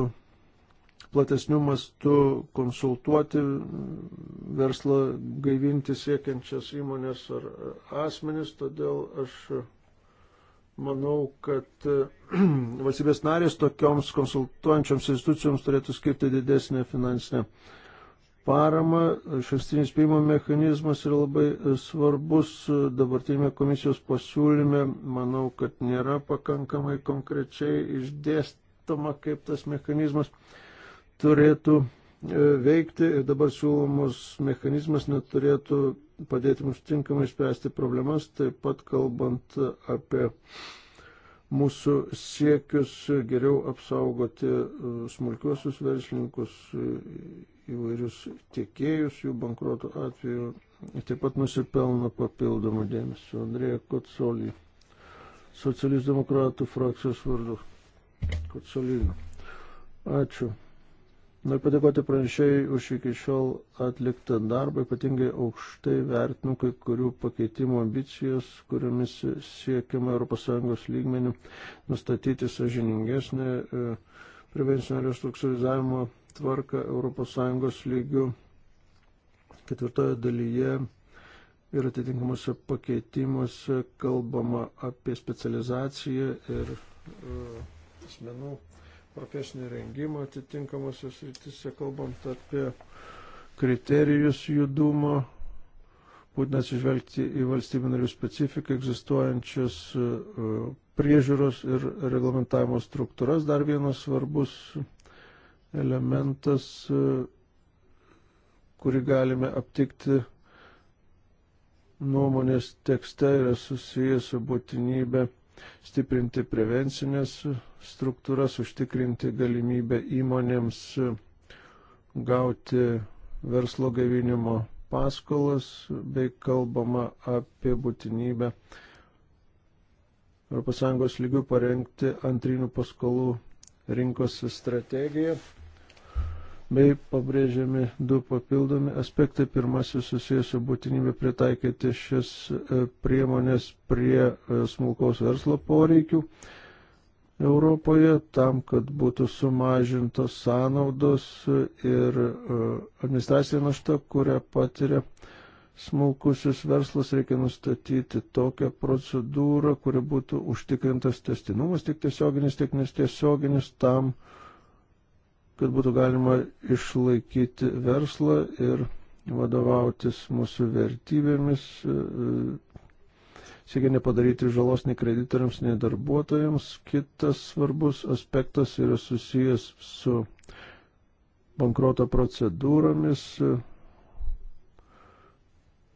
platesnių mastų konsultuoti verslą gaivinti siekiančias įmonės ar asmenis, todėl aš manau, kad [CLEARS THROAT] valstybės narės tokioms konsultuojančioms institucijoms turėtų skirti didesnę finansinę paramą. Šastinis priimo mechanizmas yra labai svarbus dabartinėme komisijos pasiūlyme. Manau, kad nėra pakankamai konkrečiai išdėstama, kaip tas mechanizmas turėtų e, veikti ir dabar siūlomus mechanizmas neturėtų padėti mums tinkamai spręsti problemas, taip pat kalbant apie mūsų siekius geriau apsaugoti e, smulkiuosius verslininkus, e, įvairius tiekėjus jų bankruotų atveju, taip pat nusipelno papildomų dėmesio. Andrėja Kotsolį, socialistų demokratų frakcijos vardu. Kotsolino. Ačiū. Noriu padėkoti pranešėjai už iki šiol atliktą darbą, ypatingai aukštai vertinu kai kurių pakeitimų ambicijos, kuriomis siekiama ES lygmenių nustatyti sažiningesnį e, prevencinio restruktūrizavimo tvarką ES lygių. Ketvirtoje dalyje ir atitinkamuose pakeitimuose kalbama apie specializaciją ir uh, asmenų. Uh, profesinį rengimą atitinkamose sritise, kalbant apie kriterijus judumo, būtina atsižvelgti į valstybių narių specifiką, egzistuojančias e, priežiūros ir reglamentavimo struktūras. Dar vienas svarbus elementas, e, kurį galime aptikti nuomonės tekste, yra susijęs su būtinybė stiprinti prevencinės struktūras, užtikrinti galimybę įmonėms gauti verslo gavinimo paskolas, bei kalbama apie būtinybę ES lygių parengti antrinių paskolų rinkos strategiją bei pabrėžiami du papildomi aspektai. Pirmasis susijęs su būtinybė pritaikyti šias e, priemonės prie e, smulkaus verslo poreikių Europoje tam, kad būtų sumažintos sąnaudos ir e, administracinė našta, kurią patiria smulkusius verslas, reikia nustatyti tokią procedūrą, kuri būtų užtikrintas testinumas, tiek tiesioginis, tiek nestiesioginis tam, kad kad būtų galima išlaikyti verslą ir vadovautis mūsų vertybėmis, e, e, siekia nepadaryti žalos nei kreditoriams, nei darbuotojams. Kitas svarbus aspektas yra susijęs su bankroto procedūromis. E,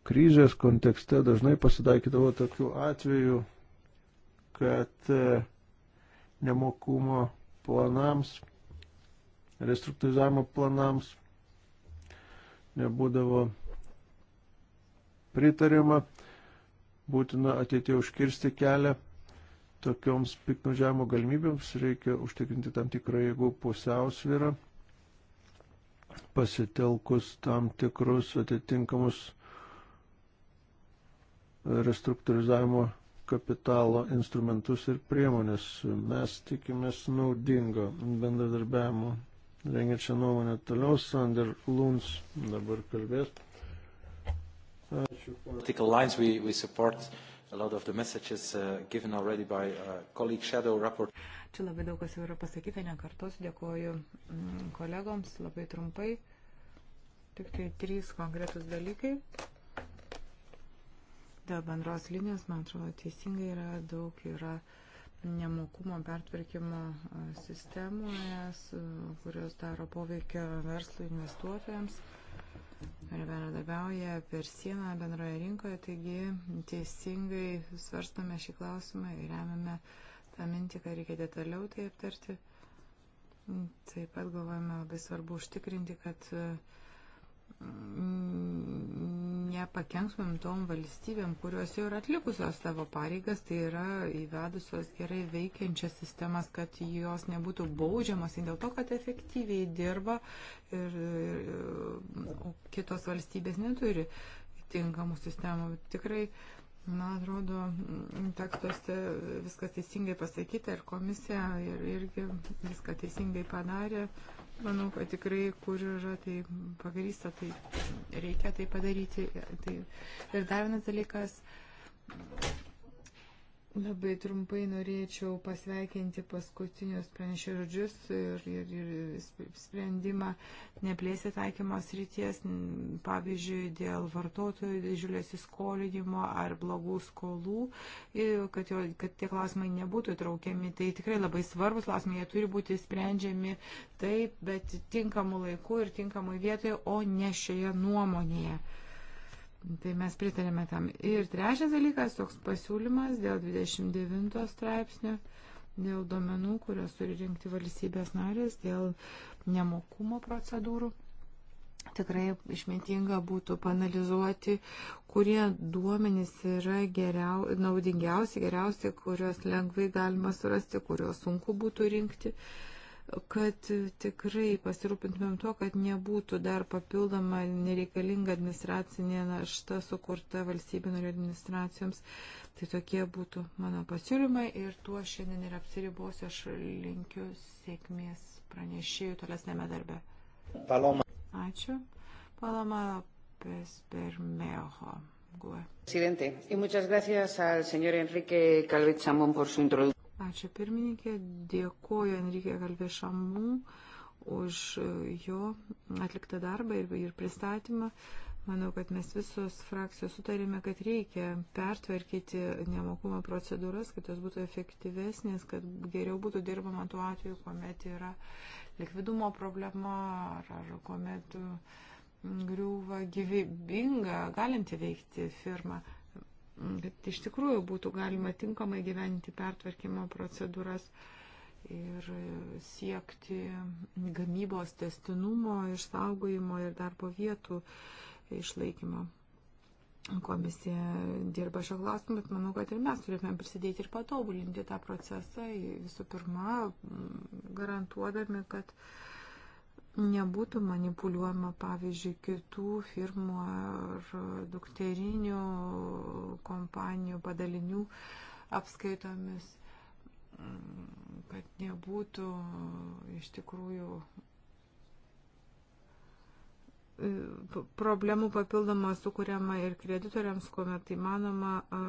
Kryžės kontekste dažnai pasitaikydavo tokių atvejų, kad nemokumo planams restruktūrizavimo planams nebūdavo pritarima, būtina ateitie užkirsti kelią tokioms piknaudžiavimo galimybėms, reikia užtikrinti tam tikrą jėgų pusiausvyrą, pasitelkus tam tikrus atitinkamus restruktūrizavimo kapitalo instrumentus ir priemonės. Mes tikimės naudingo bendradarbiavimo rengiančią nuomonę toliau. Sander Luns dabar kalbės. Ačiū. Uh, uh, čia labai daug kas jau yra pasakyta, nekartos dėkoju mm, kolegoms labai trumpai. Tik tai trys konkretus dalykai. Dėl bendros linijos, man atrodo, teisingai yra daug yra. Uh, nemokumo pertvarkymo sistemoje, kurios daro poveikio verslų investuotojams ir bendradarbiauja per sieną bendroje rinkoje. Taigi teisingai svarstame šį klausimą ir remiame tą mintį, kad reikia detaliau tai aptarti. Taip pat galvojame labai svarbu užtikrinti, kad mm, nepakenksmėm tom valstybėm, kurios jau yra atlikusios savo pareigas, tai yra įvedusios gerai veikiančias sistemas, kad jos nebūtų baudžiamas dėl to, kad efektyviai dirba ir, ir kitos valstybės neturi tinkamų sistemų. Tikrai Man atrodo, tekstuose viskas teisingai pasakyta ir komisija ir, irgi viską teisingai padarė. Uh, Manau, kad tikrai, kur yra tai pagrysta, tai reikia tai padaryti. Tai. Ir dar vienas dalykas, Labai trumpai norėčiau pasveikinti paskutinius pranešė žodžius ir, ir, ir sprendimą neplėsti taikymos ryties, pavyzdžiui, dėl vartotojų didžiulio įsiskolinimo ar blogų skolų, kad, jo, kad tie klausimai nebūtų traukiami. Tai tikrai labai svarbus klausimai, jie turi būti sprendžiami taip, bet tinkamu laiku ir tinkamui vietoje, o ne šioje nuomonėje. Tai mes pritarėme tam. Ir trečias dalykas, toks pasiūlymas dėl 29 straipsnio, dėl domenų, kurios turi rinkti valstybės narės, dėl nemokumo procedūrų. Tikrai išmintinga būtų panalizuoti, kurie duomenys yra geriau, naudingiausi, geriausi, kuriuos lengvai galima surasti, kuriuos sunku būtų rinkti. Uh, kad tikrai pasirūpintumėm tuo, kad nebūtų dar papildoma nereikalinga administracinė našta sukurta valstybinio administracijoms. Tai tokie būtų mano pasiūlymai ir tuo šiandien ir apsiribosiu. Aš linkiu sėkmės pranešėjų tolesnėme darbe. Paloma. Ačiū. Paloma Pesbermejo. Presidente, y muchas gracias al señor Enrique Calvet Chamón por su introducción. Ačiū pirmininkė, dėkoju Enrique Galvešamų už jo atliktą darbą ir, ir pristatymą. Manau, kad mes visos frakcijos sutarėme, kad reikia pertvarkyti nemokumo procedūras, kad jos būtų efektyvesnės, kad geriau būtų dirbama tuo atveju, kuomet yra likvidumo problema ar, ar kuomet mm, griūva gyvybinga, galinti veikti firma kad mm, iš tikrųjų būtų galima tinkamai gyventi pertvarkymo procedūras ir siekti gamybos testinumo, išsaugojimo ir darbo vietų išlaikymo. Komisija dirba šio klausimu, bet manau, kad ir mes turėtume prisidėti ir patobulinti tą procesą, visų pirma, mm, garantuodami, kad uh, nebūtų manipuliuojama, pavyzdžiui, kitų firmų ar dukterinių kompanijų padalinių apskaitomis, kad nebūtų iš tikrųjų e, problemų papildomą sukūriama ir kreditoriams, kuomet įmanoma e,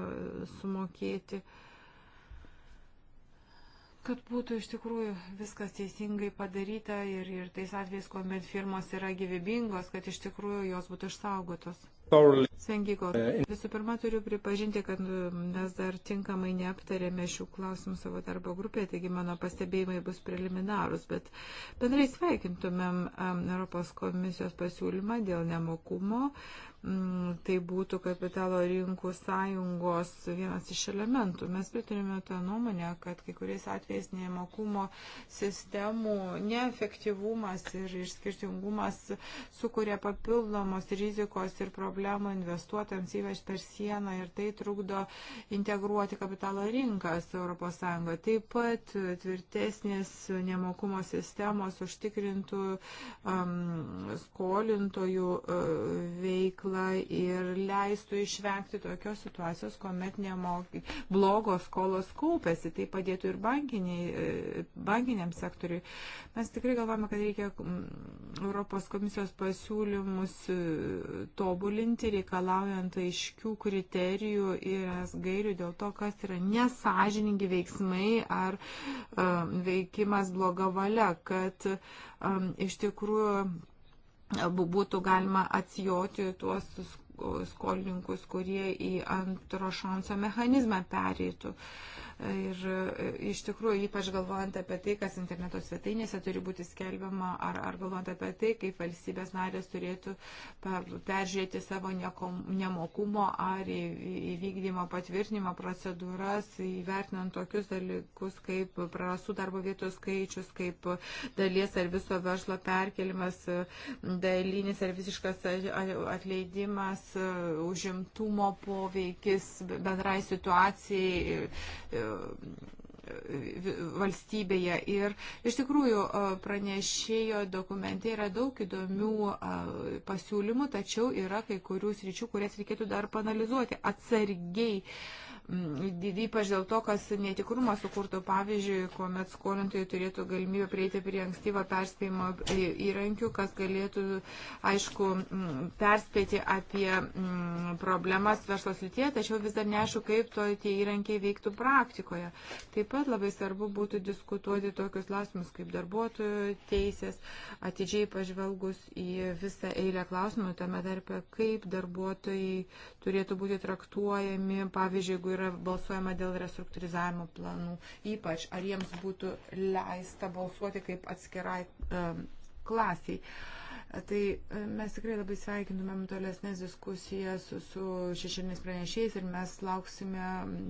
sumokėti uh, kad būtų iš tikrųjų viskas teisingai padaryta ir, ir tais atvejais, kuomet firmos yra gyvybingos, kad iš tikrųjų jos būtų išsaugotos. Svengiko, visų pirma turiu pripažinti, kad mes dar tinkamai neaptarėme šių klausimų savo darbo grupėje, taigi mano pastebėjimai bus preliminarūs, bet bendrai sveikintumėm Europos komisijos pasiūlymą dėl nemokumo Mm, tai būtų kapitalo rinkų sąjungos vienas iš elementų. Mes pritarėme tą nuomonę, kad kai kuriais atvejais nemokumo sistemų neefektyvumas ir išskirtingumas sukuria papildomos rizikos ir problemų investuotams ypač per sieną ir tai trukdo integruoti kapitalo rinkas ES. Taip pat tvirtesnės nemokumo sistemos užtikrintų um, skolintojų uh, veiklą veiklą ir leistų išvengti tokios situacijos, kuomet nemokai, blogos skolos kaupėsi. Tai padėtų ir bankiniai, e, bankiniam sektoriui. Mes tikrai galvojame, kad reikia Europos komisijos pasiūlymus e, tobulinti, reikalaujant aiškių kriterijų ir gairių dėl to, kas yra nesažiningi veiksmai ar um, veikimas bloga valia, kad um, iš tikrųjų būtų galima atsijoti tuos skolininkus, kurie į antro šanso mechanizmą pereitų. Uh, Ir e, iš tikrųjų, ypač galvojant apie tai, kas interneto svetainėse turi būti skelbiama, ar, ar galvojant apie tai, kaip valstybės narės turėtų peržiūrėti savo nekom, nemokumo ar įvykdymo patvirtinimo procedūras, įvertinant tokius dalykus kaip prarastų darbo vietų skaičius, kaip dalies ar viso verslo perkelimas, dalinis ar visiškas atleidimas, užimtumo poveikis bendrai situacijai E, valstybėje. Ir iš tikrųjų e, pranešėjo dokumentai yra daug įdomių e, pasiūlymų, tačiau yra kai kurių sričių, kurias reikėtų dar panalizuoti atsargiai. Uh, ypač dėl to, kas netikrumą sukurtų, pavyzdžiui, kuomet skolintojai turėtų galimybę prieiti prie ankstyvo perspėjimo įrankių, kas galėtų, aišku, perspėti apie problemas verslas lytie, tačiau vis dar neaišku, kaip to tie įrankiai veiktų praktikoje. Taip pat labai svarbu būtų diskutuoti tokius klausimus kaip darbuotojų teisės, atidžiai pažvelgus į visą eilę klausimų, tame tarpe, kaip darbuotojai turėtų būti traktuojami, pavyzdžiui, jeigu yra balsuojama dėl restruktūrizavimo planų. Ypač, ar jiems būtų leista balsuoti kaip atskirai um, klasiai. Uh, Tai e, mes tikrai labai sveikintumėm tolesnės diskusijas su, su šešėliniais pranešėjais ir mes lauksime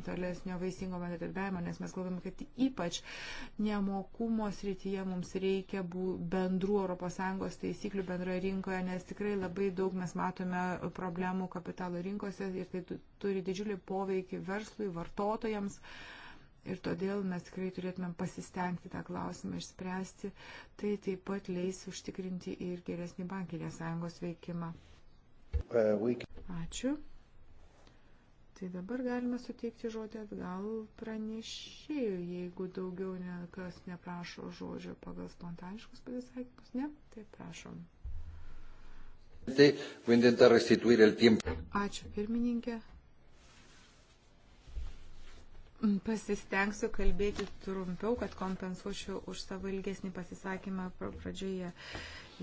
tolesnio vaisingo bendradarbiavimo, nes mes galvojame, kad ypač nemokumo srityje mums reikia bendrų ES taisyklių bendroje rinkoje, nes tikrai labai daug mes matome problemų kapitalo rinkose ir tai turi didžiulį poveikį verslui, vartotojams. Uh, Ir todėl mes tikrai turėtumėm pasistengti tą klausimą išspręsti. Tai taip pat leis užtikrinti ir geresnį bankinės sąjungos veikimą. Ačiū. Tai dabar galime suteikti žodį atgal pranešėjui, jeigu daugiau ne, kas neprašo žodžio pagal spontaniškus pasisakymus. Ne, tai prašom. Ačiū pirmininkė. Pasistengsiu kalbėti trumpiau, kad kompensuočiau už savo ilgesnį pasisakymą pradžioje.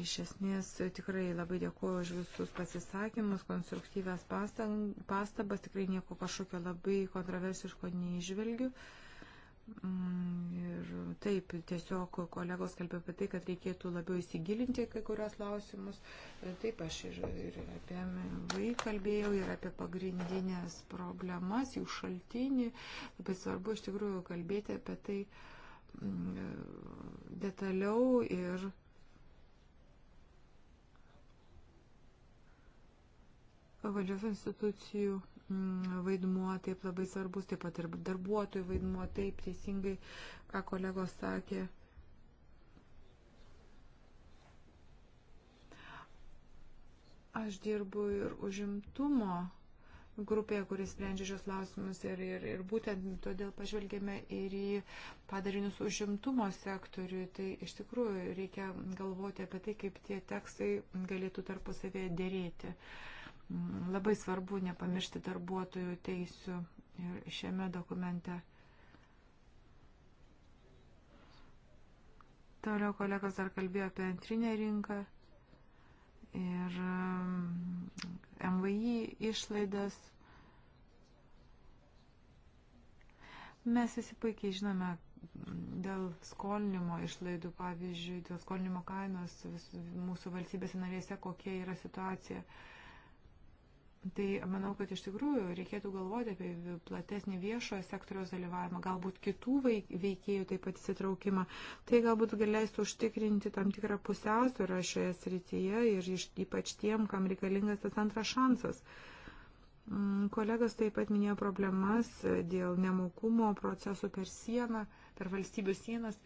Iš esmės tikrai labai dėkuoju už visus pasisakymus, konstruktyvės pastabas, tikrai nieko kažkokio labai kontroversiško neižvelgiu. Uh, Mm, ir taip, tiesiog kolegos kalbė apie tai, kad reikėtų labiau įsigilinti kai kurios klausimus. E, taip, aš ir, ir apie MVI kalbėjau, ir apie pagrindinės problemas, jų šaltinį. Labai svarbu iš tikrųjų kalbėti apie tai mm, e, detaliau ir valdžios institucijų mm, vaidmuo taip labai svarbus, taip pat ir darbuotojų vaidmuo, taip teisingai, ką kolegos sakė. Aš dirbu ir užimtumo grupėje, kuris sprendžia šios klausimus ir, ir, ir būtent todėl pažvelgėme ir į padarinius užimtumo sektoriui. Tai iš tikrųjų reikia galvoti apie tai, kaip tie tekstai galėtų tarpusavėje dėrėti. Uh, Labai svarbu nepamiršti darbuotojų teisių ir šiame dokumente. Toliau kolegos dar kalbėjo apie antrinę rinką ir MVI um, išlaidas. Mes visi puikiai žinome dėl skolinimo išlaidų, pavyzdžiui, dėl skolinimo kainos vis, mūsų valstybės narėse, kokia yra situacija. Uh, Tai manau, kad iš tikrųjų reikėtų galvoti apie platesnį viešojo sektoriaus dalyvavimą, galbūt kitų veikėjų taip pat įsitraukimą. Tai galbūt galėstų užtikrinti tam tikrą pusiausvyrą šioje srityje ir ypač tiem, kam reikalingas tas antras šansas. Mm, Kolegas taip pat minėjo problemas e, dėl nemokumo procesų per sieną, per valstybių sienas.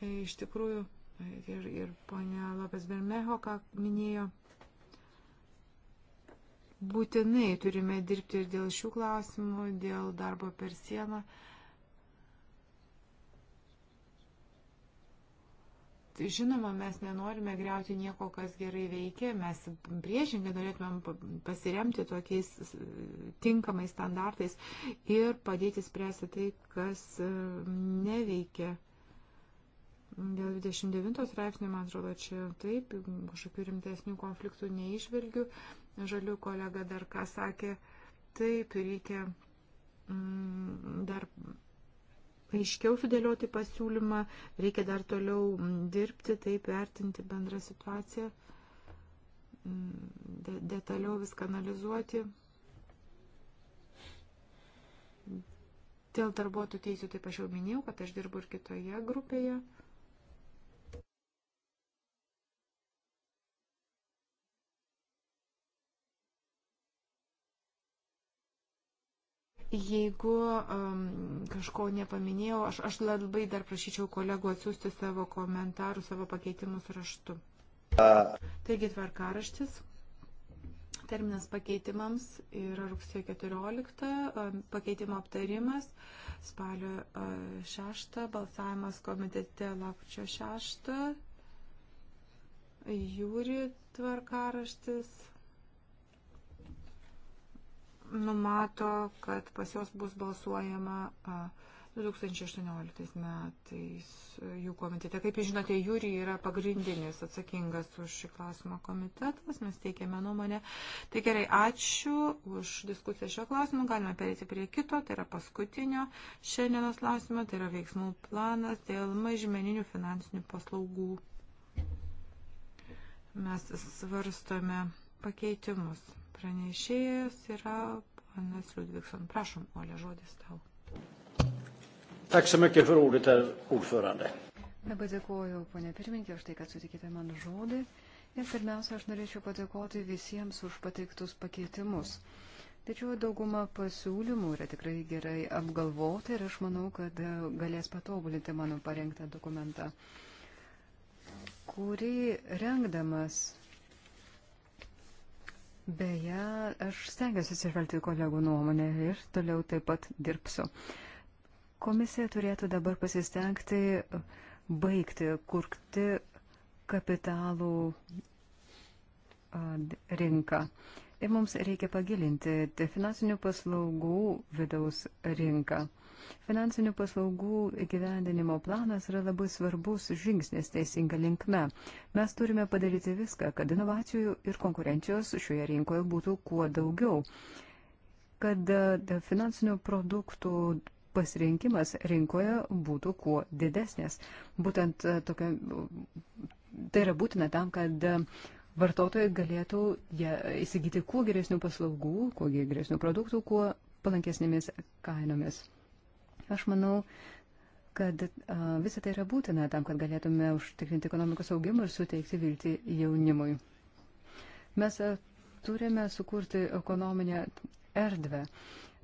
E, iš tikrųjų, e, ir, ir ponia Lopes Bermeho, ką minėjo, Būtinai turime dirbti ir dėl šių klausimų, dėl darbo per sieną. žinoma, mes nenorime greuti nieko, kas gerai veikia, mes priešingai norėtumėm pasiremti tokiais tinkamais standartais ir padėti spręsti tai, kas e, neveikia. Dėl 29 straipsnių, man atrodo, čia taip, kažkokių rimtesnių konfliktų neišvelgiu. Žalių kolega dar ką sakė, taip reikia mm, dar aiškiau sudėlioti pasiūlymą, reikia dar toliau mm, dirbti, taip vertinti bendrą situaciją, mm, de detaliau viską analizuoti. Dėl darbuotojų teisų, taip aš jau minėjau, kad aš dirbu ir kitoje grupėje. Jeigu um, kažko nepaminėjau, aš, aš labai dar prašyčiau kolegų atsiųsti savo komentarų, savo pakeitimus raštu. Taigi tvarkaraštis. Terminas pakeitimams yra rugsėjo 14, pakeitimo aptarimas spalio 6, balsavimas komitete lapkričio 6, jūri tvarkaraštis numato, kad pas jos bus balsuojama 2018 metais jų komitete. Kaip jūs žinote, Jūri yra pagrindinis atsakingas už šį klausimą komitetas, mes teikėme nuomonę. Tai gerai, ačiū už diskusiją šio klausimu, galime perėti prie kito, tai yra paskutinio šiandienos klausimo, tai yra veiksmų planas dėl mažmeninių finansinių paslaugų. Mes svarstome pakeitimus. Pranešėjas yra panas Ludvigson. Prašom, Olė, žodis tau. Labai dėkuoju, ponė pirmininkė, už tai, kad sutikite man žodį. Ir pirmiausia, aš norėčiau padėkoti visiems už pateiktus pakeitimus. Tačiau dauguma pasiūlymų yra tikrai gerai apgalvota ir aš manau, kad galės patobulinti mano parengtą dokumentą, kurį rengdamas Beje, aš stengiuosi atsižvelgti kolegų nuomonę ir toliau taip pat dirbsiu. Komisija turėtų dabar pasistengti baigti kurkti kapitalų rinką. Ir mums reikia pagilinti finansinių paslaugų vidaus rinką. Finansinių paslaugų gyvendinimo planas yra labai svarbus žingsnis teisinga linkme. Mes turime padaryti viską, kad inovacijų ir konkurencijos šioje rinkoje būtų kuo daugiau, kad e, finansinių produktų pasirinkimas rinkoje būtų kuo didesnės. Būtent e, tokia, tai yra būtina tam, kad e, vartotojai galėtų ja, įsigyti kuo geresnių paslaugų, kuo geresnių produktų, kuo palankesnėmis kainomis. Aš manau, kad visą tai yra būtina tam, kad galėtume užtikrinti ekonomikos augimą ir suteikti viltį jaunimui. Mes turime sukurti ekonominę erdvę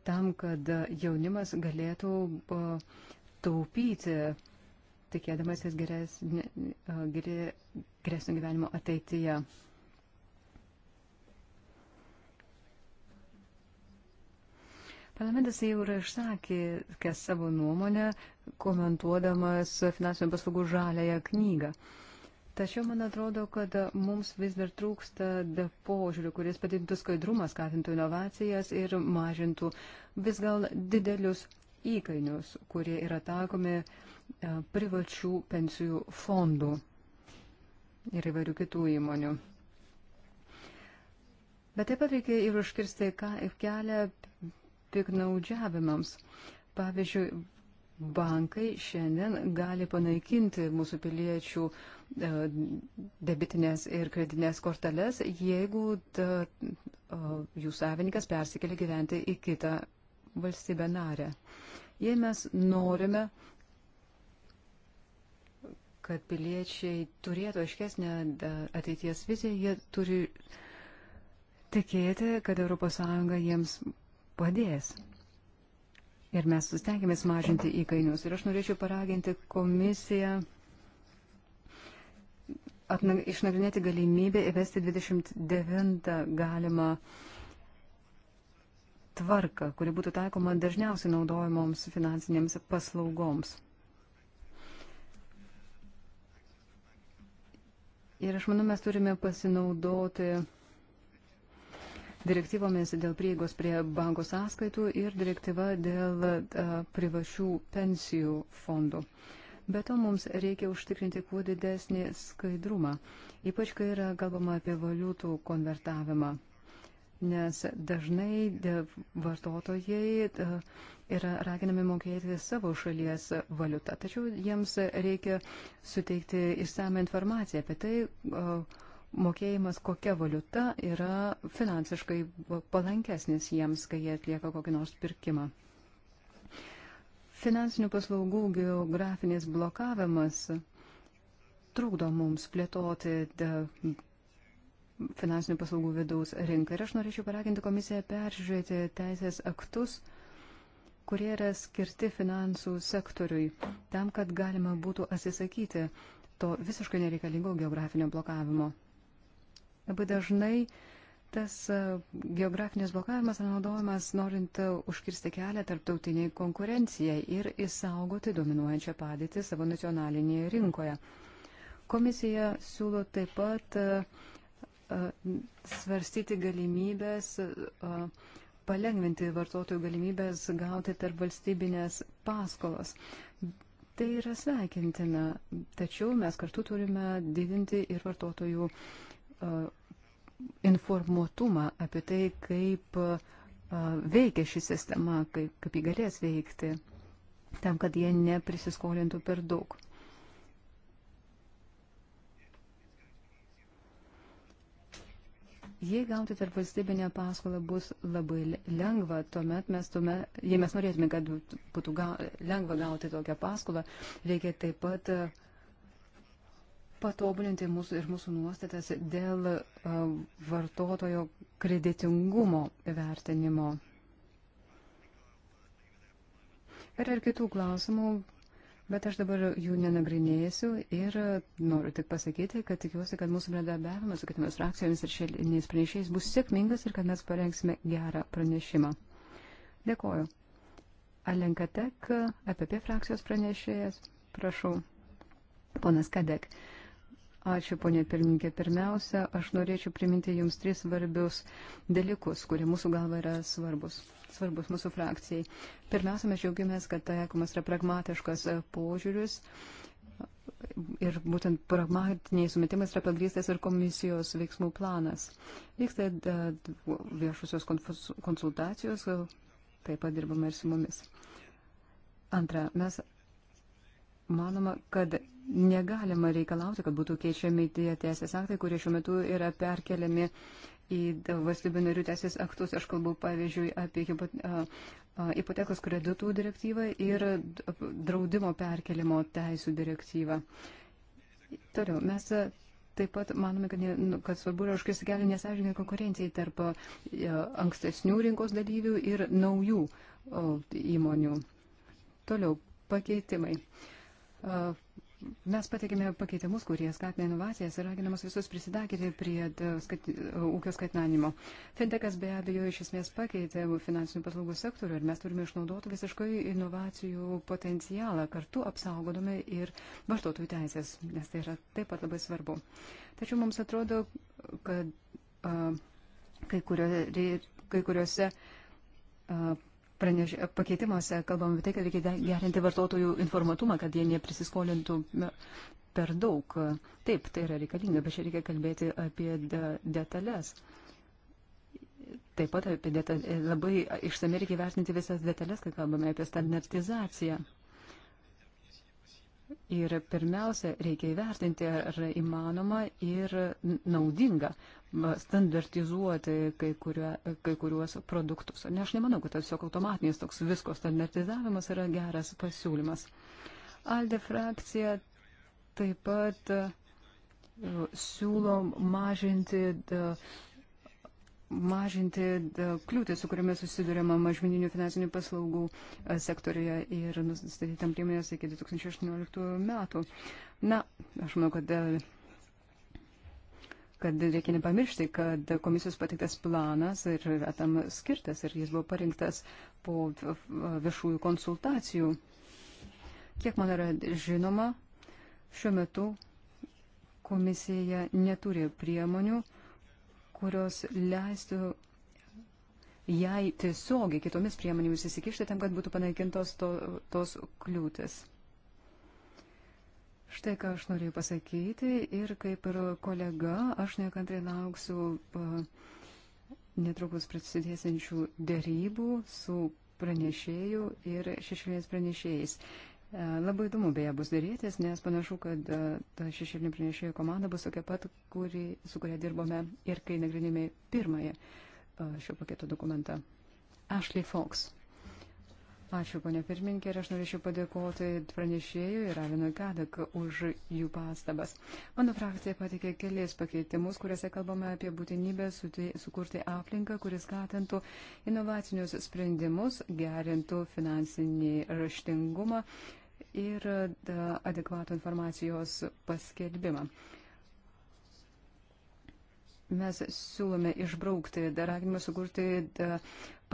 tam, kad jaunimas galėtų taupyti, tikėdamasis geresnio gyvenimo ateityje. Parlamentas jau yra išsakė savo nuomonę, komentuodamas finansinių paslaugų žalėją knygą. Tačiau man atrodo, kad mums vis dar trūksta požiūrių, kuris padidintų skaidrumą, skatintų inovacijas ir mažintų vis gal didelius įkainius, kurie yra taikomi e, privačių pensijų fondų ir įvairių kitų įmonių. Bet taip pat reikia ir užkirsti kelią piknaudžiavimams. Pavyzdžiui, bankai šiandien gali panaikinti mūsų piliečių e, debitinės ir kredinės korteles, jeigu ta, e, jų savininkas persikeli gyventi į kitą valstybę narę. Jei mes norime, kad piliečiai turėtų aiškesnę e, ateities viziją, jie turi tikėti, kad ES jiems padės. Ir mes sustengiamės mažinti įkainius. Ir aš norėčiau paraginti komisiją atna, išnagrinėti galimybę įvesti 29 galimą tvarką, kuri būtų taikoma dažniausiai naudojamoms finansinėms paslaugoms. Ir aš manau, mes turime pasinaudoti direktyvomis dėl prieigos prie banko sąskaitų ir direktyva dėl e, privačių pensijų fondų. Be to mums reikia užtikrinti kuo didesnį skaidrumą, ypač kai yra kalbama apie valiutų konvertavimą. Nes dažnai vartotojai e, yra raginami mokėti savo šalies valiutą, tačiau jiems reikia suteikti išsame informaciją apie tai, mokėjimas kokia valiuta yra finansiškai palankesnis jiems, kai jie atlieka kokį nors pirkimą. Finansinių paslaugų geografinis blokavimas trukdo mums plėtoti finansinių paslaugų vidaus rinką. Ir aš norėčiau paraginti komisiją peržiūrėti teisės aktus, kurie yra skirti finansų sektoriui, tam, kad galima būtų atsisakyti to visiškai nereikalingo geografinio blokavimo. Labai dažnai tas e, geografinis blokavimas yra naudojamas norint e, užkirsti kelią tarptautiniai konkurencijai ir įsaugoti dominuojančią padėtį savo nacionalinėje rinkoje. Komisija siūlo taip pat e, svarstyti galimybės, palengventi vartotojų galimybės gauti tarp valstybinės paskolos. Tai yra sveikintina, tačiau mes kartu turime didinti ir vartotojų uh, E, informuotumą apie tai, kaip e, veikia ši sistema, kaip, kaip jį galės veikti, tam, kad jie neprisiskolintų per daug. Jei gauti tarp valstybinę paskolą bus labai lengva, tuomet mes, tuomet, jei mes norėtume, kad būtų ga, lengva gauti tokią paskolą, reikia taip pat uh, patobulinti mūsų ir mūsų nuostatas dėl vartotojo kreditingumo vertinimo. Yra ir kitų klausimų, bet aš dabar jų nenagrinėsiu ir noriu tik pasakyti, kad tikiuosi, kad mūsų bendradarbiavimas su kitomis frakcijomis ir šeliniais pranešėjais bus sėkmingas ir kad mes parengsime gerą pranešimą. Dėkoju. Alenkatek, APP frakcijos pranešėjas, prašau. Ponas Kadek. Ačiū, ponė pirmininkė. Pirmiausia, aš norėčiau priminti Jums tris svarbius dalykus, kurie mūsų galva yra svarbus, svarbus mūsų frakcijai. Pirmiausia, mes džiaugiamės, kad taikomas yra pragmatiškas e, požiūris. Ir būtent pragmatiniais sumetimais yra pagrįstas ir komisijos veiksmų planas. Vyksta e, viešusios konsultacijos, e, taip pat dirbama ir su mumis. Antra, mes manoma, kad negalima reikalauti, kad būtų keičiami tie teisės aktai, kurie šiuo metu yra perkeliami į valstybių narių teisės aktus. Aš kalbu, pavyzdžiui, apie ipotekos kreditų direktyvą ir draudimo perkelimo teisų direktyvą. Toliau, mes Taip pat manome, kad, ne, nu, kad svarbu yra užkirsti kelią nesažininkai konkurencijai tarp e, ankstesnių rinkos dalyvių ir naujų o, įmonių. Toliau, pakeitimai. E, Mes pateikėme pakeitimus, kurie skatina inovacijas ir raginamas visus prisidakinti prie e, skat, e, ūkio skatinanimo. Fintechas be abejo iš esmės pakeitė finansinių paslaugų sektorių ir mes turime išnaudoti visiškai inovacijų potencialą, kartu apsaugodami ir vartotojų teisės, nes tai yra taip pat labai svarbu. Tačiau mums atrodo, kad a, kai, kurio, kai kuriuose a, praneš, pakeitimuose kalbame apie tai, kad reikia gerinti vartotojų informatumą, kad jie neprisiskolintų per daug. Taip, tai yra reikalinga, bet čia reikia kalbėti apie de, detalės. Taip pat apie detalės, labai išsamei reikia vertinti visas detalės, kai kalbame apie standartizaciją. Ir pirmiausia, reikia įvertinti, ar įmanoma ir naudinga standartizuoti kai, kurio, kai kuriuos produktus. Ne, aš nemanau, kad tiesiog automatinis toks visko standartizavimas yra geras pasiūlymas. Alde frakcija taip pat e, siūlo mažinti e, mažinti kliūtį, su kuriomis susidurėma mažmeninių finansinių paslaugų sektorija ir nustatyti tam priemonės iki 2018 metų. Na, aš manau, kad kad reikia nepamiršti, kad komisijos pateiktas planas ir yra tam skirtas ir jis buvo parinktas po viešųjų konsultacijų. Kiek man yra žinoma, šiuo metu komisija neturi priemonių, uh, kurios leistų jai tiesiogiai kitomis priemonėmis įsikišti tam, kad būtų panaikintos to, tos kliūtis. Štai ką aš noriu pasakyti ir kaip ir kolega, aš nekantrai lauksiu netrukus prasidėsiančių dėrybų su pranešėjų ir šešėlės pranešėjais. E, labai įdomu beje bus darytis, nes panašu, kad e, ta šešėlinė pranešėjų komanda bus tokia pat, kuri, su kuria dirbome ir kai nagrinėjome pirmąją e, šio paketo dokumentą. Ashley Fox. Ačiū, ponia pirmininkė, ir aš norėčiau padėkoti pranešėjui ir Avinui Kadak už jų pastabas. Mano frakcija patikė kelias pakeitimus, kuriuose kalbame apie būtinybę sukurti aplinką, kuris skatintų inovacinius sprendimus, gerintų finansinį raštingumą ir e, adekvato informacijos paskelbimą. Mes siūlome išbraukti raginimą sukurti e,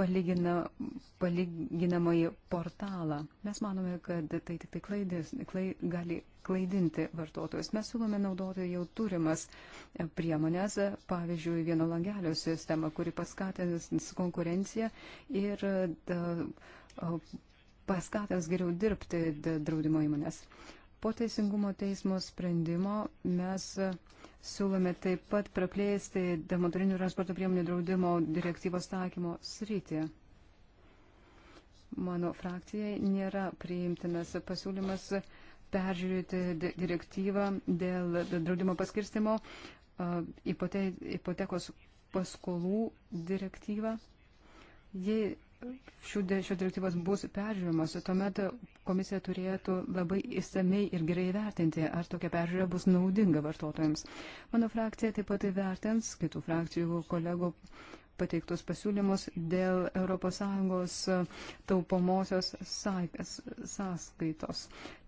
palygina, palyginamąjį portalą. Mes manome, kad tai tik tai klaidis, klai, gali klaidinti vartotojus. Mes siūlome naudoti jau turimas e, priemonės, pavyzdžiui, vieno langelio sistemą, kuri paskatins konkurenciją ir da, paskatins geriau dirbti draudimo įmonės. Po Teisingumo teismo sprendimo mes e, siūlome taip pat praplėsti motorinių transporto priemonių draudimo direktyvos taikymo sritį. Mano frakcijai nėra priimtinas pasiūlymas peržiūrėti direktyvą dėl draudimo paskirstimo, e, ipote, ipotekos paskolų direktyvą. Jei šių, šios direktyvos bus peržiūrimos, tuomet komisija turėtų labai įsamei ir gerai vertinti, ar tokia peržiūra bus naudinga vartotojams. Mano frakcija taip pat įvertins kitų frakcijų kolegų pateiktus pasiūlymus dėl ES taupomosios saikas, sąskaitos,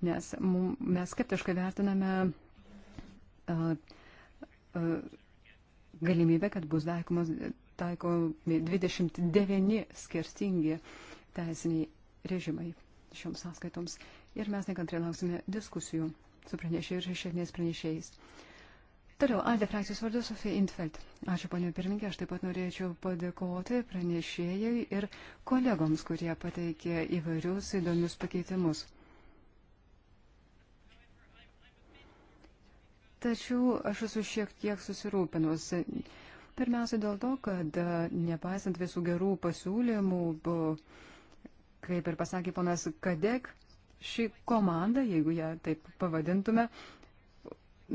nes mes skeptiškai vertiname uh, uh, galimybę, kad bus taikomas taikomi 29 skirtingi teisiniai režimai šioms sąskaitoms. Ir mes nekantriai lauksime diskusijų su pranešėjais ir šešėliniais pranešėjais. Toliau, Alde frakcijos vardu Sofija Intfeld. Ačiū, ponio pirmininkė, aš taip pat norėčiau padėkoti pranešėjai ir kolegoms, kurie pateikė įvairius įdomius pakeitimus. Tačiau aš esu šiek tiek susirūpinus, Pirmiausia dėl to, kad e, nepaisant visų gerų pasiūlymų, kaip ir pasakė ponas Kadek, ši komanda, jeigu ją taip pavadintume,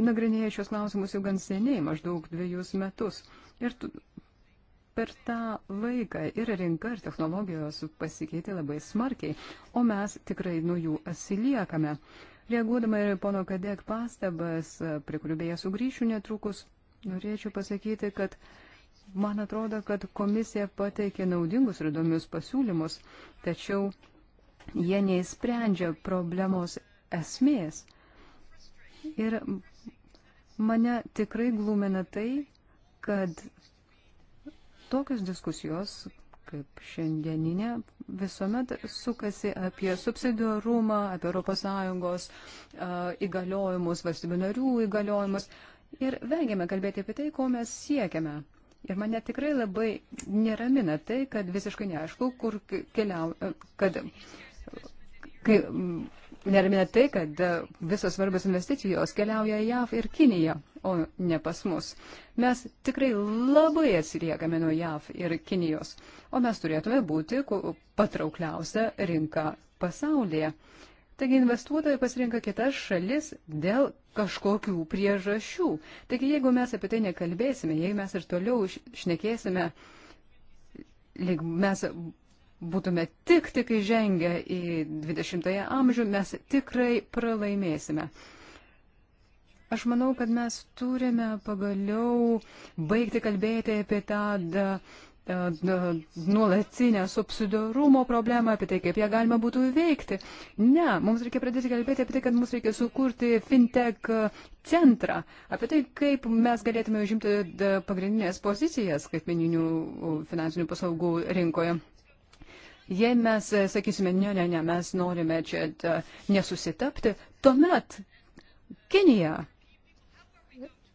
nagrinėja šios klausimus jau gan seniai, maždaug dviejus metus. Ir per tą laiką ir rinka, ir technologijos pasikeitė labai smarkiai, o mes tikrai nuo jų atsiliekame. Reaguodama ir pono Kadek pastabas, prie kurių beje sugrįšiu netrukus, norėčiau pasakyti, kad man atrodo, kad komisija pateikė naudingus ir įdomius pasiūlymus, tačiau jie neįsprendžia problemos esmės. Ir mane tikrai glumina tai, kad tokios diskusijos, kaip šiandieninė, visuomet sukasi apie subsidiarumą, apie ES įgaliojimus, valstybių narių įgaliojimus. Uh, ir vengiame kalbėti apie tai, ko mes siekiame. Ir mane tikrai labai neramina tai, kad visiškai neaišku, kur keliau, e, kad kai, neramina tai, kad e, visos svarbios investicijos keliauja į JAV ir Kiniją, o ne pas mus. Mes tikrai labai atsiliekame nuo JAV ir Kinijos, o mes turėtume būti patraukliausia rinka pasaulyje. Taigi investuotojai pasirinka kitas šalis dėl kažkokių priežasčių. Taigi jeigu mes apie tai nekalbėsime, jeigu mes ir toliau šnekėsime, lyg mes būtume tik tik įžengę į 20-ąją amžių, mes tikrai pralaimėsime. Aš manau, kad mes turime pagaliau baigti kalbėti apie tą da, uh, nuolatinę subsidiarumo problemą, apie tai, kaip ją galima būtų įveikti. Ne, mums reikia pradėti kalbėti apie tai, kad mums reikia sukurti fintech centrą, apie tai, kaip mes galėtume užimti pagrindinės pozicijas skaitmeninių finansinių paslaugų rinkoje. Jei mes e, sakysime, ne, ne, ne, mes norime čia nesusitapti, tuomet Kinija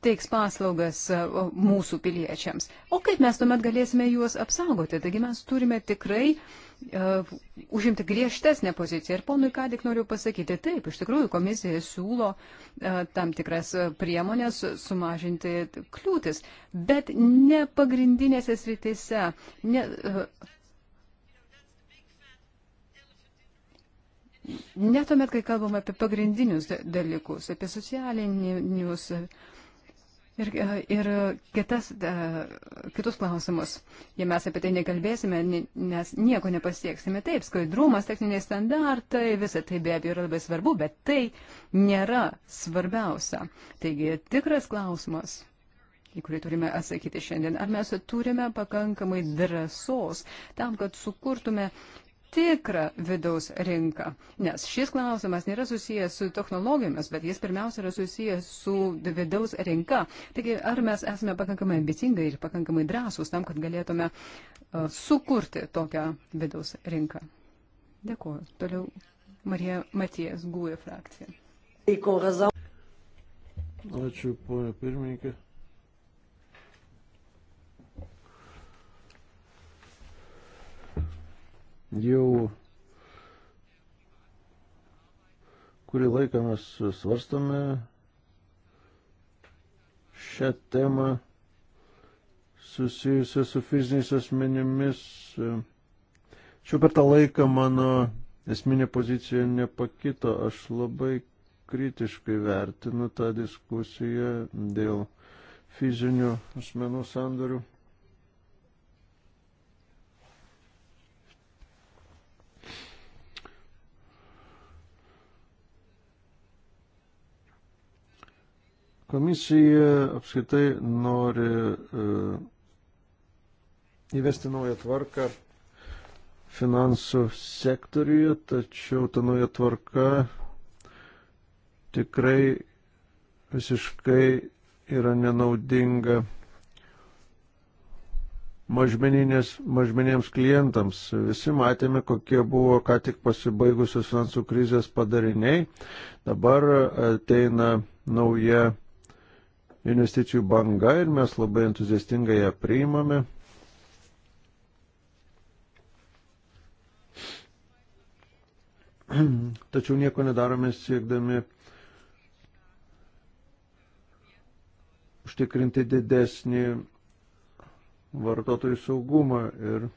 teiks paslaugas e, mūsų piliečiams. O kaip mes tuomet galėsime juos apsaugoti? Taigi mes turime tikrai uh, užimti griežtesnę poziciją. Ir ponui ką tik noriu pasakyti, taip, iš tikrųjų komisija siūlo uh, tam tikras priemonės sumažinti kliūtis, bet ne pagrindinėse sritise. Ne, uh, Netomet, kai kalbam apie pagrindinius dalykus, apie socialinius ir, e, ir kitas, e, kitus klausimus. Jei mes apie tai nekalbėsime, nes nieko nepasieksime. Taip, skaidrumas, techniniai standartai, visa tai be abejo yra labai svarbu, bet tai nėra svarbiausia. Taigi tikras klausimas į kurį turime atsakyti šiandien. Ar mes turime pakankamai drąsos tam, kad sukurtume uh, tikrą vidaus rinką. Nes šis klausimas nėra susijęs su technologijomis, bet jis pirmiausia yra susijęs su vidaus rinka. Taigi, ar mes esame pakankamai ambicingai ir pakankamai drąsūs tam, kad galėtume uh, sukurti tokią vidaus rinką. Dėkuoju. Toliau Marija Matijas, Gūja e frakcija. Ačiū, ponia pirmininkė. jau kurį laiką mes svarstame šią temą susijusią su fiziniais asmenimis. Šiuo per tą laiką mano esminė pozicija nepakito. Aš labai kritiškai vertinu tą diskusiją dėl fizinių asmenų sandorių. Komisija apskaitai nori e, įvesti naują tvarką finansų sektoriuje, tačiau ta nauja tvarka tikrai visiškai yra nenaudinga mažmeniniams klientams. Visi matėme, kokie buvo ką tik pasibaigusios finansų krizės padariniai. Dabar ateina nauja investicijų banga ir mes labai entuziastingai ją priimame. Tačiau nieko nedarome siekdami užtikrinti didesnį vartotojų saugumą ir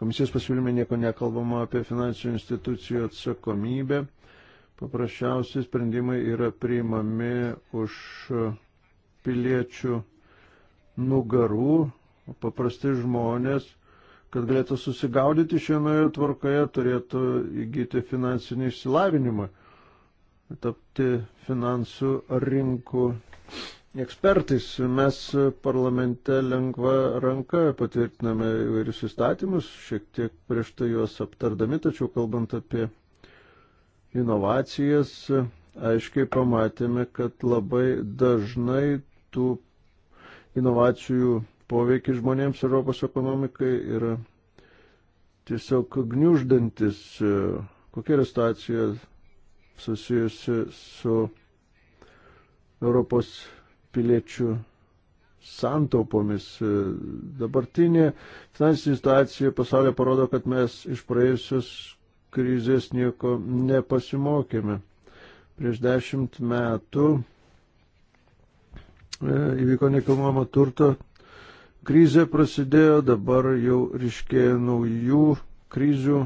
Komisijos pasiūlyme nieko nekalbama apie finansinių institucijų atsakomybę. Paprasčiausiai sprendimai yra priimami už piliečių nugarų, paprasti žmonės, kad galėtų susigaudyti šienoje tvarkoje, turėtų įgyti finansinį išsilavinimą, tapti finansų rinkų ekspertais. Mes parlamente lengva ranka patvirtiname įvairius įstatymus, šiek tiek prieš tai juos aptardami, tačiau kalbant apie inovacijas, aiškiai pamatėme, kad labai dažnai tų inovacijų poveikis žmonėms Europos ekonomikai yra tiesiog gniuždantis, kokia yra situacija susijusi su Europos piliečių santaupomis. Dabartinė finansinė situacija pasaulyje parodo, kad mes iš praėjusios krizės nieko nepasimokėme. Prieš dešimt metų e, įvyko nekilnojamo turto krizė prasidėjo, dabar jau ryškėja naujų krizių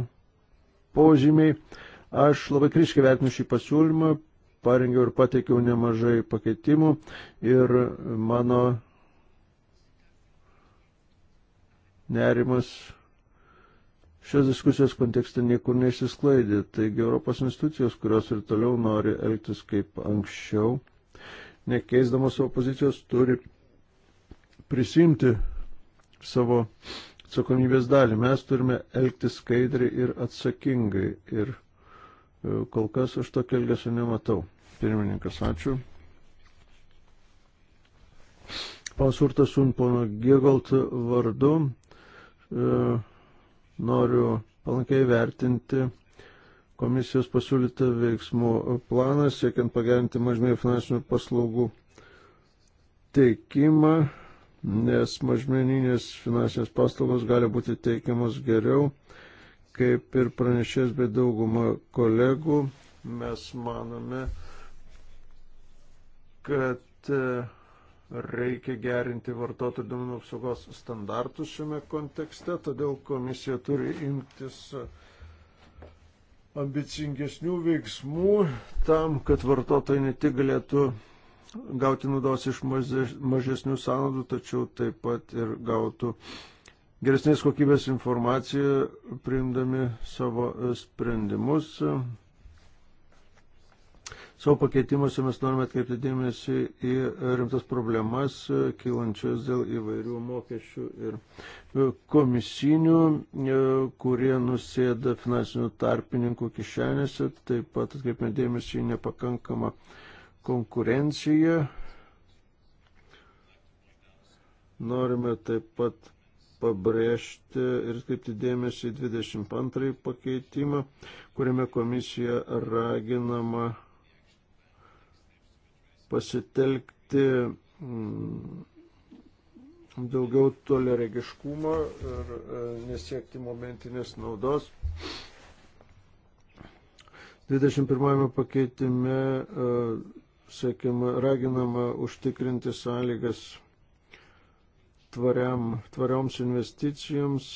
požymiai. Aš labai kriškai vertinu šį pasiūlymą, parengiau ir pateikiau nemažai pakeitimų ir mano nerimas šios diskusijos kontekste niekur neįsisklaidė. Taigi Europos institucijos, kurios ir toliau nori elgtis kaip anksčiau, nekeisdamas savo pozicijos, turi prisimti savo atsakomybės dalį. Mes turime elgtis skaidriai ir atsakingai. Ir E, kol kas aš tokio elgesio nematau. Pirmininkas, ačiū. Pasurtas un pono Giegalt vardu e, noriu palankiai vertinti komisijos pasiūlytą veiksmų planą, siekiant pagerinti mažmėjų finansinių paslaugų teikimą, nes mažmeninės finansinės paslaugos gali būti teikiamos geriau Kaip ir pranešės bei dauguma kolegų, mes manome, kad e, reikia gerinti vartotojų duomenų apsaugos standartus šiame kontekste, todėl komisija turi imtis e, ambicingesnių veiksmų tam, kad vartotojai ne tik galėtų gauti naudos iš mažesnių sąnaudų, tačiau taip pat ir gautų uh, geresnės kokybės informaciją priimdami savo e, sprendimus. Savo pakeitimuose mes norime atkreipti dėmesį į rimtas problemas, e, kylančias dėl įvairių mokesčių ir e, komisinių, kurie nusėda finansinių tarpininkų kišenėse. Taip pat atkreipime dėmesį į nepakankamą konkurenciją. Norime taip pat pabrėžti ir kreipti dėmesį į 22 pakeitimą, kuriame komisija raginama pasitelkti mm, daugiau toleregiškumo ir e, nesiekti momentinės naudos. 21 pakeitime, e, sakykime, raginama užtikrinti sąlygas tvariam, tvarioms investicijoms,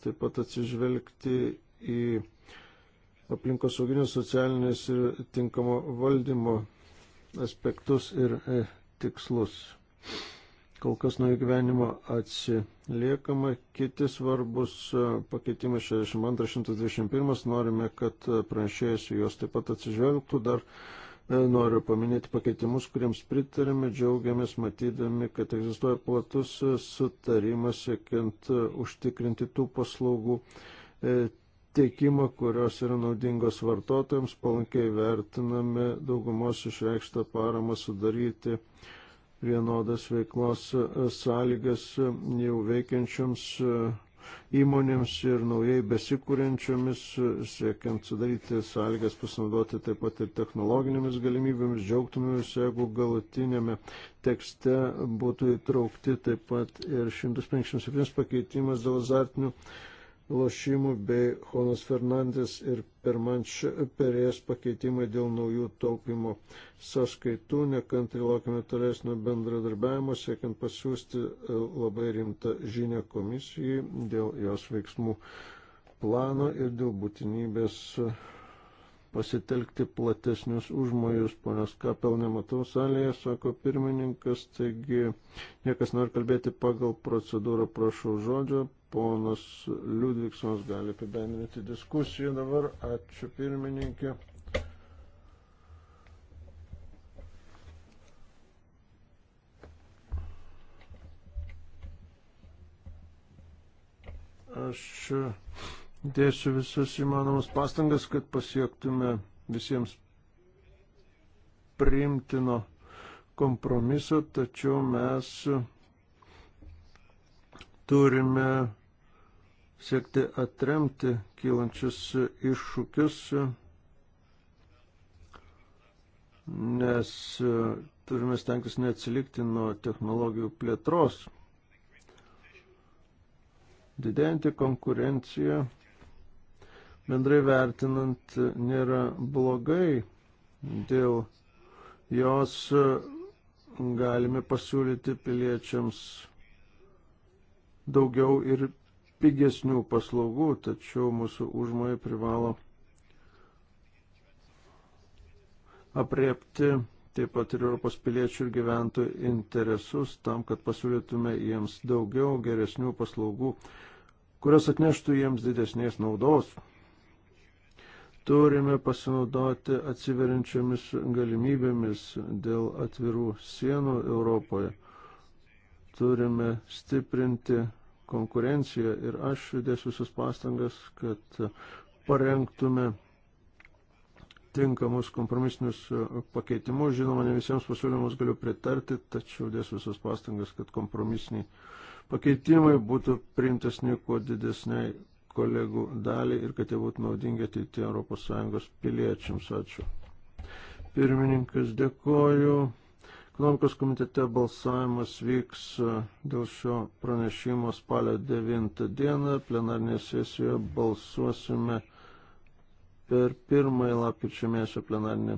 taip pat atsižvelgti į aplinkosauginės, socialinės ir tinkamo valdymo aspektus ir e, tikslus. Kol kas nuo įgyvenimo atsiliekama. Kiti svarbus e, pakeitimai 62-121 norime, kad pranešėjas juos taip pat atsižvelgtų. Dar Noriu paminėti pakeitimus, kuriems pritarėme, džiaugiamės matydami, kad egzistuoja platus sutarimas siekiant užtikrinti tų paslaugų e, teikimą, kurios yra naudingos vartotojams, palankiai vertiname daugumos išreikštą paramą sudaryti vienodas veiklos e, sąlygas e, jau veikiančioms įmonėms ir naujai besikūrenčiomis, siekiant sudaryti sąlygas pasinaudoti taip pat ir technologinėmis galimybėmis, džiaugtumėmės, jeigu galutinėme tekste būtų įtraukti taip pat ir 157 pakeitimas dėl azartinių lošimų bei Jonas Fernandes ir Perės pakeitimai dėl naujų taupimo sąskaitų. Nekantri laukime tolesnio bendradarbiavimo, siekiant pasiūsti e, labai rimtą žinę komisijai dėl jos veiksmų plano ir dėl būtinybės e, pasitelkti platesnius užmojus. Ponios Kapel nematau salėje, sako pirmininkas, taigi niekas nori kalbėti pagal procedūrą, prašau žodžio. Ponas Liudviksonas gali apibendrinti diskusiją dabar. Ačiū pirmininkė. Aš dėsiu visas įmanomas pastangas, kad pasiektume visiems priimtino kompromiso, tačiau mes turime siekti atremti kylančius iššūkius, nes turime stengtis neatsilikti nuo technologijų plėtros. Didėjantį konkurenciją bendrai vertinant nėra blogai, dėl jos galime pasiūlyti piliečiams daugiau ir pigesnių paslaugų, tačiau mūsų užmojai privalo apriepti taip pat ir Europos piliečių ir gyventojų interesus tam, kad pasiūlytume jiems daugiau geresnių paslaugų, kurios atneštų jiems didesnės naudos. Turime pasinaudoti atsiverinčiamis galimybėmis dėl atvirų sienų Europoje. Turime stiprinti konkurencija ir aš dėsiu visas pastangas, kad parengtume tinkamus kompromisinius pakeitimus. Žinoma, ne visiems pasiūlymus galiu pritarti, tačiau dėsiu visas pastangas, kad kompromisiniai pakeitimai būtų priimtesni kuo didesniai kolegų dalį ir kad jie būtų naudingi ateitie ES piliečiams. Ačiū. Pirmininkas, dėkoju. Ekonomikos komitete balsavimas vyks e, dėl šio pranešimo spalio 9 dieną. Plenarnėje sesijoje balsuosime per pirmąją lapkričio mėnesio plenarnę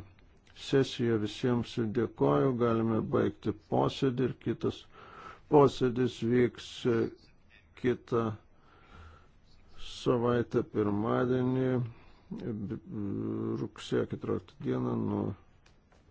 sesiją. Visiems dėkoju. Galime baigti posėdį ir kitas posėdis vyks e, kitą savaitę pirmadienį e, rugsėjo 14 dieną nuo